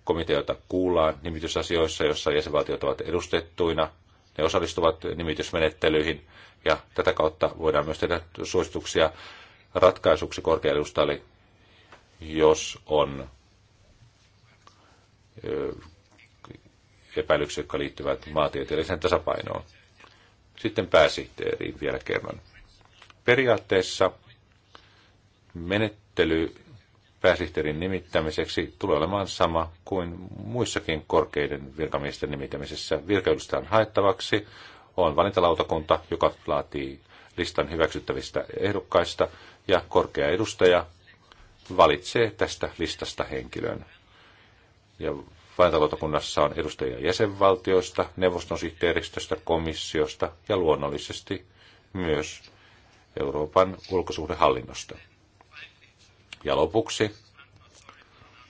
Speaker 1: komiteoita kuullaan nimitysasioissa, joissa jäsenvaltiot ovat edustettuina, ne osallistuvat nimitysmenettelyihin ja tätä kautta voidaan myös tehdä suosituksia ratkaisuksi korkeaedustajalle, jos on epäilyksiä, jotka liittyvät maantieteelliseen tasapainoon. Sitten pääsihteeriin vielä kerran. Periaatteessa menettely pääsihteerin nimittämiseksi tulee olemaan sama kuin muissakin korkeiden virkamiesten nimittämisessä. Virkailustaan haettavaksi on valintalautakunta, joka laatii listan hyväksyttävistä ehdokkaista, ja korkea edustaja valitsee tästä listasta henkilön. Ja Valintalautakunnassa on edustajia jäsenvaltioista, neuvoston sihteeristöstä, komissiosta ja luonnollisesti myös Euroopan ulkosuhdehallinnosta. Ja lopuksi,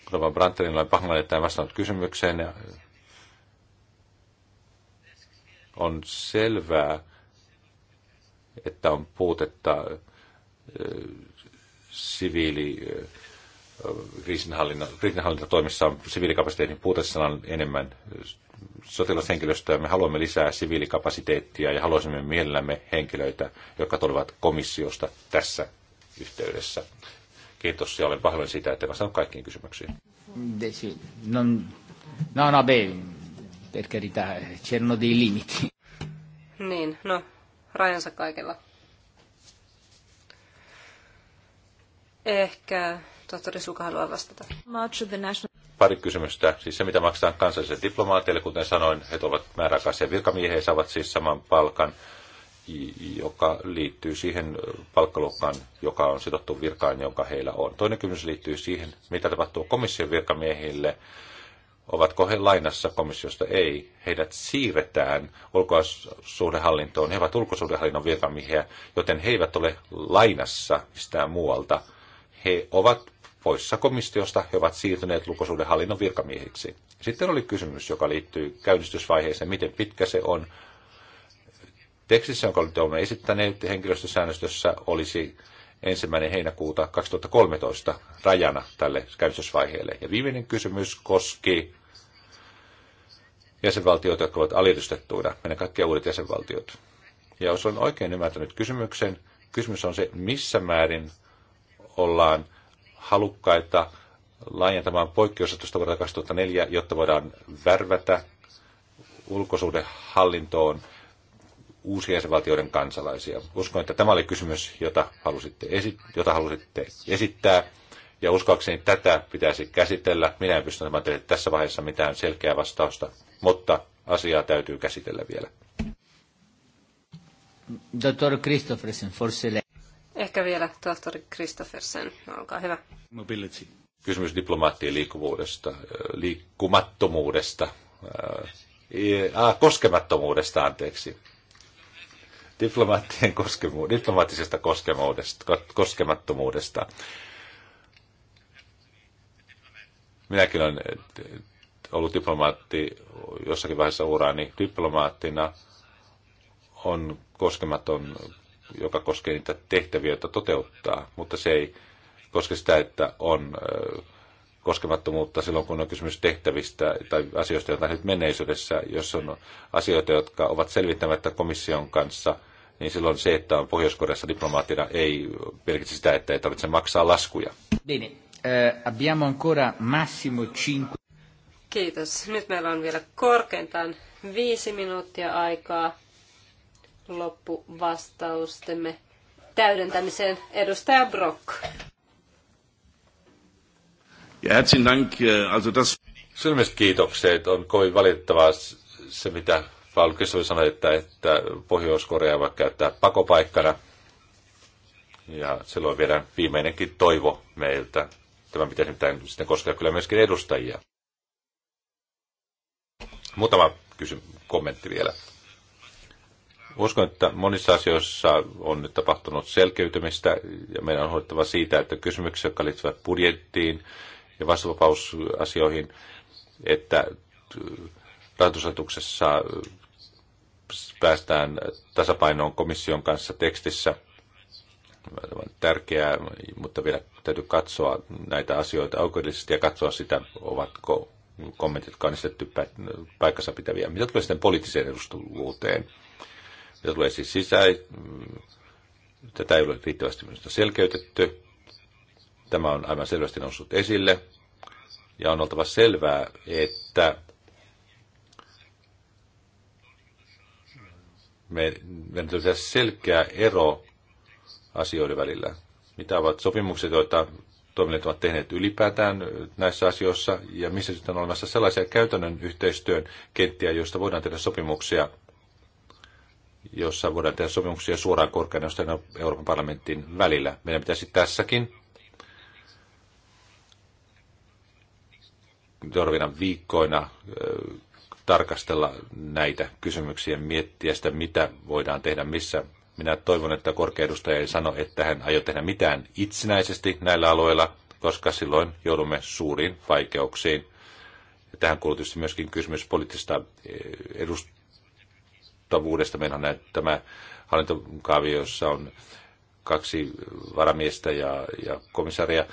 Speaker 1: kun Brantterilla on pahoillani, että en vastannut kysymykseen, on selvää, että on puutetta siviili kriisinhallinta, kriisinhallintatoimissa on siviilikapasiteetin puutessa on enemmän sotilashenkilöstöä. Me haluamme lisää siviilikapasiteettia ja haluaisimme mielellämme henkilöitä, jotka tulevat komissiosta tässä yhteydessä. Kiitos ja olen pahoin sitä, että vastaan kaikkiin kysymyksiin.
Speaker 2: Non, no, no, beh, per c'erano dei limiti.
Speaker 3: Niin, no, rajansa kaikella. Ehkä Tohtori Suka haluaa vastata.
Speaker 1: Pari kysymystä. Siis se, mitä maksaa kansallisille diplomaateille, kuten sanoin, he ovat määräaikaisia virkamiehiä ja saavat siis saman palkan, joka liittyy siihen palkkaluokkaan, joka on sidottu virkaan, jonka heillä on. Toinen kysymys liittyy siihen, mitä tapahtuu komission virkamiehille. Ovatko he lainassa komissiosta? Ei. Heidät siirretään ulkosuhdehallintoon. He ovat ulkosuhdehallinnon virkamiehiä, joten he eivät ole lainassa mistään muualta. He ovat poissa komissiosta, he ovat siirtyneet lukosuuden hallinnon virkamiehiksi. Sitten oli kysymys, joka liittyy käynnistysvaiheeseen, miten pitkä se on. Tekstissä, jonka olemme esittäneet henkilöstösäännöstössä, olisi ensimmäinen heinäkuuta 2013 rajana tälle käynnistysvaiheelle. Ja viimeinen kysymys koski jäsenvaltioita, jotka ovat aliedustettuina, meidän kaikkia uudet jäsenvaltiot. Ja jos olen oikein ymmärtänyt kysymyksen, kysymys on se, missä määrin ollaan halukkaita laajentamaan poikkeusasetusta vuodelta 2004, jotta voidaan värvätä ulkosuhdehallintoon uusia jäsenvaltioiden kansalaisia. Uskon, että tämä oli kysymys, jota halusitte, esi- jota halusitte esittää, ja uskoakseni tätä pitäisi käsitellä. Minä en pysty antamaan teille tässä vaiheessa mitään selkeää vastausta, mutta asiaa täytyy käsitellä vielä.
Speaker 2: Dr. Christopher
Speaker 3: Ehkä vielä tohtori Kristoffersen, olkaa hyvä.
Speaker 1: Mobility. Kysymys diplomaattien liikkuvuudesta, äh, liikkumattomuudesta, ää, äh, e- äh, koskemattomuudesta, anteeksi. Diplomaattien koskemu, diplomaattisesta koskemattomuudesta. Minäkin olen ollut diplomaatti jossakin vaiheessa uraani diplomaattina on koskematon joka koskee niitä tehtäviä, joita toteuttaa, mutta se ei koske sitä, että on koskemattomuutta silloin, kun on kysymys tehtävistä tai asioista, joita nyt menneisyydessä, jos on asioita, jotka ovat selvittämättä komission kanssa, niin silloin se, että on Pohjois-Koreassa diplomaattina, ei merkitse sitä, että ei tarvitse maksaa laskuja. Bene. Eh, abbiamo ancora massimo cinque.
Speaker 3: Kiitos. Nyt meillä on vielä korkeintaan viisi minuuttia aikaa loppuvastaustemme täydentämiseen. Edustaja Brock.
Speaker 1: Ja äh, kiitokset. On kovin valitettavaa se, mitä Valkysy sanoi, että, että Pohjois-Korea voi käyttää pakopaikkana. Ja silloin vielä viimeinenkin toivo meiltä. Tämä pitäisi sitten koskea kyllä myöskin edustajia. Muutama kysy- kommentti vielä. Uskon, että monissa asioissa on nyt tapahtunut selkeytymistä ja meidän on huolettava siitä, että kysymykset, jotka liittyvät budjettiin ja vastuuvapausasioihin, että äh, rahoitusasetuksessa äh, päästään tasapainoon komission kanssa tekstissä. Tämä on tärkeää, mutta vielä täytyy katsoa näitä asioita oikeudellisesti ja katsoa sitä, ovatko kommentit, jotka on esitetty paikkansa pitäviä. Mitä tulee sitten poliittiseen edustuvuuteen? Se tulee siis sisään. Tätä ei ole riittävästi minusta selkeytetty. Tämä on aivan selvästi noussut esille. Ja on oltava selvää, että me, meidän tulee selkeä ero asioiden välillä. Mitä ovat sopimukset, joita toimijat ovat tehneet ylipäätään näissä asioissa, ja missä sitten on olemassa sellaisia käytännön yhteistyön kenttiä, joista voidaan tehdä sopimuksia, jossa voidaan tehdä sopimuksia suoraan korkean ja Euroopan parlamentin välillä. Meidän pitäisi tässäkin seuraavina viikkoina tarkastella näitä kysymyksiä, miettiä sitä, mitä voidaan tehdä missä. Minä toivon, että korkea edustaja ei sano, että hän aio tehdä mitään itsenäisesti näillä alueilla, koska silloin joudumme suuriin vaikeuksiin. Ja tähän kuuluu tietysti myöskin kysymys poliittisesta edust- vaikuttavuudesta. Meillä on tämä hallintokaavio, jossa on kaksi varamiestä ja, ja komissaria,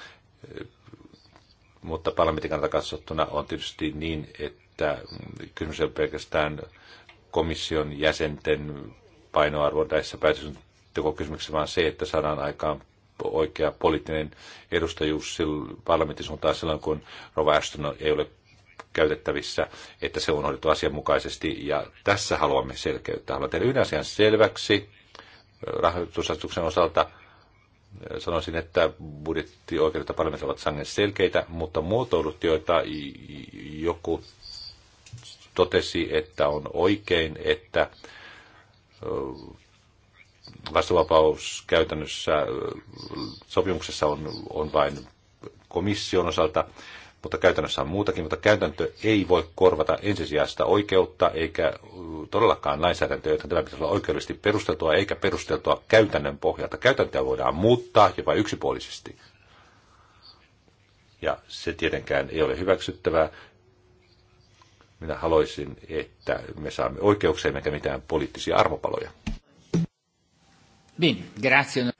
Speaker 1: mutta parlamentin kannalta katsottuna on tietysti niin, että kysymys on pelkästään komission jäsenten painoarvo näissä päätöksentekokysymyksissä, vaan se, että saadaan aikaan oikea poliittinen edustajuus parlamentissa taas silloin, kun Rova Ashton ei ole käytettävissä, että se on hoidettu asianmukaisesti. Ja tässä haluamme selkeyttää. Haluan tehdä yhden asian selväksi äh, rahoitusasetuksen osalta. Äh, sanoisin, että budjettioikeudet ja parlamentit ovat sangen selkeitä, mutta muotoilut, joita joku totesi, että on oikein, että äh, vastuvapaus käytännössä sopimuksessa on, on vain komission osalta mutta käytännössä on muutakin, mutta käytäntö ei voi korvata ensisijaista oikeutta eikä todellakaan lainsäädäntöä, joten tämä pitäisi olla oikeudellisesti perusteltua eikä perusteltua käytännön pohjalta. Käytäntöä voidaan muuttaa jopa yksipuolisesti. Ja se tietenkään ei ole hyväksyttävää. Minä haluaisin, että me saamme oikeuksia eikä mitään poliittisia arvopaloja.
Speaker 2: Bin, grazie.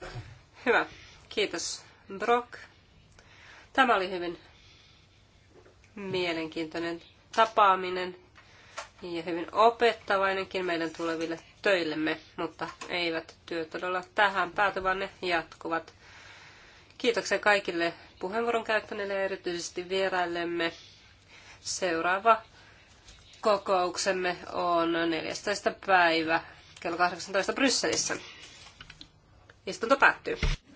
Speaker 3: Hyvä, kiitos Brock. Tämä oli hyvin mielenkiintoinen tapaaminen ja hyvin opettavainenkin meidän tuleville töillemme, mutta eivät työ todella tähän pääty, vaan ne jatkuvat. Kiitoksia kaikille puheenvuoron käyttäneille ja erityisesti vieraillemme. Seuraava kokouksemme on 14. päivä kello 18 Brysselissä. Istunto päättyy.